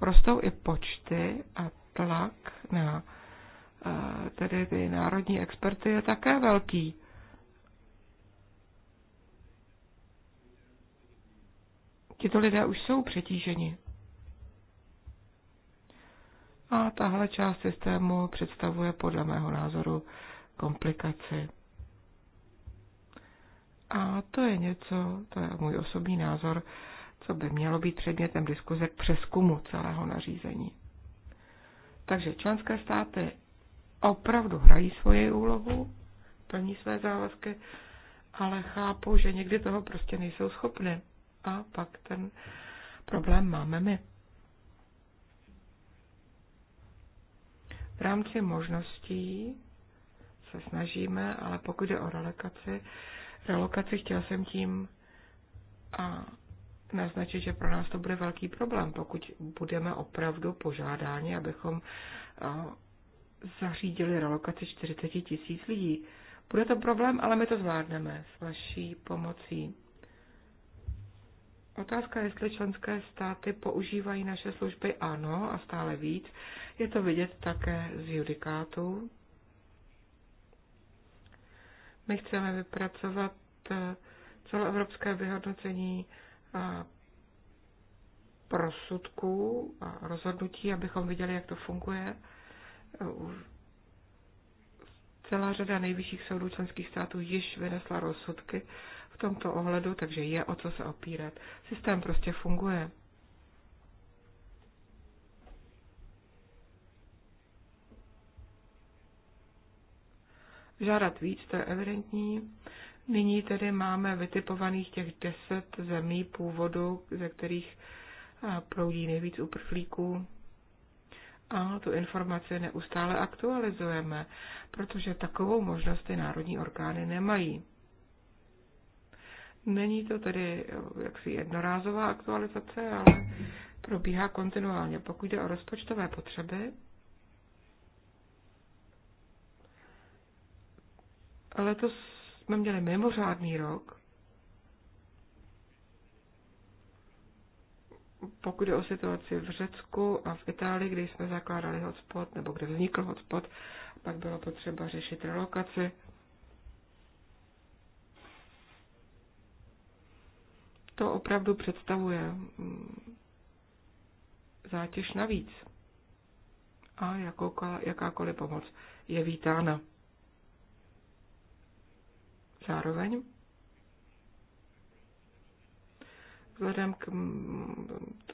rostou i počty a tlak na eh, tedy ty národní experty je také velký. Tito lidé už jsou přetíženi. A tahle část systému představuje podle mého názoru komplikaci. A to je něco, to je můj osobní názor, co by mělo být předmětem diskuze k přeskumu celého nařízení. Takže členské státy opravdu hrají svoji úlohu, plní své závazky, ale chápu, že někdy toho prostě nejsou schopny. A pak ten problém máme my. V rámci možností se snažíme, ale pokud jde o relokaci, relokaci chtěl jsem tím a naznačit, že pro nás to bude velký problém, pokud budeme opravdu požádáni, abychom zařídili relokaci 40 tisíc lidí. Bude to problém, ale my to zvládneme s vaší pomocí. Otázka, jestli členské státy používají naše služby, ano, a stále víc. Je to vidět také z judikátů. My chceme vypracovat eh, celoevropské vyhodnocení prosudků eh, a rozhodnutí, abychom viděli, jak to funguje. Eh, celá řada nejvyšších soudů členských států již vynesla rozsudky v tomto ohledu, takže je o co se opírat. Systém prostě funguje. žádat víc, to je evidentní. Nyní tedy máme vytipovaných těch deset zemí původu, ze kterých proudí nejvíc uprchlíků. A tu informaci neustále aktualizujeme, protože takovou možnost ty národní orgány nemají. Není to tedy eh, jaksi jednorázová aktualizace, ale probíhá kontinuálně. Pokud jde o rozpočtové potřeby, Letos jsme měli mimořádný rok. Pokud je o situaci v Řecku a v Itálii, kde jsme zakládali hotspot, nebo kde vznikl hotspot, pak bylo potřeba řešit relokaci. To opravdu představuje mm, zátěž navíc a jakoukoliv, jakákoliv pomoc je vítána zároveň vzhledem k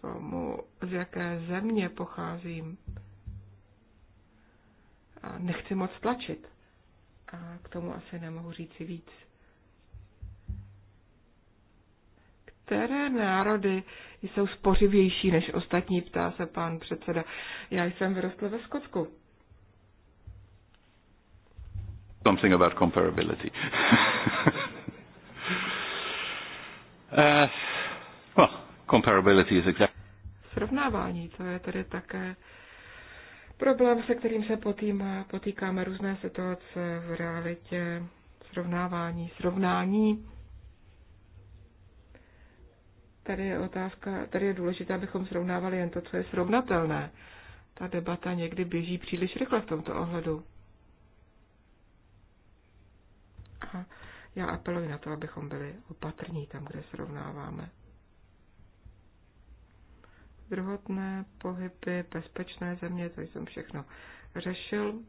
tomu, z jaké země pocházím, nechci moc tlačit. A k tomu asi nemohu říci víc. Které národy jsou spořivější než ostatní, ptá se pán předseda. Já jsem vyrostl ve Skotsku something about comparability. [LAUGHS] uh, well, comparability is exactly. Srovnávání, to je tedy také problém, se kterým se potýma, potýkáme různé situace v realitě, srovnávání, srovnání. Tady je otázka, tady je důležité, abychom srovnávali jen to, co je srovnatelné. Ta debata někdy běží příliš rychle v tomto ohledu. a já apeluji na to, abychom byli opatrní tam, kde srovnáváme. Druhotné pohyby, bezpečné země, to jsem všechno řešil.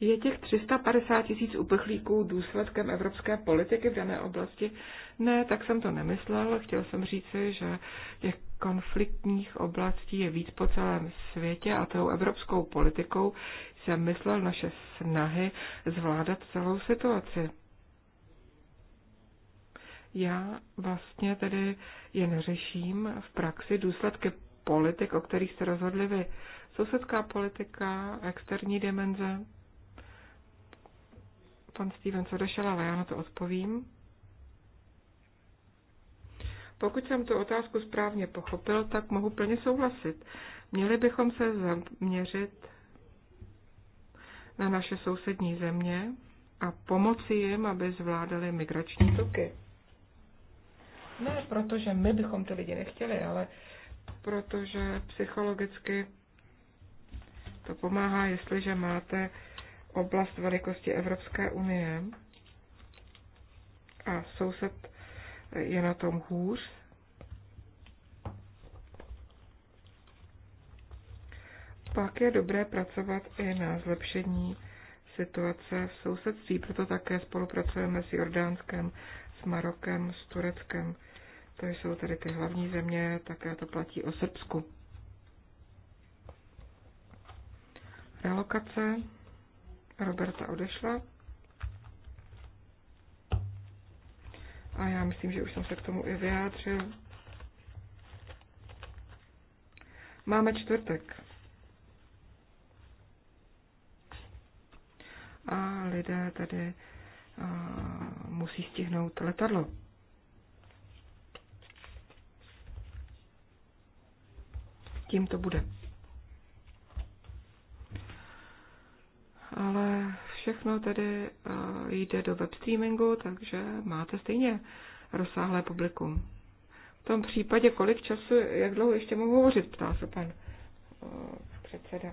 Je těch 350 tisíc uprchlíků důsledkem evropské politiky v dané oblasti? Ne, tak jsem to nemyslel. Chtěl jsem říci, že těch konfliktních oblastí je víc po celém světě a tou evropskou politikou jsem myslel naše snahy zvládat celou situaci. Já vlastně tedy jen řeším v praxi důsledky politik, o kterých se rozhodli vy. Sousedská politika, externí dimenze, pan Stevens odešel, ale já na to odpovím. Pokud jsem tu otázku správně pochopil, tak mohu plně souhlasit. Měli bychom se zaměřit na naše sousední země a pomoci jim, aby zvládali migrační toky. Ne proto, že my bychom ty lidi nechtěli, ale protože psychologicky to pomáhá, jestliže máte oblast velikosti Evropské unie a soused je na tom hůř. Pak je dobré pracovat i na zlepšení situace v sousedství, proto také spolupracujeme s Jordánskem, s Marokem, s Tureckem. To jsou tedy ty hlavní země, také to platí o Srbsku. Relokace. Roberta odešla. A já myslím, že už jsem se k tomu i vyjádřil. Máme čtvrtek. A lidé tady a, musí stihnout letadlo. Tím to bude. ale všechno tedy eh, jde do webstreamingu, takže máte stejně rozsáhlé publikum. V tom případě, kolik času, jak dlouho ještě mohu hovořit, ptá se pan eh, předseda.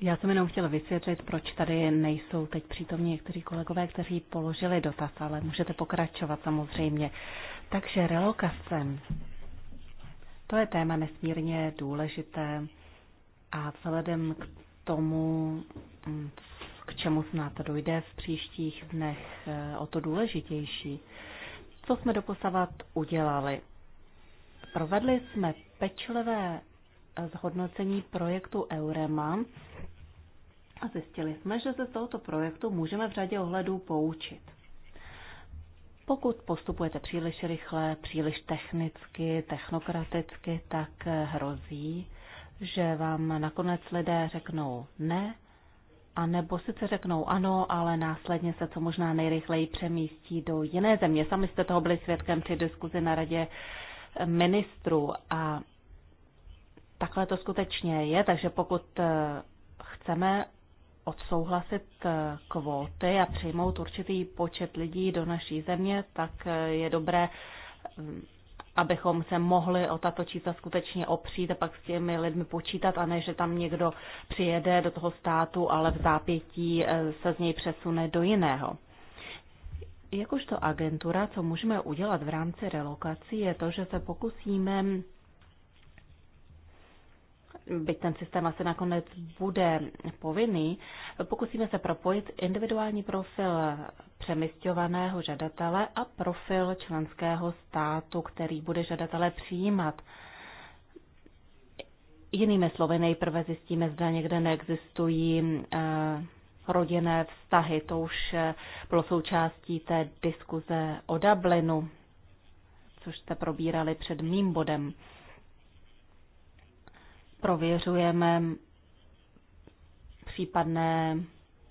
Já jsem jenom chtěla vysvětlit, proč tady nejsou teď přítomní někteří kolegové, kteří položili dotaz, ale můžete pokračovat samozřejmě. Takže relokace. To je téma nesmírně důležité a vzhledem k tomu, mm, k čemu snad dojde v příštích dnech, e, o to důležitější. Co jsme doposavat udělali? Provedli jsme pečlivé e, zhodnocení projektu Eurema a zjistili jsme, že se z tohoto projektu můžeme v řadě ohledů poučit. Pokud postupujete příliš rychle, příliš technicky, technokraticky, tak e, hrozí, že vám nakonec lidé řeknou ne, a nebo sice řeknou ano, ale následně se co možná nejrychleji přemístí do jiné země. Sami jste toho byli svědkem při diskuzi na radě ministrů a takhle to skutečně je, takže pokud eh, chceme odsouhlasit eh, kvóty a přijmout určitý počet lidí do naší země, tak eh, je dobré mm, abychom se mohli o tato čísla skutečně opřít a pak s těmi lidmi počítat a ne, že tam někdo přijede do toho státu, ale v zápětí eh, se z něj přesune do jiného. Jakožto agentura, co můžeme udělat v rámci relokací, je to, že se pokusíme byť ten systém asi nakonec bude povinný, pokusíme se propojit individuální profil přemysťovaného žadatele a profil členského státu, který bude žadatele přijímat. Jinými slovy, nejprve zjistíme, zda někde neexistují eh, rodinné vztahy. To už eh, bylo součástí té diskuze o Dublinu, což jste probírali před mým bodem prověřujeme případné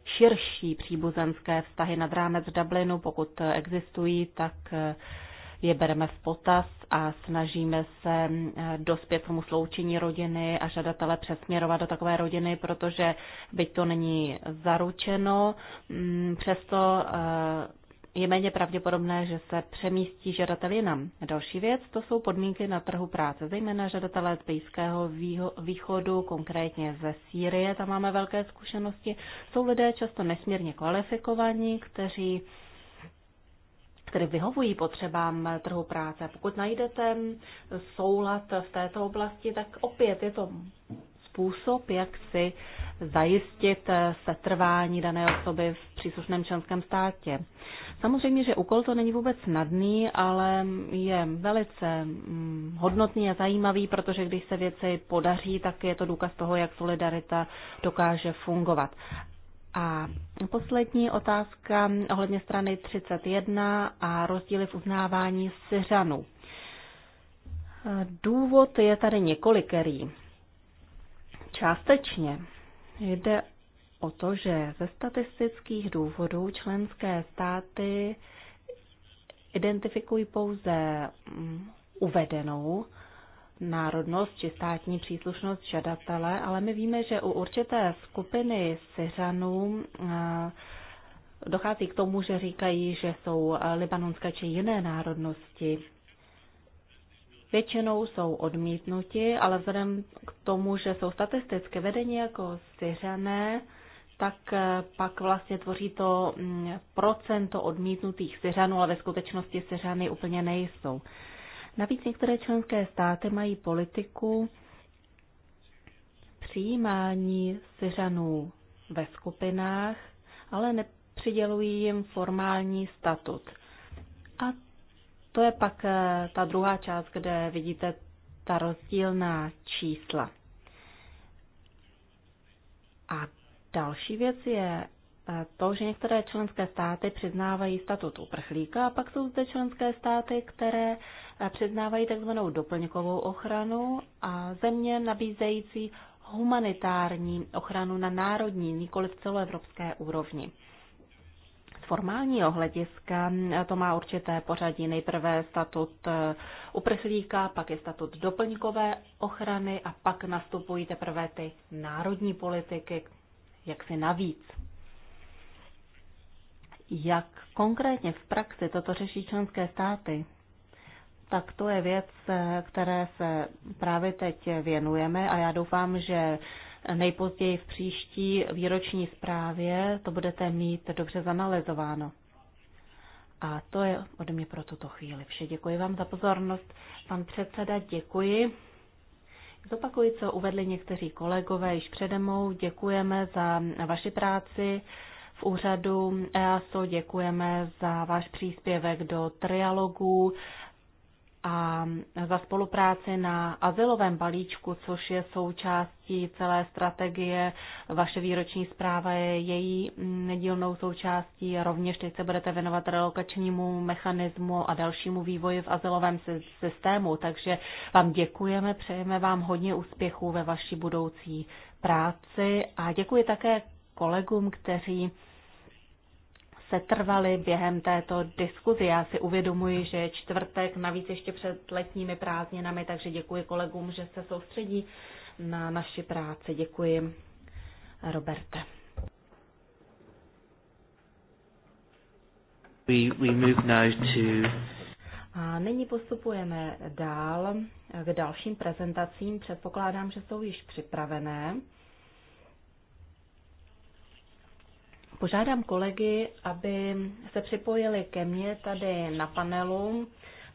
širší příbuzenské vztahy nad rámec Dublinu, pokud existují, tak eh, je bereme v potaz a snažíme se eh, dospět tomu sloučení rodiny a žadatele přesměrovat do takové rodiny, protože byť to není zaručeno, mm, přesto eh, je méně pravděpodobné, že se přemístí žadatel jinam. Další věc to jsou podmínky na trhu práce, zejména žadatelé z Blízkého východu, konkrétně ze Sýrie, tam máme velké zkušenosti. Jsou lidé často nesmírně kvalifikovaní, kteří které vyhovují potřebám trhu práce. Pokud najdete soulad v této oblasti, tak opět je to způsob, jak si zajistit eh, setrvání dané osoby v příslušném členském státě. Samozřejmě, že úkol to není vůbec snadný, ale je velice mm, hodnotný a zajímavý, protože když se věci podaří, tak je to důkaz toho, jak solidarita dokáže fungovat. A poslední otázka ohledně strany 31 a rozdíly v uznávání Syřanů. Důvod je tady několikerý. Částečně jde o to, že ze statistických důvodů členské státy identifikují pouze mm, uvedenou národnost či státní příslušnost žadatele, ale my víme, že u určité skupiny Syřanů mm, dochází k tomu, že říkají, že jsou libanonské či jiné národnosti. Většinou jsou odmítnuti, ale vzhledem k tomu, že jsou statistické vedení jako syřané, tak eh, pak vlastně tvoří to mm, procento odmítnutých Syřanů, ale ve skutečnosti Syřany úplně nejsou. Navíc některé členské státy mají politiku přijímání Syřanů ve skupinách, ale nepřidělují jim formální statut. A to je pak eh, ta druhá část, kde vidíte ta rozdílná čísla. A další věc je eh, to, že některé členské státy přiznávají statut uprchlíka a pak jsou zde členské státy, které eh, přiznávají tzv. doplňkovou ochranu a země nabízející humanitární ochranu na národní, nikoli v celoevropské úrovni formálního hlediska to má určité pořadí. Nejprve statut eh, uprchlíka, pak je statut doplňkové ochrany a pak nastupují teprve ty národní politiky, jaksi navíc. Jak konkrétně v praxi toto řeší členské státy, tak to je věc, eh, které se právě teď věnujeme a já doufám, že nejpozději v příští výroční zprávě to budete mít dobře zanalizováno. A to je ode mě pro tuto chvíli vše. Děkuji vám za pozornost. Pan předseda, děkuji. Zopakuji, co uvedli někteří kolegové již přede mnou. Děkujeme za vaši práci v úřadu EASO, děkujeme za váš příspěvek do trialogů, a za spolupráci na azylovém balíčku, což je součástí celé strategie. Vaše výroční zpráva je její nedílnou součástí a rovněž teď se budete věnovat relokačnímu mechanismu a dalšímu vývoji v azylovém systému. Takže vám děkujeme, přejeme vám hodně úspěchů ve vaší budoucí práci a děkuji také kolegům, kteří se trvali během této diskuzi. Já si uvědomuji, že je čtvrtek, navíc ještě před letními prázdninami, takže děkuji kolegům, že se soustředí na naši práci. Děkuji, Roberte. We, we move now to... A nyní postupujeme dál k dalším prezentacím. Předpokládám, že jsou již připravené. Požádám kolegy, aby se připojili ke mně tady na panelu.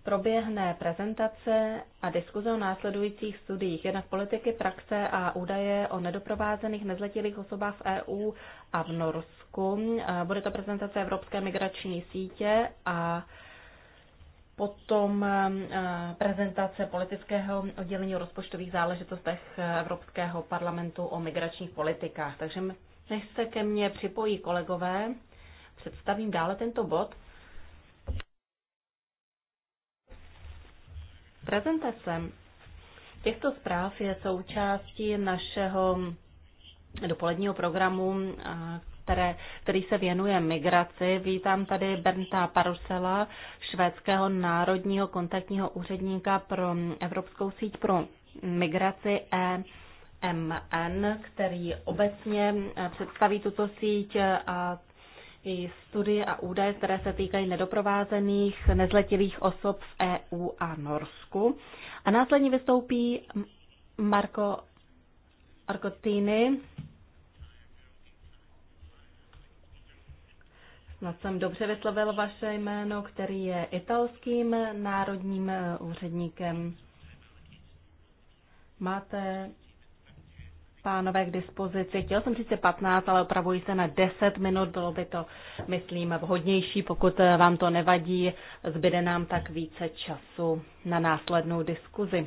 Proběhne prezentace a diskuze o následujících studiích, jednak politiky, praxe a údaje o nedoprovázených nezletilých osobách v EU a v Norsku. Bude to prezentace Evropské migrační sítě a potom e, prezentace politického oddělení o rozpočtových záležitostech Evropského parlamentu o migračních politikách. Takže než se ke mně připojí kolegové, představím dále tento bod. Prezentace těchto zpráv je součástí našeho dopoledního programu, které, který se věnuje migraci. Vítám tady Bernta Parusela, švédského národního kontaktního úředníka pro Evropskou síť pro migraci e MN, který obecně eh, představí tuto síť eh, a i studie a údaje, které se týkají nedoprovázených nezletilých osob v EU a Norsku. A následně vystoupí Marko Argotini. Snad jsem dobře vyslovil vaše jméno, který je italským národním eh, úředníkem. Máte pánové, k dispozici. Chtěl jsem říct 15, ale opravuji se na 10 minut. Bylo by to, myslím, vhodnější. Pokud eh, vám to nevadí, zbyde nám tak více času na následnou diskuzi.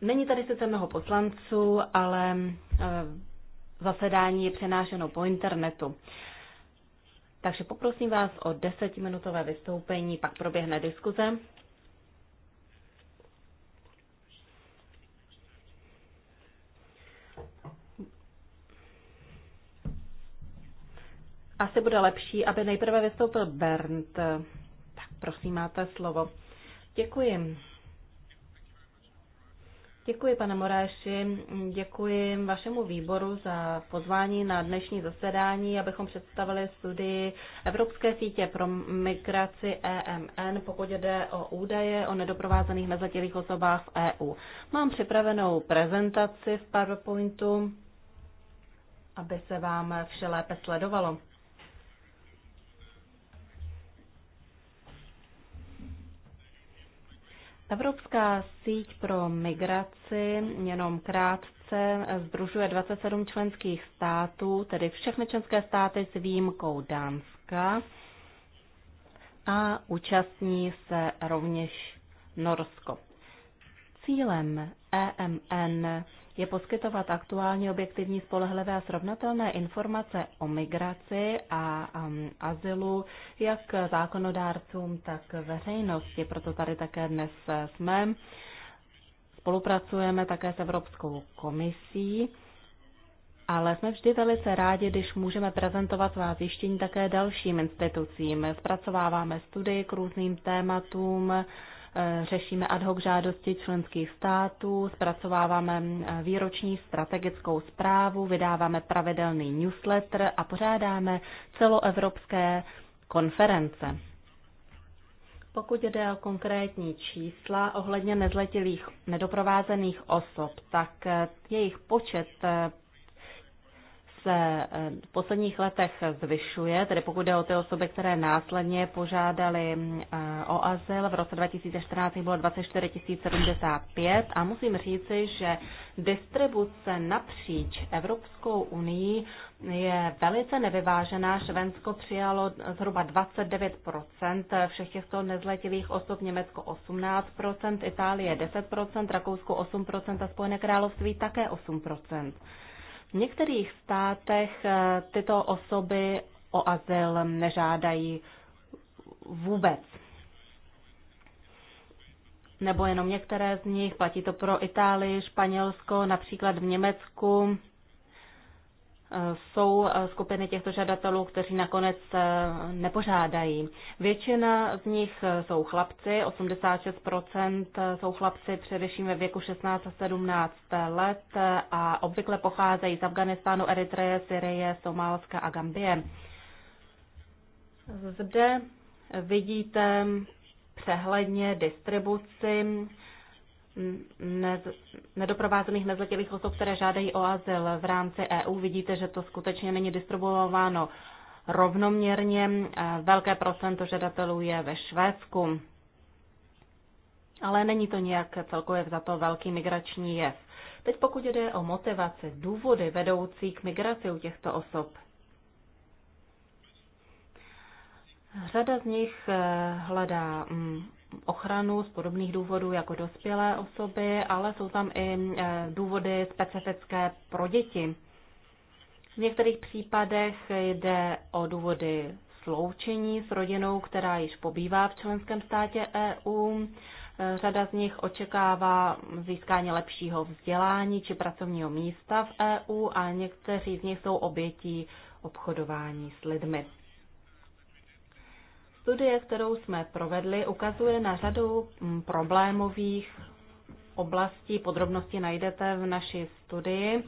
Není tady sice mnoho poslanců, ale eh, zasedání je přenášeno po internetu. Takže poprosím vás o desetiminutové vystoupení, pak proběhne diskuze. asi bude lepší, aby nejprve vystoupil Bernd. Tak prosím, máte slovo. Děkuji. Děkuji, pane Moráši. Děkuji vašemu výboru za pozvání na dnešní zasedání, abychom představili studii Evropské sítě pro migraci EMN, pokud jde o údaje o nedoprovázených nezletilých osobách v EU. Mám připravenou prezentaci v PowerPointu, aby se vám vše lépe sledovalo. Evropská síť pro migraci jenom krátce združuje 27 členských států, tedy všechny členské státy s výjimkou Dánska a účastní se rovněž Norsko. Cílem EMN je poskytovat aktuální, objektivní, spolehlivé a srovnatelné informace o migraci a um, azylu jak zákonodárcům, tak veřejnosti. Proto tady také dnes jsme. Spolupracujeme také s Evropskou komisí ale jsme vždy velice rádi, když můžeme prezentovat svá zjištění také dalším institucím. Zpracováváme studii k různým tématům Eh, řešíme ad hoc žádosti členských států, zpracováváme eh, výroční strategickou zprávu, vydáváme pravidelný newsletter a pořádáme celoevropské konference. Pokud jde o konkrétní čísla ohledně nezletilých nedoprovázených osob, tak eh, jejich počet se eh, v posledních letech zvyšuje, tedy pokud jde o ty osoby, které následně požádali eh, o azyl, v roce 2014 bylo 24 075 a musím říci, že distribuce napříč Evropskou unii je velice nevyvážená. Švensko přijalo zhruba 29 všech těchto nezletilých osob, Německo 18 Itálie 10 Rakousko 8 a Spojené království také 8 v některých státech eh, tyto osoby o azyl nežádají vůbec. Nebo jenom některé z nich, platí to pro Itálii, Španělsko, například v Německu jsou eh, skupiny těchto žadatelů, kteří nakonec eh, nepožádají. Většina z nich eh, jsou chlapci, 86% jsou chlapci především ve věku 16 a 17 let a obvykle pocházejí z Afganistánu, Eritreje, Syrie, Somálska a Gambie. Zde vidíte přehledně distribuci nedoprovázených nezletilých osob, které žádají o azyl v rámci EU. Vidíte, že to skutečně není distribuováno rovnoměrně. Velké procento žadatelů je ve Švédsku. Ale není to nějak celkově za to velký migrační jev. Teď pokud jde o motivace, důvody vedoucí k migraci u těchto osob, Řada z nich eh, hledá mm, ochranu z podobných důvodů jako dospělé osoby, ale jsou tam i e, důvody specifické pro děti. V některých případech jde o důvody sloučení s rodinou, která již pobývá v členském státě EU. E, řada z nich očekává získání lepšího vzdělání či pracovního místa v EU a někteří z nich jsou obětí obchodování s lidmi. Studie, kterou jsme provedli, ukazuje na řadu mm, problémových oblastí. Podrobnosti najdete v naší studii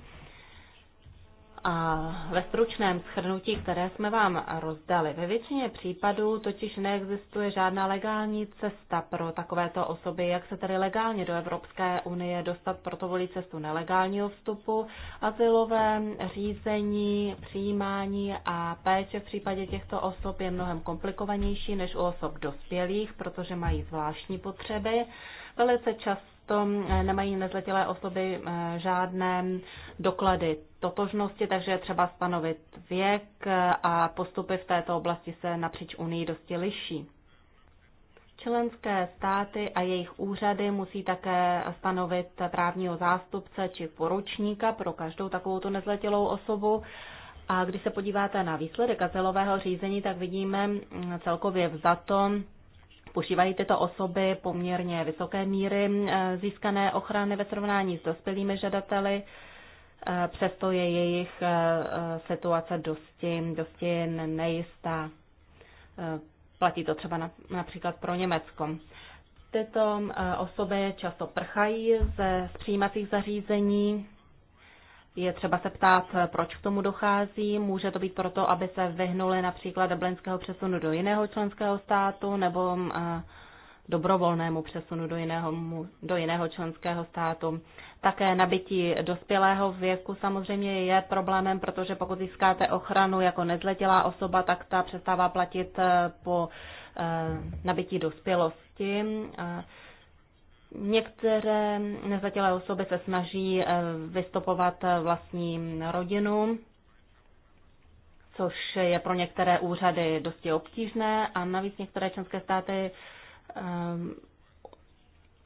a ve stručném shrnutí, které jsme vám rozdali. Ve většině případů totiž neexistuje žádná legální cesta pro takovéto osoby, jak se tedy legálně do Evropské unie dostat, proto volí cestu nelegálního vstupu, azylové řízení, přijímání a péče v případě těchto osob je mnohem komplikovanější než u osob dospělých, protože mají zvláštní potřeby. Velice často často eh, nemají nezletilé osoby eh, žádné doklady totožnosti, takže je třeba stanovit věk eh, a postupy v této oblasti se napříč Unii dosti liší. Členské státy a jejich úřady musí také stanovit právního zástupce či poručníka pro každou takovou nezletilou osobu. A když se podíváte na výsledek azylového řízení, tak vidíme mm, celkově vzato, požívají tyto osoby poměrně vysoké míry eh, získané ochrany ve srovnání s dospělými žadateli, eh, přesto je jejich eh, situace dosti, dosti nejistá. Platí to třeba například pro Německo. Tyto osoby často prchají ze přijímacích zařízení, je třeba se ptát, proč k tomu dochází. Může to být proto, aby se vyhnuli například dublinského přesunu do jiného členského státu nebo eh, dobrovolnému přesunu do jiného, do jiného členského státu. Také nabití dospělého věku samozřejmě je problémem, protože pokud získáte ochranu jako nezletělá osoba, tak ta přestává platit eh, po eh, nabití dospělosti. Některé nezatělé osoby se snaží eh, vystopovat eh, vlastní rodinu, což je pro některé úřady dosti obtížné a navíc některé členské státy eh,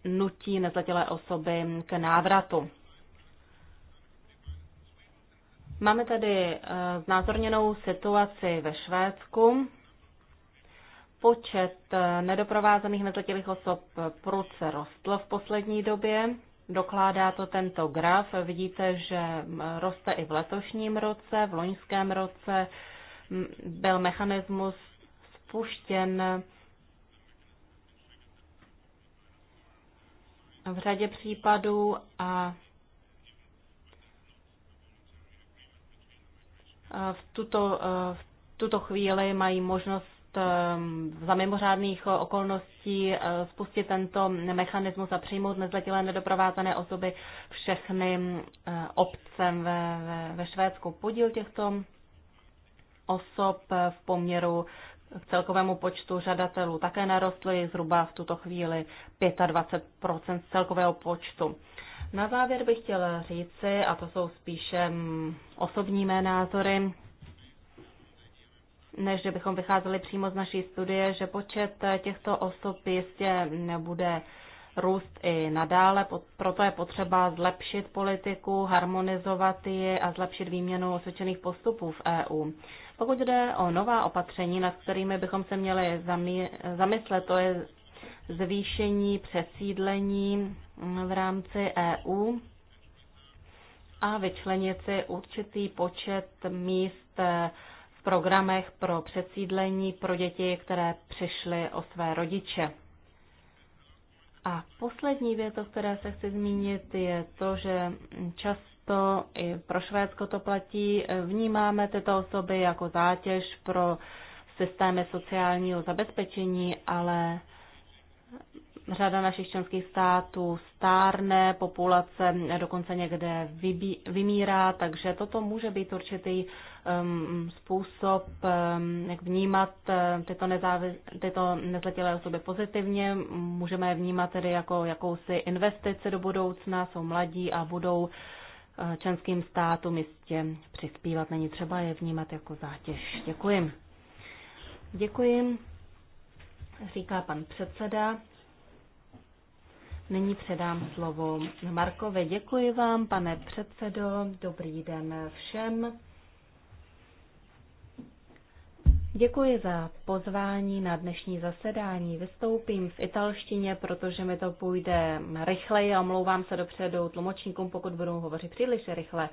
nutí nezatělé osoby k návratu. Máme tady znázorněnou situaci ve Švédsku počet eh, nedoprovázených nezletilých osob eh, prudce rostl v poslední době. Dokládá to tento graf. Vidíte, že mm, roste i v letošním roce. V loňském roce mm, byl mechanismus spuštěn v řadě případů a eh, v tuto, v tuto chvíli mají možnost Eh, za mimořádných okolností eh, spustit tento mechanismus a přijmout nezletilé nedoprovázané osoby všechny eh, obce ve, ve, ve Švédsku. Podíl těchto osob v poměru k celkovému počtu žadatelů také narostly zhruba v tuto chvíli 25 z celkového počtu. Na závěr bych chtěla říci, a to jsou spíše mm, osobní mé názory, než že bychom vycházeli přímo z naší studie, že počet těchto osob jistě nebude růst i nadále, proto je potřeba zlepšit politiku, harmonizovat ji a zlepšit výměnu osvědčených postupů v EU. Pokud jde o nová opatření, nad kterými bychom se měli zamyslet, to je zvýšení přesídlení v rámci EU a vyčlenit si určitý počet míst programech pro přesídlení pro děti, které přišly o své rodiče. A poslední věc, o které se chci zmínit, je to, že často i pro Švédsko to platí, vnímáme tyto osoby jako zátěž pro systémy sociálního zabezpečení, ale řada našich členských států stárne, populace dokonce někde vymírá, takže toto může být určitý Um, způsob, um, jak vnímat uh, tyto, tyto nezletilé osoby pozitivně. Můžeme je vnímat tedy jako jakousi investici do budoucna, jsou mladí a budou uh, členským státům jistě přispívat. Není třeba je vnímat jako zátěž. Děkuji. Děkuji, říká pan předseda. Nyní předám slovo Markovi. Děkuji vám, pane předsedo. Dobrý den všem. Děkuji za pozvání na dnešní zasedání. Vystoupím v italštině, protože mi to půjde rychleji a omlouvám se dopředu tlumočníkům, pokud budou hovořit příliš rychle.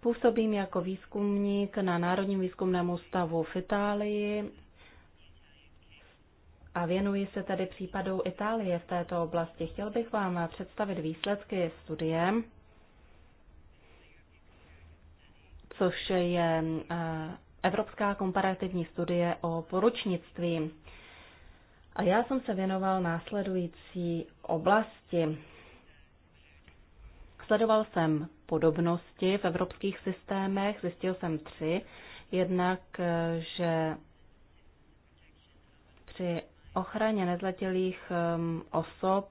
Působím jako výzkumník na Národním výzkumném ústavu v Itálii a věnuji se tedy případu Itálie v této oblasti. Chtěl bych vám představit výsledky studie, což je eh, Evropská komparativní studie o poručnictví. A já jsem se věnoval následující oblasti. Sledoval jsem podobnosti v evropských systémech, zjistil jsem tři. Jednak, že při ochraně nezletilých um, osob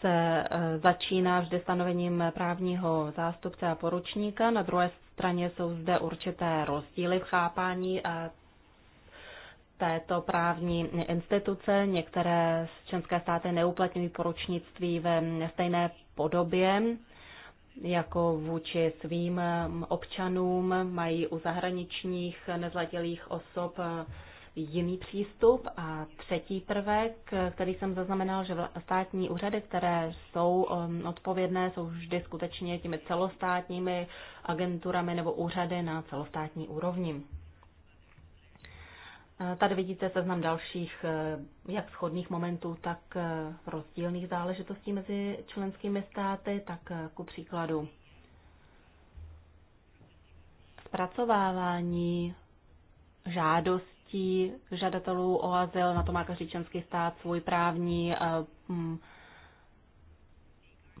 se eh, začíná vždy stanovením právního zástupce a poručníka. Na druhé straně jsou zde určité rozdíly v chápání eh, této právní instituce. Některé členské státy neuplatňují poručnictví ve stejné podobě jako vůči svým občanům, mají u zahraničních nezletilých osob eh, jiný přístup. A třetí prvek, který jsem zaznamenal, že státní úřady, které jsou um, odpovědné, jsou vždy skutečně těmi celostátními agenturami nebo úřady na celostátní úrovni. Tady vidíte seznam dalších eh, jak shodných momentů, tak eh, rozdílných záležitostí mezi členskými státy, tak eh, ku příkladu zpracovávání žádost žádostí žadatelů o azyl, na to má každý členský stát svůj právní eh, hm,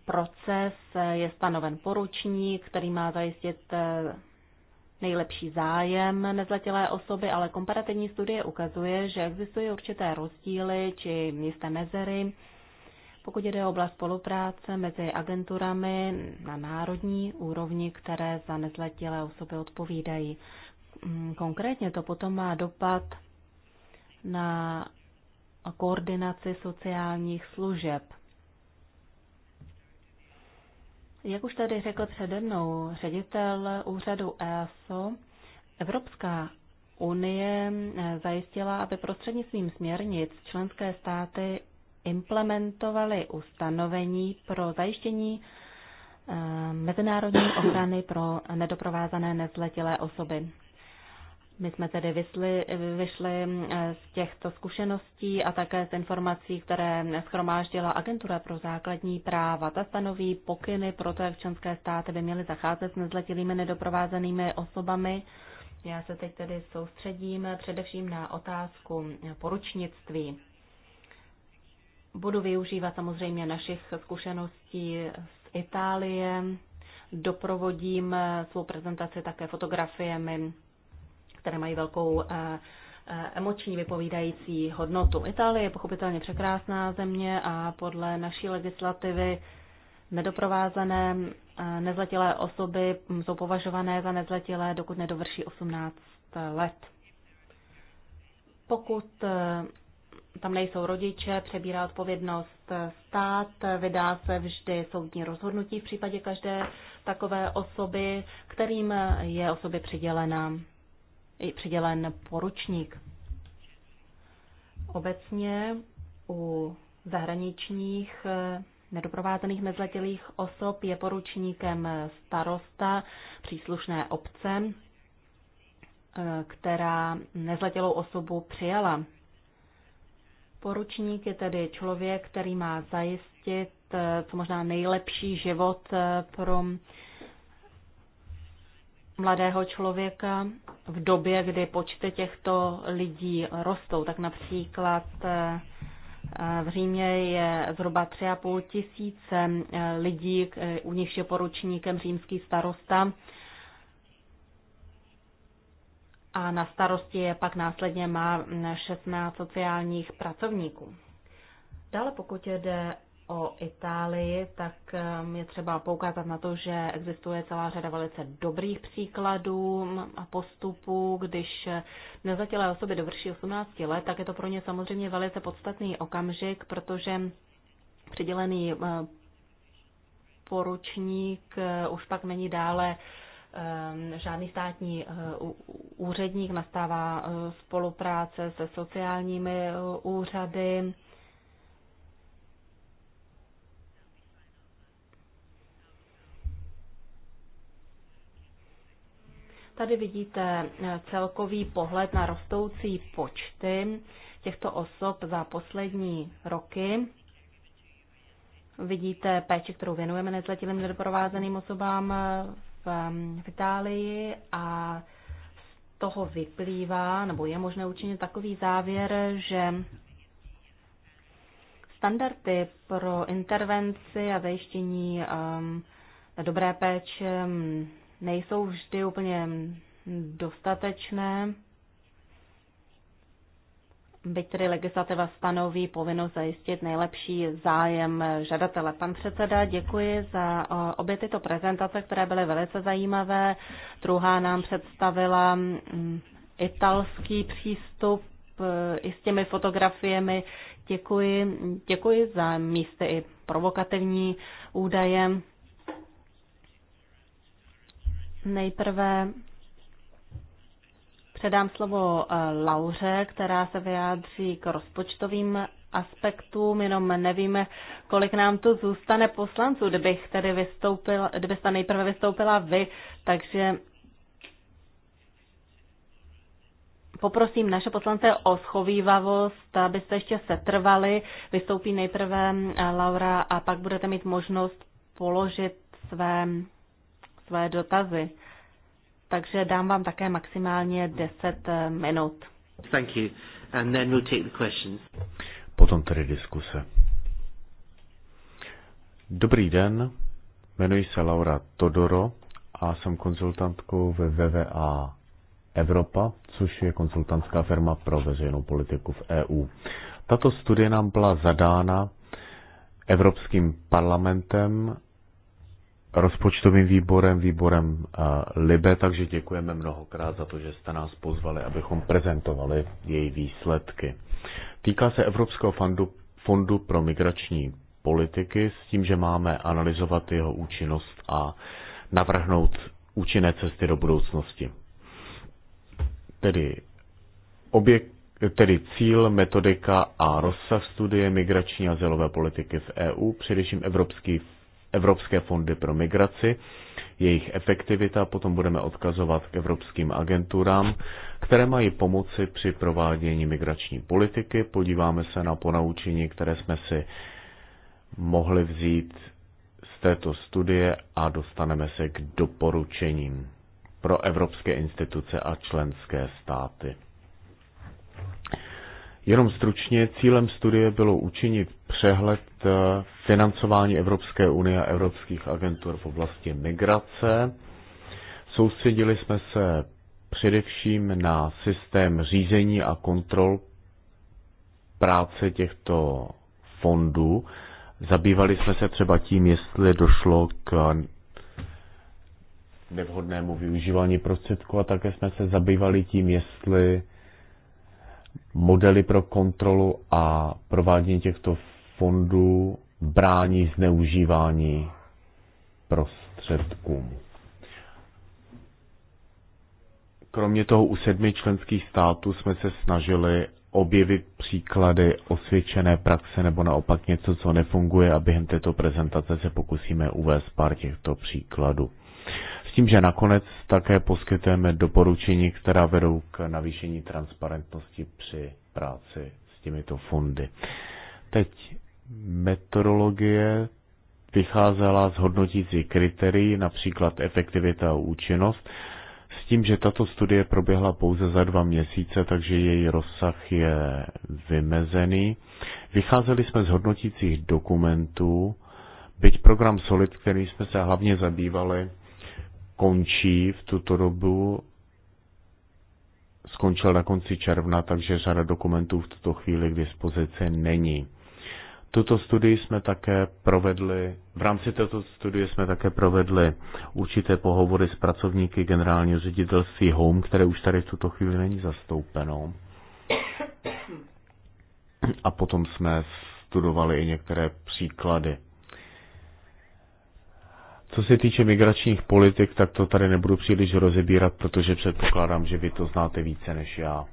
proces, je stanoven poručník, který má zajistit eh, nejlepší zájem nezletilé osoby, ale komparativní studie ukazuje, že existují určité rozdíly či jisté mezery, pokud jde o oblast spolupráce mezi agenturami na národní úrovni, které za nezletilé osoby odpovídají. Mm, konkrétně to potom má dopad na koordinaci sociálních služeb. Jak už tady řekl přede mnou ředitel úřadu EASO, Evropská unie eh, zajistila, aby prostřednictvím směrnic členské státy implementovaly ustanovení pro zajištění eh, mezinárodní ochrany pro nedoprovázané nezletilé osoby. My jsme tedy vysli, vyšli eh, z těchto zkušeností a také z informací, které schromáždila Agentura pro základní práva. Ta stanoví pokyny pro to, jak členské státy by měly zacházet s nezletilými nedoprovázenými osobami. Já se teď tedy soustředím především na otázku poručnictví. Budu využívat samozřejmě našich zkušeností z Itálie. Doprovodím svou prezentaci také fotografiemi které mají velkou eh, eh, emoční vypovídající hodnotu. Itálie je pochopitelně překrásná země a podle naší legislativy nedoprovázané eh, nezletilé osoby jsou považované za nezletilé, dokud nedovrší 18 let. Pokud tam nejsou rodiče, přebírá odpovědnost stát, vydá se vždy soudní rozhodnutí v případě každé takové osoby, kterým je osoby přidělena přidělen poručník. Obecně u zahraničních eh, nedoprovázených nezletilých osob je poručníkem starosta příslušné obce, eh, která nezletělou osobu přijala. Poručník je tedy člověk, který má zajistit eh, co možná nejlepší život pro mladého člověka v době, kdy počty těchto lidí rostou. Tak například eh, v Římě je zhruba 3,5 tisíce eh, lidí, eh, u nich je poručníkem římský starosta. A na starosti je pak následně má 16 mm, sociálních pracovníků. Dále pokud jde o Itálii, tak um, je třeba poukázat na to, že existuje celá řada velice dobrých příkladů a postupů. Když eh, nezatělé osoby dovrší 18 let, tak je to pro ně samozřejmě velice podstatný okamžik, protože přidělený eh, poručník eh, už pak není dále žádný státní úředník, nastává spolupráce se sociálními úřady, Tady vidíte eh, celkový pohled na rostoucí počty těchto osob za poslední roky. Vidíte péči, kterou věnujeme nezletilým nedoprovázeným osobám eh, v Itálii a z toho vyplývá, nebo je možné učinit takový závěr, že standardy pro intervenci a zajištění um, dobré péče nejsou vždy úplně dostatečné. Byť tedy legislativa stanoví povinnost zajistit nejlepší zájem žadatele. Pan předseda, děkuji za obě tyto prezentace, které byly velice zajímavé. Druhá nám představila mm, italský přístup e, i s těmi fotografiemi. Děkuji, děkuji za místy i provokativní údaje. Nejprve předám slovo eh, Lauře, která se vyjádří k rozpočtovým aspektům, jenom nevíme, kolik nám tu zůstane poslanců, kdybych tedy vystoupila, kdybyste nejprve vystoupila vy, takže poprosím naše poslance o schovývavost, abyste ještě setrvali. Vystoupí nejprve eh, Laura a pak budete mít možnost položit své své dotazy. Takže dám vám také maximálně 10 eh, minut. Thank you. And then we'll take the questions. Potom tedy diskuse. Dobrý den, jmenuji se Laura Todoro a jsem konzultantkou ve VVA Evropa, což je konzultantská firma pro veřejnou politiku v EU. Tato studie nám byla zadána Evropským parlamentem rozpočtovým výborem, výborem eh, Libe, takže děkujeme mnohokrát za to, že jste nás pozvali, abychom prezentovali její výsledky. Týká se Evropského fondu, fondu pro migrační politiky s tím, že máme analyzovat jeho účinnost a navrhnout účinné cesty do budoucnosti. Tedy, objek, tedy cíl, metodika a rozsah studie migrační a zelové politiky v EU, především Evropský evropské fondy pro migraci, jejich efektivita, potom budeme odkazovat k evropským agenturám, které mají pomoci při provádění migrační politiky. Podíváme se na ponaučení, které jsme si mohli vzít z této studie a dostaneme se k doporučením pro evropské instituce a členské státy. Jenom stručně, cílem studie bylo učinit přehled eh, financování Evropské unie a evropských agentur v oblasti migrace. Soustředili jsme se především na systém řízení a kontrol práce těchto fondů. Zabývali jsme se třeba tím, jestli došlo k nevhodnému využívání prostředku a také jsme se zabývali tím, jestli modely pro kontrolu a provádění těchto fondů brání zneužívání prostředků. Kromě toho u sedmi členských států jsme se snažili objevit příklady osvědčené praxe nebo naopak něco, co nefunguje a během této prezentace se pokusíme uvést pár těchto příkladů s tím, že nakonec také poskytujeme doporučení, která vedou k navýšení transparentnosti při práci s těmito fondy. Teď metodologie vycházela z hodnotící kritérií, například efektivita a účinnost, s tím, že tato studie proběhla pouze za dva měsíce, takže její rozsah je vymezený. Vycházeli jsme z hodnotících dokumentů, byť program Solid, který jsme se hlavně zabývali, končí v tuto dobu. Skončil na konci června, takže řada dokumentů v tuto chvíli k dispozici není. Tuto studii jsme také provedli, v rámci této studie jsme také provedli určité pohovory s pracovníky generálního ředitelství Home, které už tady v tuto chvíli není zastoupeno. A potom jsme studovali i některé příklady co se týče migračních politik, tak to tady nebudu příliš rozebírat, protože předpokládám, že vy to znáte více než já.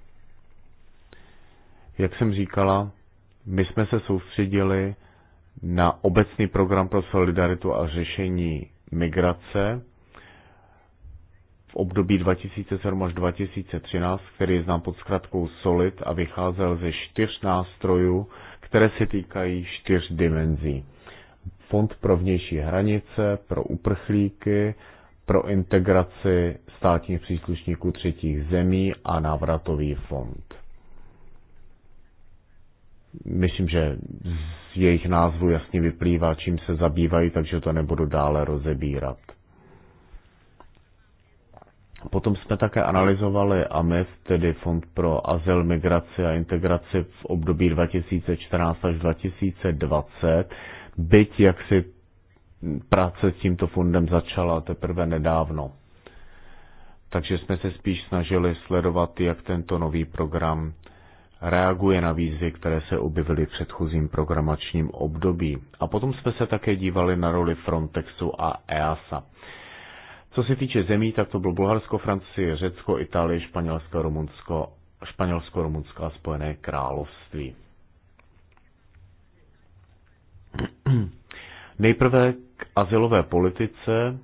Jak jsem říkala, my jsme se soustředili na obecný program pro solidaritu a řešení migrace v období 2007 až 2013, který je znám pod zkratkou SOLID a vycházel ze čtyř nástrojů, které se týkají čtyř dimenzí fond pro vnější hranice, pro uprchlíky, pro integraci státních příslušníků třetích zemí a návratový fond. Myslím, že z jejich názvu jasně vyplývá, čím se zabývají, takže to nebudu dále rozebírat. Potom jsme také analyzovali AMIF, e tedy Fond pro azyl, migraci a integraci v období 2014 až 2020 byť jak si práce s tímto fondem začala teprve nedávno. Takže jsme se spíš snažili sledovat, jak tento nový program reaguje na výzvy, které se objevily v předchozím programačním období. A potom jsme se také dívali na roli Frontexu a EASA. Co se týče zemí, tak to bylo Bulharsko, Francie, Řecko, Itálie, Španělsko, Rumunsko, Španělsko, Rumunsko a Spojené království. [CLEARS THROAT] Nejprve k asilové politice.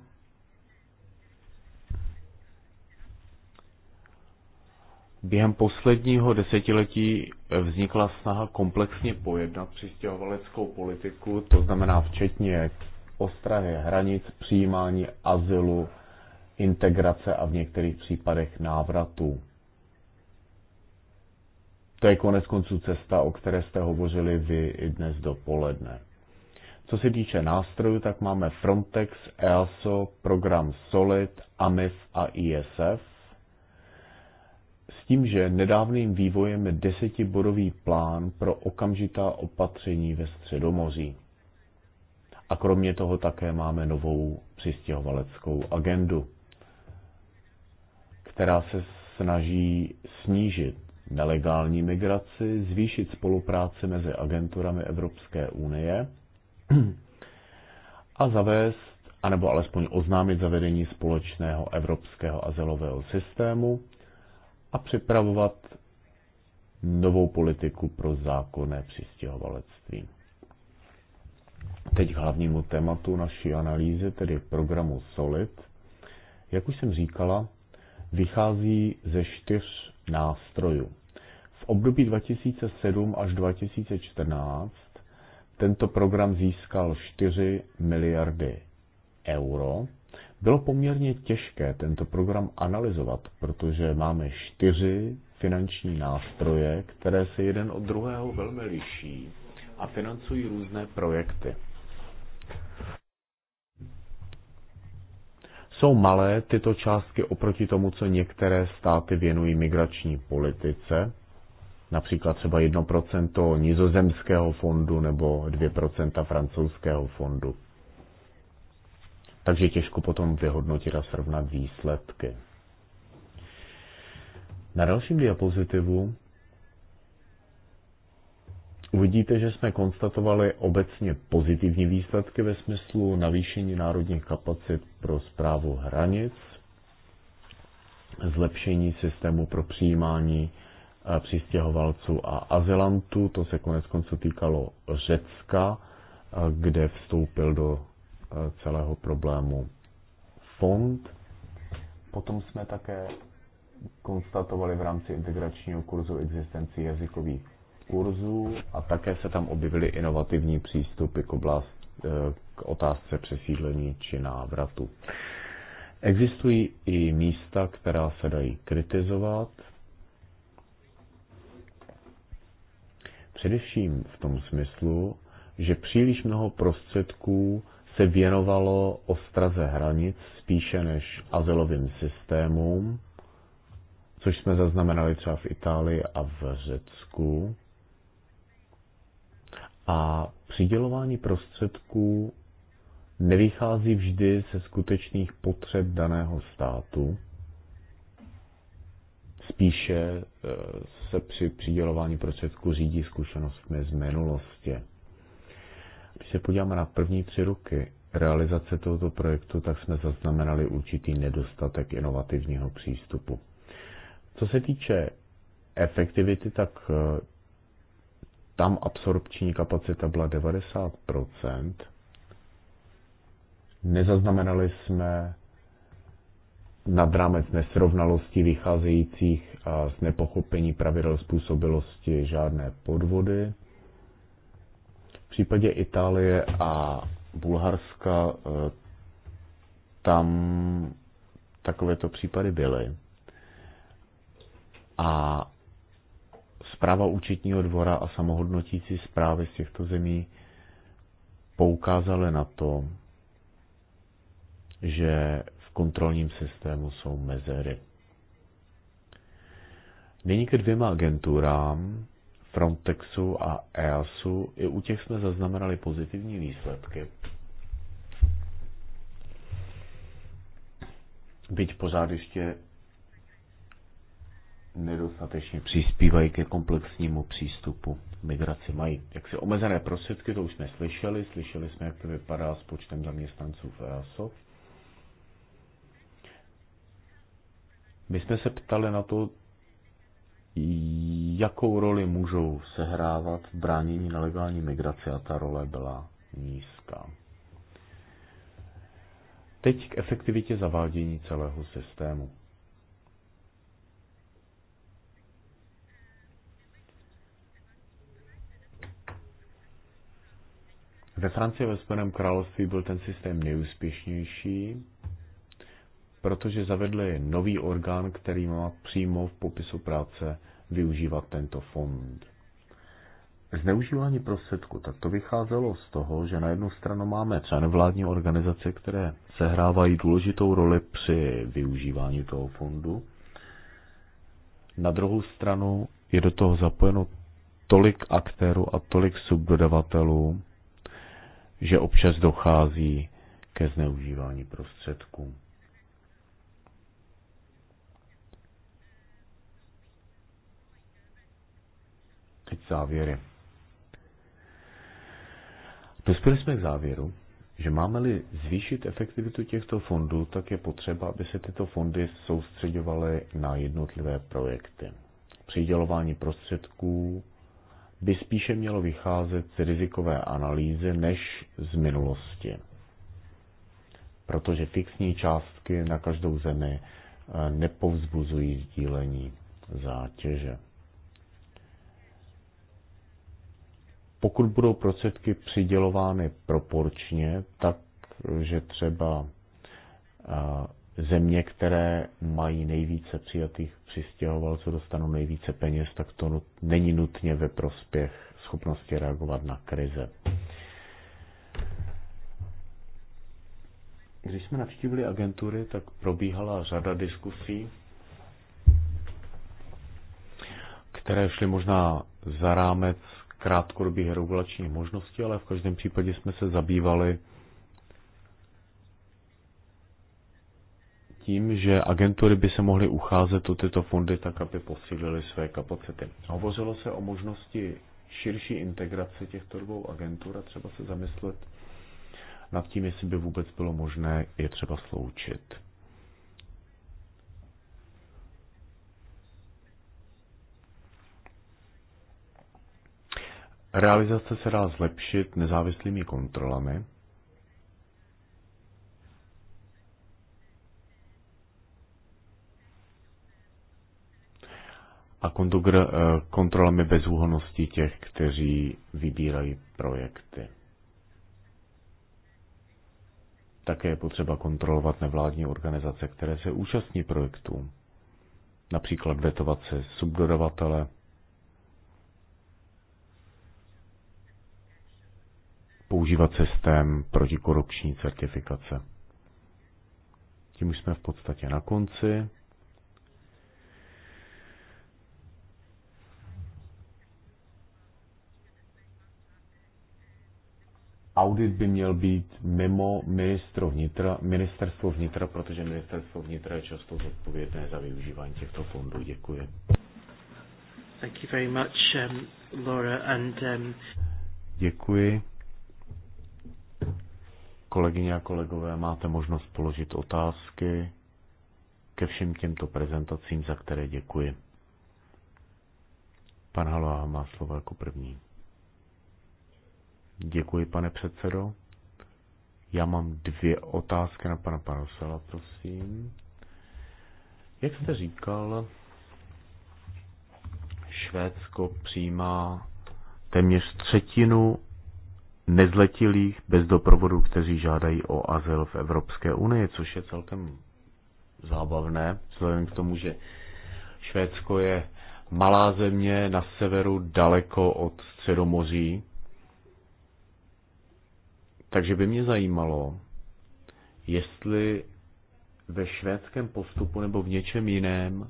Během posledního desetiletí vznikla snaha komplexně pojednat přistěhovaleckou politiku, to znamená včetně ostrahy hranic, přijímání azylu, integrace a v některých případech návratu. To je konec konců cesta, o které jste hovořili vy i dnes dopoledne. Co se týče nástrojů, tak máme Frontex, EASO, program SOLID, AMIF a ISF. S tím, že nedávným vývojem je desetibodový plán pro okamžitá opatření ve Středomoří. A kromě toho také máme novou přistěhovaleckou agendu, která se snaží snížit nelegální migraci, zvýšit spolupráci mezi agenturami Evropské unie – a zavést, anebo alespoň oznámit zavedení společného evropského azylového systému a připravovat novou politiku pro zákonné přistěhovalectví. Teď k hlavnímu tématu naší analýzy, tedy programu SOLID. Jak už jsem říkala, vychází ze čtyř nástrojů. V období 2007 až 2014 tento program získal 4 miliardy euro. Bylo poměrně těžké tento program analyzovat, protože máme čtyři finanční nástroje, které se jeden od druhého velmi liší a financují různé projekty. Jsou malé tyto částky oproti tomu, co některé státy věnují migrační politice, například třeba 1% nizozemského fondu nebo 2% francouzského fondu. Takže těžko potom vyhodnotit a srovnat výsledky. Na dalším diapozitivu uvidíte, že jsme konstatovali obecně pozitivní výsledky ve smyslu navýšení národních kapacit pro zprávu hranic, zlepšení systému pro přijímání Eh, přistěhovalců a azylantů. To se konec konců týkalo Řecka, eh, kde vstoupil do eh, celého problému fond. Potom jsme také konstatovali v rámci integračního kurzu existenci jazykových kurzů a také se tam objevily inovativní přístupy k, oblast, k otázce přesídlení či návratu. Existují i místa, která se dají kritizovat, Především v tom smyslu, že příliš mnoho prostředků se věnovalo ostraze hranic spíše než azylovým systémům, což jsme zaznamenali třeba v Itálii a v Řecku. A přidělování prostředků nevychází vždy ze skutečných potřeb daného státu, spíše eh, se při přidělování prostředků řídí zkušenostmi z minulosti. Když se podíváme na první tři roky realizace tohoto projektu, tak jsme zaznamenali určitý nedostatek inovativního přístupu. Co se týče efektivity, tak eh, tam absorpční kapacita byla 90%. Nezaznamenali jsme nad rámec nesrovnalostí vycházejících z nepochopení pravidel způsobilosti žádné podvody. V případě Itálie a Bulharska e, tam takovéto případy byly. A zpráva účetního dvora a samohodnotící zprávy z těchto zemí poukázaly na to, že kontrolním systému jsou mezery. Nyní ke dvěma agenturám, Frontexu a EASu, i u těch jsme zaznamenali pozitivní výsledky. Byť pořád ještě nedostatečně přispívají ke komplexnímu přístupu migraci. Mají jaksi omezené prostředky, to už jsme slyšeli. Slyšeli jsme, jak to vypadá s počtem zaměstnanců v EASO. My jsme se ptali na to, jakou roli můžou sehrávat v bránění nelegální migrace a ta role byla nízká. Teď k efektivitě zavádění celého systému. Ve Francii ve Spojeném království byl ten systém nejúspěšnější, protože zavedli nový orgán, který má přímo v popisu práce využívat tento fond. Zneužívání prostředku, tak to vycházelo z toho, že na jednu stranu máme třeba nevládní organizace, které sehrávají důležitou roli při využívání toho fondu. Na druhou stranu je do toho zapojeno tolik aktérů a tolik subdodavatelů, že občas dochází ke zneužívání prostředků. Teď závěry. Dospěli jsme k závěru, že máme-li zvýšit efektivitu těchto fondů, tak je potřeba, aby se tyto fondy soustředovaly na jednotlivé projekty. Přidělování prostředků by spíše mělo vycházet z rizikové analýzy než z minulosti. Protože fixní částky na každou zemi eh, nepovzbuzují sdílení zátěže. pokud budou prostředky přidělovány proporčně, tak že třeba země, které mají nejvíce přijatých přistěhovalců, dostanou nejvíce peněz, tak to není nutně ve prospěch schopnosti reagovat na krize. Když jsme navštívili agentury, tak probíhala řada diskusí, které šly možná za rámec krátkodobých regulačních možností, ale v každém případě jsme se zabývali tím, že agentury by se mohly ucházet o tyto fondy tak, aby posílily své kapacity. Hovořilo se o možnosti širší integrace těchto dvou agentur a třeba se zamyslet nad tím, jestli by vůbec bylo možné je třeba sloučit. Realizace se dá zlepšit nezávislými kontrolami. A eh, kontrolami bezúhonosti těch, kteří vybírají projekty. Také je potřeba kontrolovat nevládní organizace, které se účastní projektů. Například vetovat se subdodavatele, používat systém protikorupční certifikace. Tím už jsme v podstatě na konci. audit by měl být mimo ministro vnitra, ministerstvo vnitra, protože ministerstvo vnitra je často zodpovědné za využívání těchto fondů. Děkuji. Thank you very much, um, Laura, and, um... Děkuji. Kolegyně a kolegové, máte možnost položit otázky ke všem těmto prezentacím, za které děkuji. Pan Halová má slovo jako první. Děkuji, pane předsedo. Já mám dvě otázky na pana Parosela, prosím. Jak jste říkal, Švédsko přijímá téměř třetinu nezletilých bez doprovodu, kteří žádají o azyl v Evropské unii, což je celkem zábavné, vzhledem k tomu, že Švédsko je malá země na severu daleko od Středomoří. Takže by mě zajímalo, jestli ve švédském postupu nebo v něčem jiném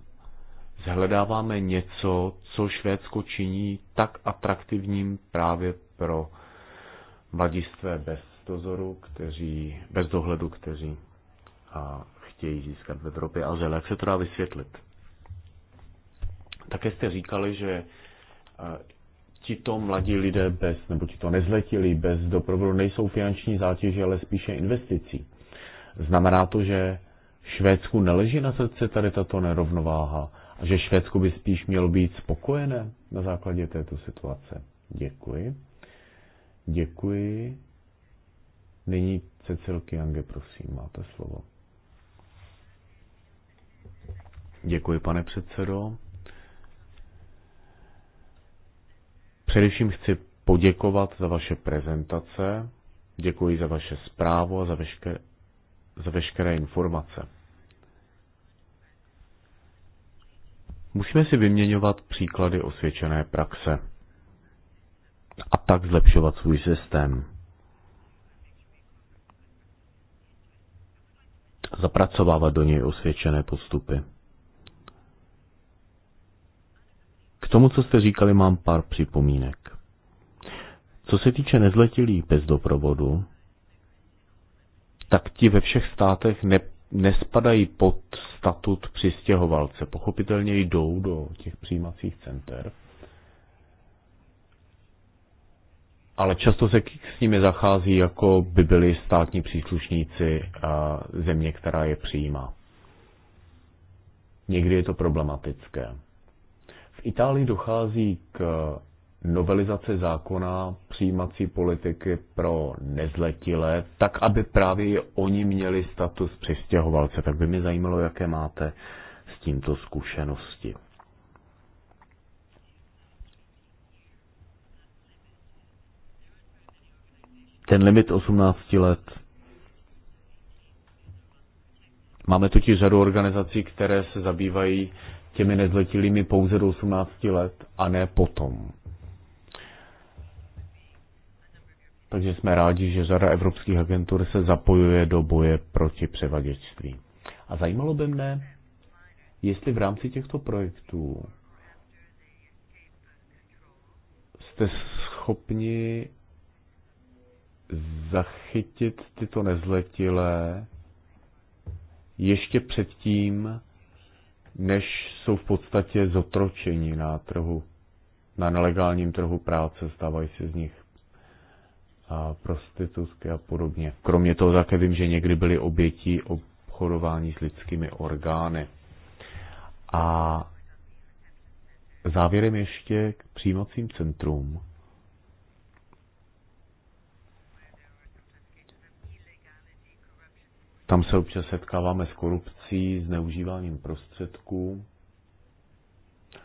zhledáváme něco, co Švédsko činí tak atraktivním právě pro mladistvé bez dozoru, kteří, bez dohledu, kteří a, chtějí získat v Evropě azyl. Jak se to dá vysvětlit? Také jste říkali, že tito mladí lidé bez, nebo tito nezletili bez doprovodu nejsou finanční zátěže, ale spíše investicí. Znamená to, že Švédsku neleží na srdce tady tato nerovnováha a že Švédsku by spíš mělo být spokojené na základě této situace. Děkuji. Děkuji. Nyní Cecilky Ange prosím, máte slovo. Děkuji, pane předsedo. Především chci poděkovat za vaše prezentace, děkuji za vaše zprávu a za veškeré, za veškeré informace. Musíme si vyměňovat příklady osvědčené praxe a tak zlepšovat svůj systém. Zapracovávat do něj osvědčené postupy. K tomu, co jste říkali, mám pár připomínek. Co se týče nezletilých bez doprovodu, tak ti ve všech státech ne, nespadají pod statut přistěhovalce. Pochopitelně jdou do těch přijímacích center. ale často se s nimi zachází, jako by byli státní příslušníci eh, země, která je přijímá. Někdy je to problematické. V Itálii dochází k eh, novelizace zákona přijímací politiky pro nezletilé, tak aby právě oni měli status přistěhovalce. Tak by mě zajímalo, jaké máte s tímto zkušenosti. ten limit 18 let. Máme totiž řadu organizací, které se zabývají těmi nezletilými pouze do 18 let a ne potom. Takže jsme rádi, že řada evropských agentur se zapojuje do boje proti převaděčství. A zajímalo by mne, jestli v rámci těchto projektů jste schopni zachytit tyto nezletilé ještě předtím, než jsou v podstatě zotročeni na trhu, na nelegálním trhu práce, stávají se z nich a prostitutky a podobně. Kromě toho také vím, že někdy byly obětí obchodování s lidskými orgány. A závěrem ještě k přijímacím centrům. Tam se občas setkáváme s korupcí, neužíváním prostředků.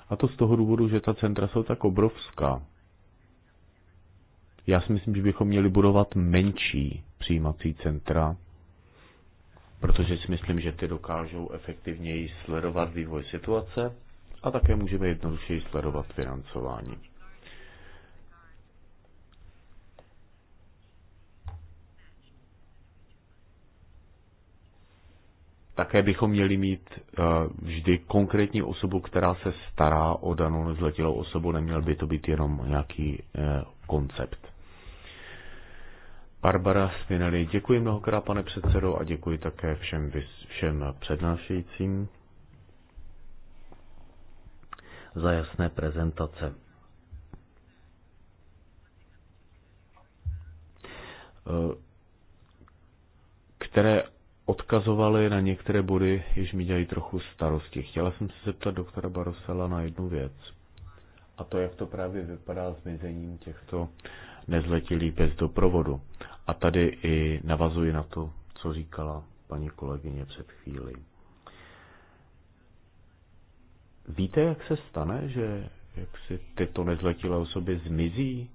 A to z toho důvodu, že ta centra jsou tak obrovská. Já si myslím, že bychom měli budovat menší přijímací centra, protože si myslím, že ty dokážou efektivněji sledovat vývoj situace a také můžeme jednodušeji sledovat financování. Také bychom měli mít eh, vždy konkrétní osobu, která se stará o danou nezletilou osobu, neměl by to být jenom nějaký eh, koncept. Barbara Spinelli, děkuji mnohokrát, pane předsedo, a děkuji také všem, všem přednášejícím za jasné prezentace. Eh, které odkazovali na některé body, jež mi dělají trochu starosti. Chtěla jsem se zeptat doktora Barosela na jednu věc. A to, jak to právě vypadá s mizením těchto nezletilých bez doprovodu. A tady i navazuji na to, co říkala paní kolegyně před chvílí. Víte, jak se stane, že jak si tyto nezletilé osoby zmizí?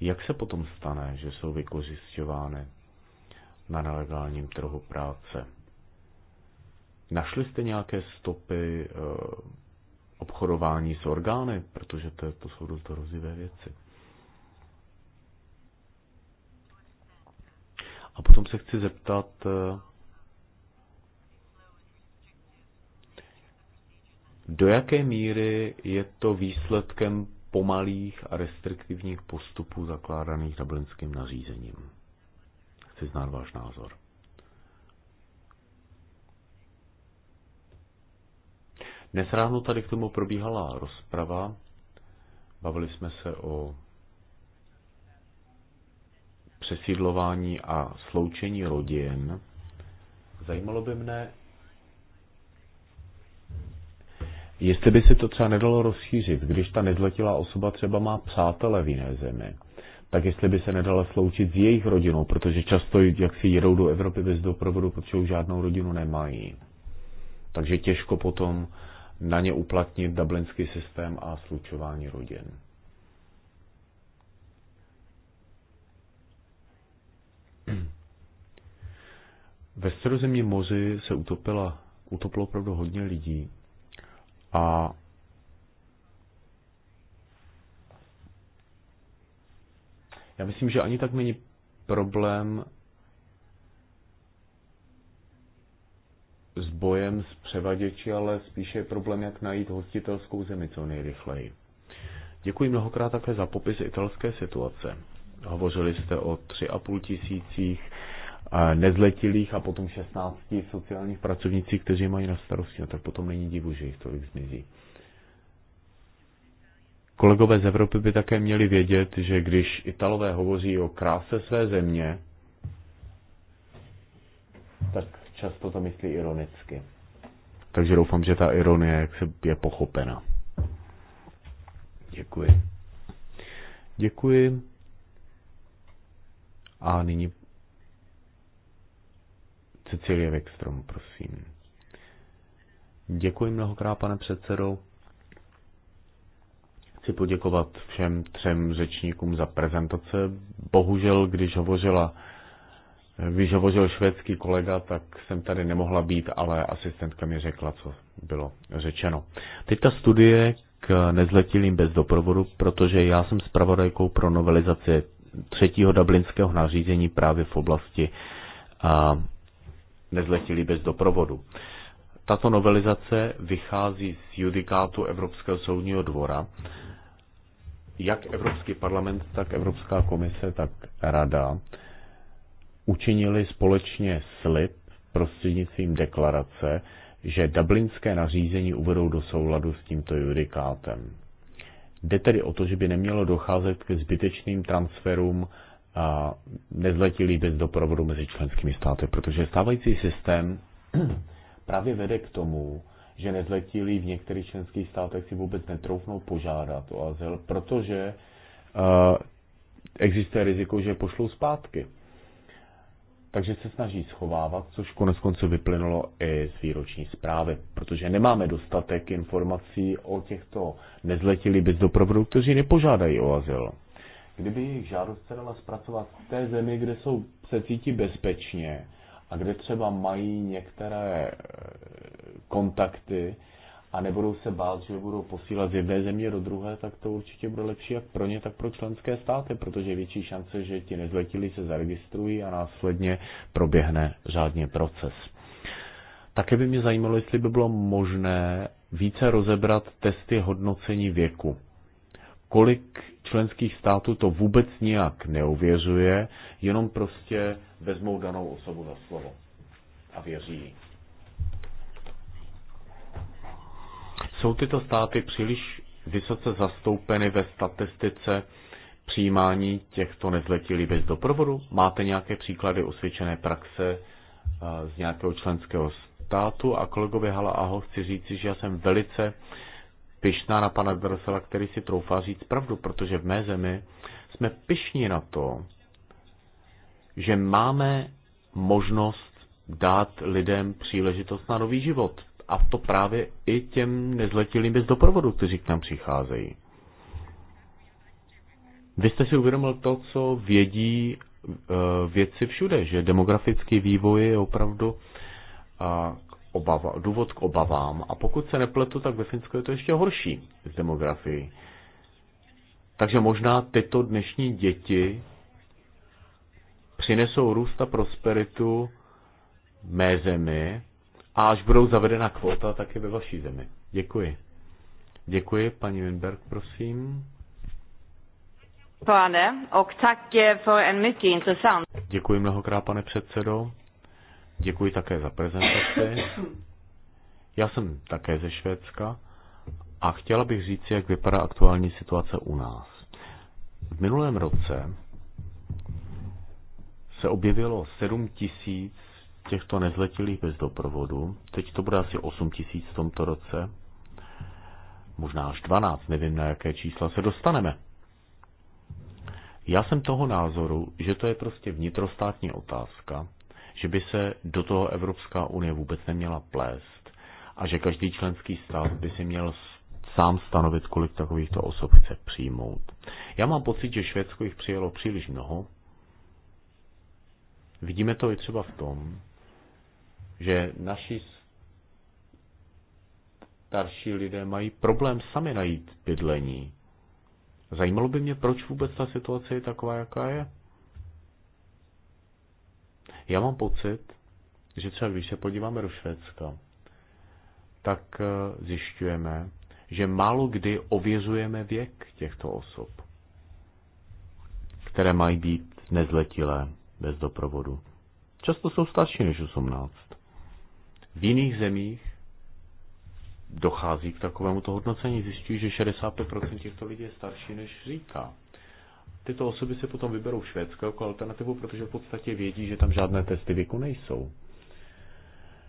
Jak se potom stane, že jsou vykořišťovány? na nelegálním trhu práce. Našli jste nějaké stopy eh, obchodování s orgány, protože to, to jsou dost hrozivé věci. A potom se chci zeptat, eh, do jaké míry je to výsledkem pomalých a restriktivních postupů zakládaných dublinským nařízením chci znát váš názor. Dnes ráno tady k tomu probíhala rozprava. Bavili jsme se o přesídlování a sloučení rodin. Zajímalo by mne, jestli by se to třeba nedalo rozšířit, když ta nezletilá osoba třeba má přátele v jiné zemi tak jestli by se nedala sloučit s jejich rodinou, protože často jak si jedou do Evropy bez doprovodu, protože už žádnou rodinu nemají. Takže těžko potom na ně uplatnit dublinský systém a slučování rodin. Ve středozemní moři se utopila, utopilo opravdu hodně lidí a Já myslím, že ani tak není problém s bojem s převaděči, ale spíše je problém, jak najít hostitelskou zemi co nejrychleji. Děkuji mnohokrát také za popis italské situace. Hovořili jste o 3,5 tisících nezletilých a potom 16 sociálních pracovnicích, kteří mají na starosti, no tak potom není divu, že jich tolik zmizí. Kolegové z Evropy by také měli vědět, že když Italové hovoří o kráse své země, tak často to myslí ironicky. Takže doufám, že ta ironie je pochopena. Děkuji. Děkuji. A nyní Cecilie Wexstrom, prosím. Děkuji mnohokrát, pane předsedo. Chci poděkovat všem třem řečníkům za prezentace. Bohužel, když hovořila když hovořil švédský kolega, tak jsem tady nemohla být, ale asistentka mi řekla, co bylo řečeno. Teď ta studie k nezletilým bez doprovodu, protože já jsem zpravodajkou pro novelizaci třetího dublinského nařízení právě v oblasti a, nezletilý bez doprovodu. Tato novelizace vychází z judikátu Evropského soudního dvora, jak Evropský parlament, tak Evropská komise, tak Rada učinili společně slib prostřednictvím deklarace, že dublinské nařízení uvedou do souladu s tímto judikátem. Jde tedy o to, že by nemělo docházet ke zbytečným transferům a nezletilý bez doprovodu mezi členskými státy, protože stávající systém [CLEARS THROAT] právě vede k tomu, že nezletilí v některých členských státech si vůbec netroufnou požádat o azyl, protože uh, existuje riziko, že pošlou zpátky. Takže se snaží schovávat, což konec konců vyplynulo i z výroční zprávy, protože nemáme dostatek informací o těchto nezletilí bez doprovodu, kteří nepožádají o azyl. Kdyby jejich žádost se dala zpracovat v té zemi, kde jsou, se cítí bezpečně a kde třeba mají některé kontakty a nebudou se bát, že budou posílat z jedné země do druhé, tak to určitě bude lepší jak pro ně, tak pro členské státy, protože je větší šance, že ti nezletili se zaregistrují a následně proběhne řádně proces. Také by mě zajímalo, jestli by bylo možné více rozebrat testy hodnocení věku. Kolik členských států to vůbec nijak neuvěřuje, jenom prostě vezmou danou osobu za slovo a věří jí. Jsou tyto státy příliš vysoce zastoupeny ve statistice přijímání těchto nezletilých bez doprovodu? Máte nějaké příklady osvědčené praxe eh, z nějakého členského státu? A kolegovi Hala Aho chci říci, že já jsem velice pyšná na pana Brosela, který si troufá říct pravdu, protože v mé zemi jsme pyšní na to, že máme možnost dát lidem příležitost na nový život a to právě i těm nezletilým bez doprovodu, kteří k nám přicházejí. Vy jste si uvědomil to, co vědí eh, vědci všude, že demografický vývoj je opravdu eh, obava, důvod k obavám. A pokud se nepletu, tak ve Finsku je to ještě horší s demografií. Takže možná tyto dnešní děti přinesou růst a prosperitu mé zemi, a až budou zavedena kvota, tak je ve vaší zemi. Děkuji. Děkuji, paní Winberg, prosím. Pane, och tack för en mycket Děkuji mnohokrát, pane předsedo. Děkuji také za prezentaci. Já jsem také ze Švédska a chtěla bych říct, jak vypadá aktuální situace u nás. V minulém roce se objevilo 7 tisíc těchto nezletilých bez doprovodu. Teď to bude asi 8 tisíc v tomto roce. Možná až 12, nevím na jaké čísla se dostaneme. Já jsem toho názoru, že to je prostě vnitrostátní otázka, že by se do toho Evropská unie vůbec neměla plést a že každý členský stát by si měl sám stanovit, kolik takovýchto osob chce přijmout. Já mám pocit, že Švédsko jich přijelo příliš mnoho. Vidíme to i třeba v tom, že naši starší lidé mají problém sami najít bydlení. Zajímalo by mě, proč vůbec ta situace je taková, jaká je. Já mám pocit, že třeba když se podíváme do Švédska, tak eh, zjišťujeme, že málo kdy ověřujeme věk těchto osob, které mají být nezletilé bez doprovodu. Často jsou starší než 18. V jiných zemích dochází k takovému to hodnocení. Zjistí, že 65% těchto lidí je starší, než říká. Tyto osoby si potom vyberou Švédsko jako alternativu, protože v podstatě vědí, že tam žádné testy věku nejsou.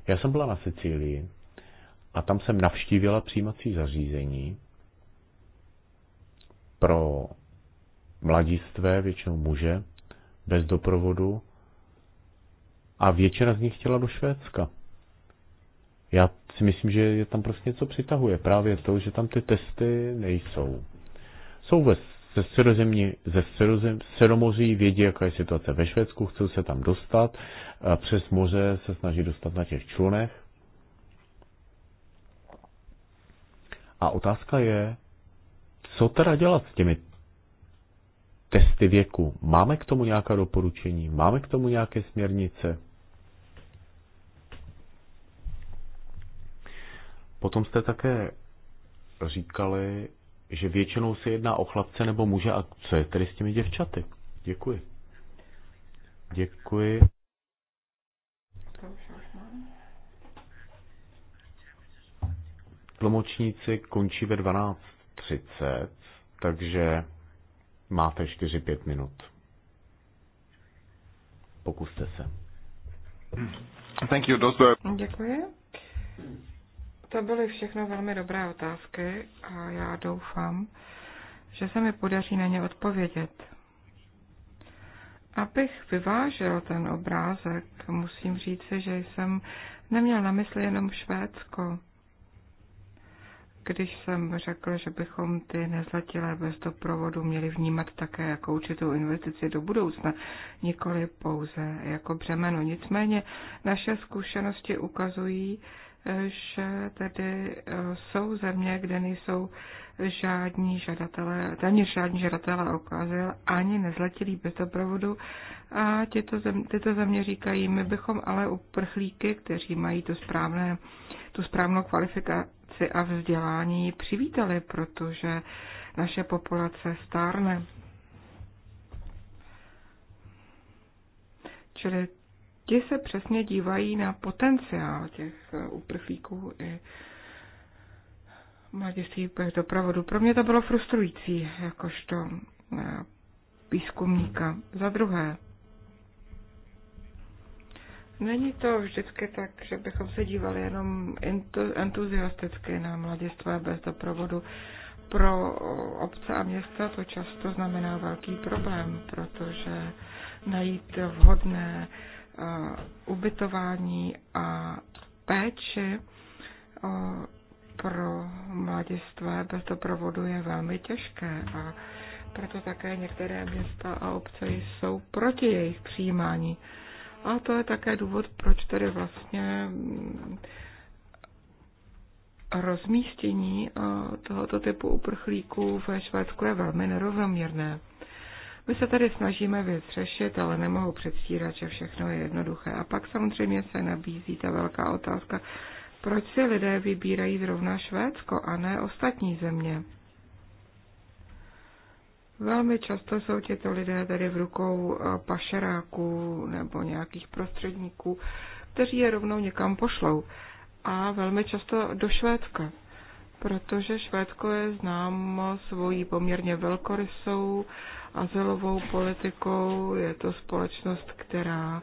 Já jsem byla na Sicílii a tam jsem navštívila přijímací zařízení pro mladistvé, většinou muže, bez doprovodu a většina z nich chtěla do Švédska. Já si myslím, že je tam prostě něco přitahuje. Právě to, že tam ty testy nejsou. Jsou ve, ze, středozemí, ze středozem, středomoří vědí, jaká je situace ve Švédsku, chcou se tam dostat, přes moře se snaží dostat na těch člunech. A otázka je, co teda dělat s těmi testy věku? Máme k tomu nějaká doporučení? Máme k tomu nějaké směrnice? Potom jste také říkali, že většinou se jedná o chlapce nebo muže a co je tedy s těmi děvčaty? Děkuji. Děkuji. Tlumočníci končí ve 12.30, takže máte 4-5 minut. Pokuste se. Thank you, Děkuji. To byly všechno velmi dobré otázky a já doufám, že se mi podaří na ně odpovědět. Abych vyvážel ten obrázek, musím říci, že jsem neměl na mysli jenom Švédsko. Když jsem řekl, že bychom ty nezletilé bez doprovodu měli vnímat také jako určitou investici do budoucna, nikoli pouze jako břemeno. Nicméně naše zkušenosti ukazují, že tedy eh, jsou země, kde nejsou žádní žadatelé, téměř žádní žadatelé o azyl, ani nezletilí bez doprovodu. A tyto země, tyto země říkají, my bychom ale uprchlíky, kteří mají tu, správné, tu správnou kvalifikaci a vzdělání, přivítali, protože naše populace stárne. Čili ti se přesně dívají na potenciál těch eh, uprchlíků i mladiství bez doprovodu. Pro mě to bylo frustrující, jakožto eh, výzkumníka. Za druhé, není to vždycky tak, že bychom se dívali jenom entuziasticky na mladistvé bez doprovodu. Pro obce a města to často znamená velký problém, protože najít vhodné Eh, ubytování a péči eh, pro mladistvé bez doprovodu je velmi těžké a proto také některé města a obce jsou proti jejich přijímání. A to je také důvod, proč tedy vlastně mm, rozmístění eh, tohoto typu uprchlíků ve Švédsku je velmi nerovnoměrné. My se tady snažíme věc řešit, ale nemohu předstírat, že všechno je jednoduché. A pak samozřejmě se nabízí ta velká otázka, proč si lidé vybírají zrovna Švédsko a ne ostatní země. Velmi často jsou těto lidé tady v rukou eh, pašeráků nebo nějakých prostředníků, kteří je rovnou někam pošlou. A velmi často do Švédska, protože Švédsko je známo svojí poměrně velkorysou azylovou politikou. Je to společnost, která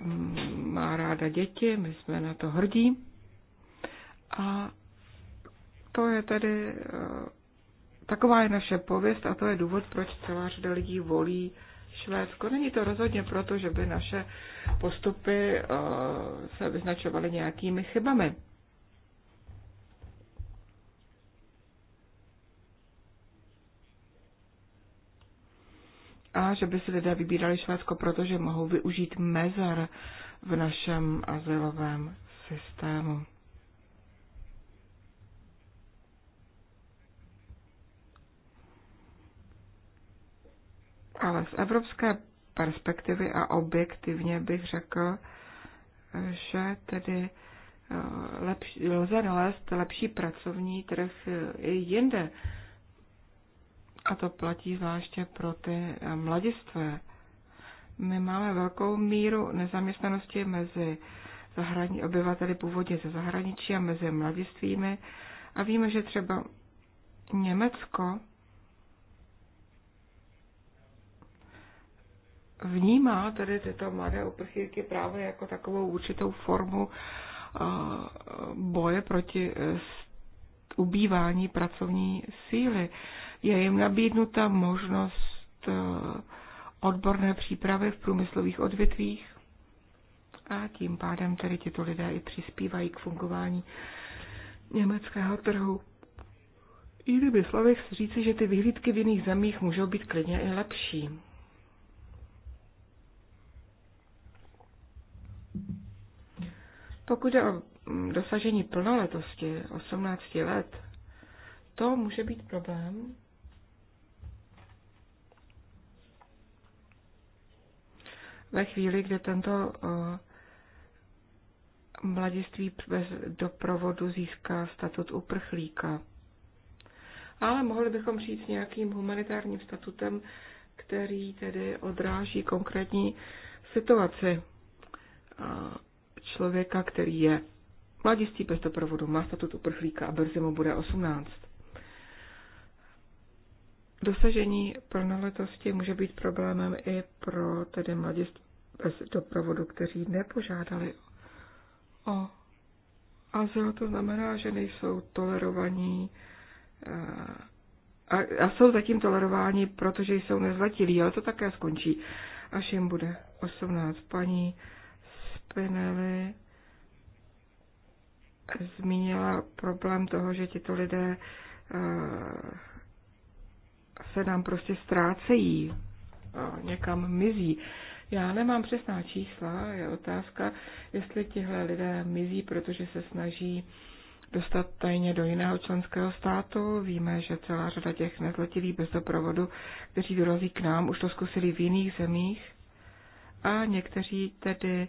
mm, má ráda děti, my jsme na to hrdí. A to je tedy, eh, taková je naše pověst a to je důvod, proč celá řada lidí volí Švédsko. Není to rozhodně proto, že by naše postupy eh, se vyznačovaly nějakými chybami. a že by si lidé vybírali Švédsko, protože mohou využít mezer v našem azylovém systému. Ale z evropské perspektivy a objektivně bych řekl, že tedy eh, lepší, lze nalézt lepší pracovní trh i jinde. A to platí zvláště pro ty eh, mladistvé. My máme velkou míru nezaměstnanosti mezi zahrani- obyvateli původně ze zahraničí a mezi mladistvými. A víme, že třeba Německo vnímá tedy tyto mladé uprchlíky právě jako takovou určitou formu eh, boje proti eh, ubývání pracovní síly je jim nabídnuta možnost eh, odborné přípravy v průmyslových odvětvích a tím pádem tedy tyto lidé i přispívají k fungování německého trhu. Jinými slovy chci říci, že ty vyhlídky v jiných zemích můžou být klidně i lepší. Pokud je o mm, dosažení plnoletosti 18 let, to může být problém, ve chvíli, kdy tento eh, mladiství bez doprovodu získá statut uprchlíka. Ale mohli bychom říct nějakým humanitárním statutem, který tedy odráží konkrétní situaci eh, člověka, který je mladiství bez doprovodu, má statut uprchlíka a brzy mu bude 18. Dosažení plnoletosti může být problémem i pro tedy mladist bez doprovodu, kteří nepožádali o azyl. To znamená, že nejsou tolerovaní eh, a, a jsou zatím tolerováni, protože jsou nezletilí, ale to také skončí, až jim bude 18. Paní Spinelli zmínila problém toho, že tito lidé eh, se nám prostě ztrácejí, někam mizí. Já nemám přesná čísla, je otázka, jestli tihle lidé mizí, protože se snaží dostat tajně do jiného členského státu. Víme, že celá řada těch nezletilých bez doprovodu, kteří dorazí k nám, už to zkusili v jiných zemích. A někteří tedy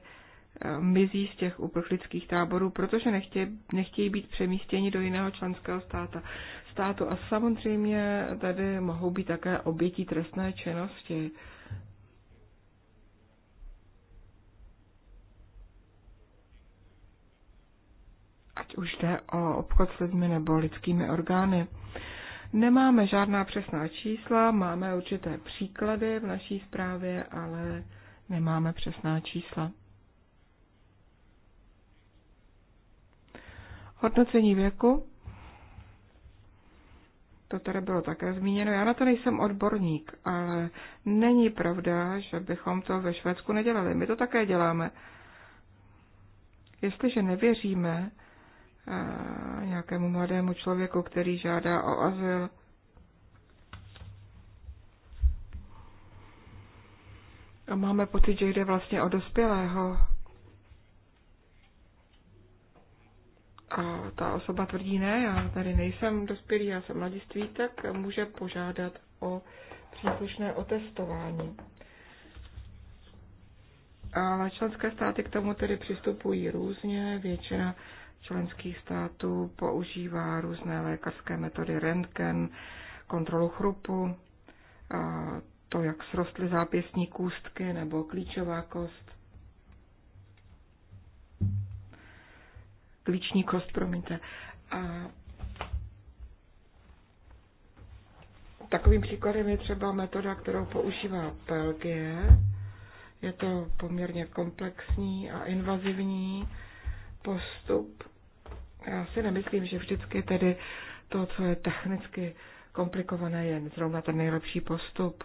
eh, mizí z těch uprchlických táborů, protože nechtějí, nechtějí být přemístěni do jiného členského státa státu a samozřejmě tady mohou být také obětí trestné činnosti. Ať už jde o obchod s lidmi nebo lidskými orgány. Nemáme žádná přesná čísla, máme určité příklady v naší zprávě, ale nemáme přesná čísla. Hodnocení věku to tady bylo také zmíněno. Já na to nejsem odborník, ale není pravda, že bychom to ve Švédsku nedělali. My to také děláme. Jestliže nevěříme eh, nějakému mladému člověku, který žádá o azyl, a máme pocit, že jde vlastně o dospělého, a ta osoba tvrdí ne, já tady nejsem dospělý, já jsem mladiství, tak může požádat o příslušné otestování. Ale členské státy k tomu tedy přistupují různě. Většina členských států používá různé lékařské metody rentgen, kontrolu chrupu, to, jak srostly zápěstní kůstky nebo klíčová kost. klíční kost, promiňte. A takovým příkladem je třeba metoda, kterou používá Belgie. Je to poměrně komplexní a invazivní postup. Já si nemyslím, že vždycky tedy to, co je technicky komplikované, je zrovna ten nejlepší postup.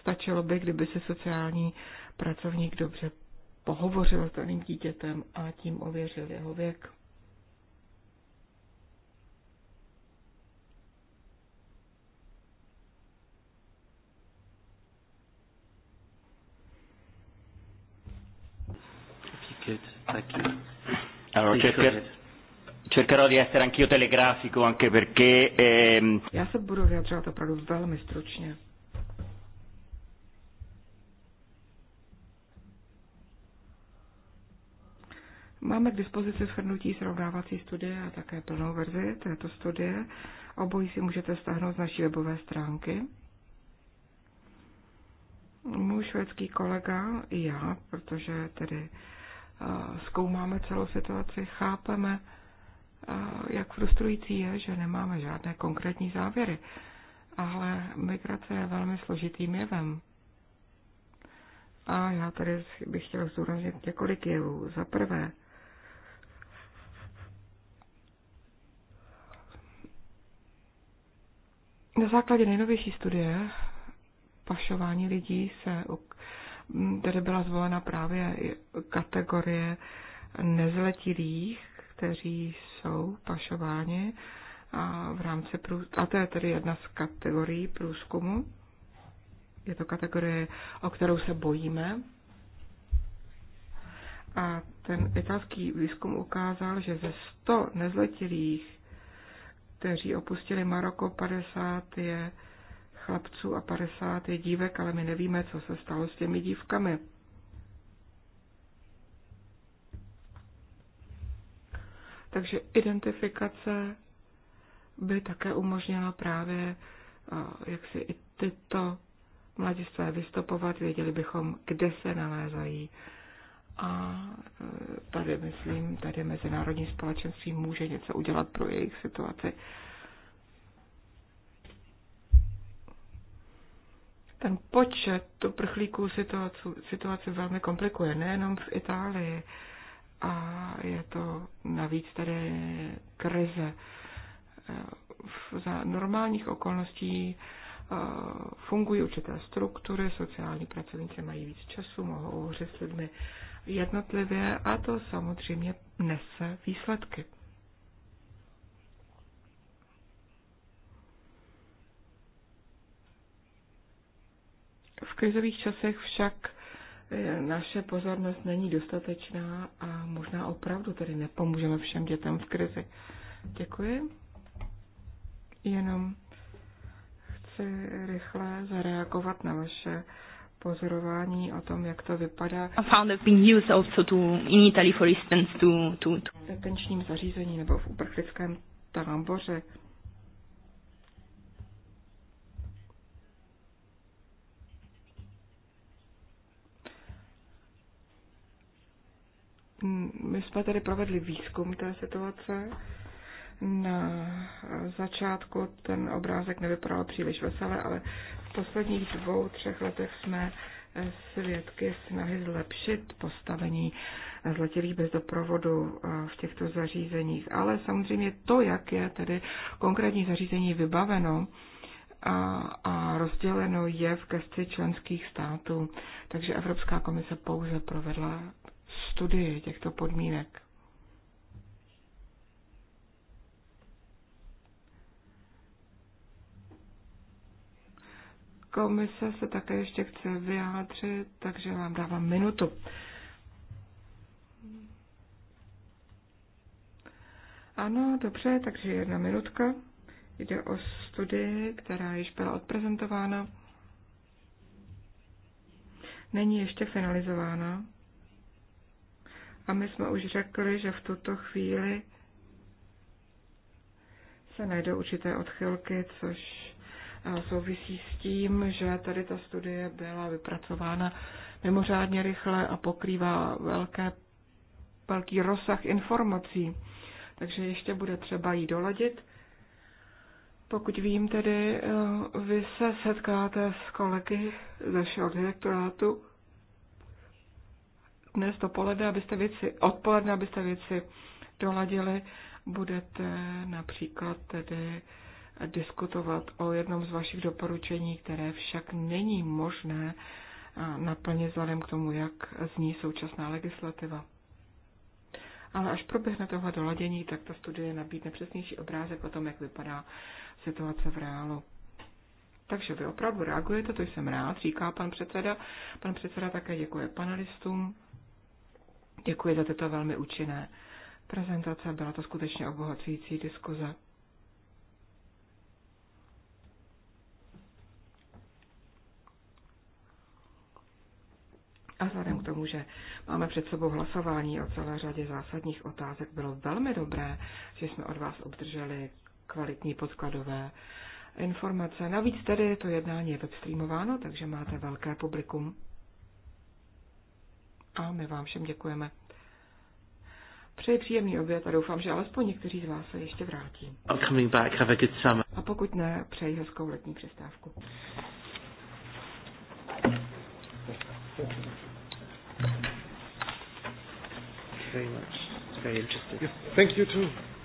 Stačilo by, kdyby se sociální pracovník dobře pohovořil s daným dítětem a tím ověřil jeho věk. Ehm, Já se budu vyjadřovat opravdu velmi stručně. Máme k dispozici shrnutí srovnávací studie a také plnou verzi této studie. Obojí si můžete stáhnout z naší webové stránky. Můj švédský kolega i já, protože tedy eh, zkoumáme celou situaci, chápeme, eh, jak frustrující je, že nemáme žádné konkrétní závěry. Ale migrace je velmi složitým jevem. A já tady bych chtěla zdůraznit několik jevů. Za prvé, Na základě nejnovější studie pašování lidí se tedy byla zvolena právě kategorie nezletilých, kteří jsou pašováni a v rámci průz... a to je tedy jedna z kategorií průzkumu. Je to kategorie, o kterou se bojíme. A ten italský výzkum ukázal, že ze 100 nezletilých kteří opustili Maroko, 50 je chlapců a 50 je dívek, ale my nevíme, co se stalo s těmi dívkami. Takže identifikace by také umožnila právě jak si i tyto mladistvé vystopovat, věděli bychom, kde se nalézají a e, tady, myslím, tady mezinárodní společenství může něco udělat pro jejich situaci. Ten počet prchlíků situaci, situaci velmi komplikuje, nejenom v Itálii. A je to navíc tady krize. E, za normálních okolností e, fungují určité struktury, sociální pracovníci mají víc času, mohou hovořit s lidmi jednotlivě a to samozřejmě nese výsledky. V krizových časech však eh, naše pozornost není dostatečná a možná opravdu tedy nepomůžeme všem dětem v krizi. Děkuji. Jenom chci rychle zareagovat na vaše pozorování o tom, jak to vypadá. Found that being used also to, in Italy, for instance, to, to, to. V detenčním zařízení nebo v uprchlickém táboře. My jsme tady provedli výzkum té situace. Na začátku ten obrázek nevypadal příliš veselé, ale posledních dvou, třech letech jsme eh, svědky snahy zlepšit postavení eh, zletělých bez doprovodu eh, v těchto zařízeních. Ale samozřejmě to, jak je tedy konkrétní zařízení vybaveno a, a rozděleno je v gesci členských států. Takže Evropská komise pouze provedla studii těchto podmínek. Komise se také ještě chce vyjádřit, takže vám dávám minutu. Ano, dobře, takže jedna minutka. Jde o studii, která již byla odprezentována. Není ještě finalizována. A my jsme už řekli, že v tuto chvíli se najdou určité odchylky, což souvisí s tím, že tady ta studie byla vypracována mimořádně rychle a pokrývá velké, velký rozsah informací, takže ještě bude třeba ji doladit. Pokud vím tedy, eh, vy se setkáte s kolegy z našeho direktorátu dnes dopoledne, abyste věci, odpoledne, abyste věci doladili. Budete například tedy diskutovat o jednom z vašich doporučení, které však není možné naplnit vzhledem k tomu, jak zní současná legislativa. Ale až proběhne tohle doladění, tak ta studie nabídne přesnější obrázek o tom, jak vypadá situace v reálu. Takže vy opravdu reagujete, to jsem rád, říká pan předseda. Pan předseda také děkuje panelistům. Děkuji za tyto velmi účinné prezentace, byla to skutečně obohacující diskuze. A vzhledem k tomu, že máme před sebou hlasování o celé řadě zásadních otázek, bylo velmi dobré, že jsme od vás obdrželi kvalitní podkladové informace. Navíc tedy to jednání je webstreamováno, takže máte velké publikum. A my vám všem děkujeme. Přeji příjemný oběd a doufám, že alespoň někteří z vás se ještě vrátí. A pokud ne, přeji hezkou letní přestávku. Thank you. very much. It's very interesting. Yeah. thank you too.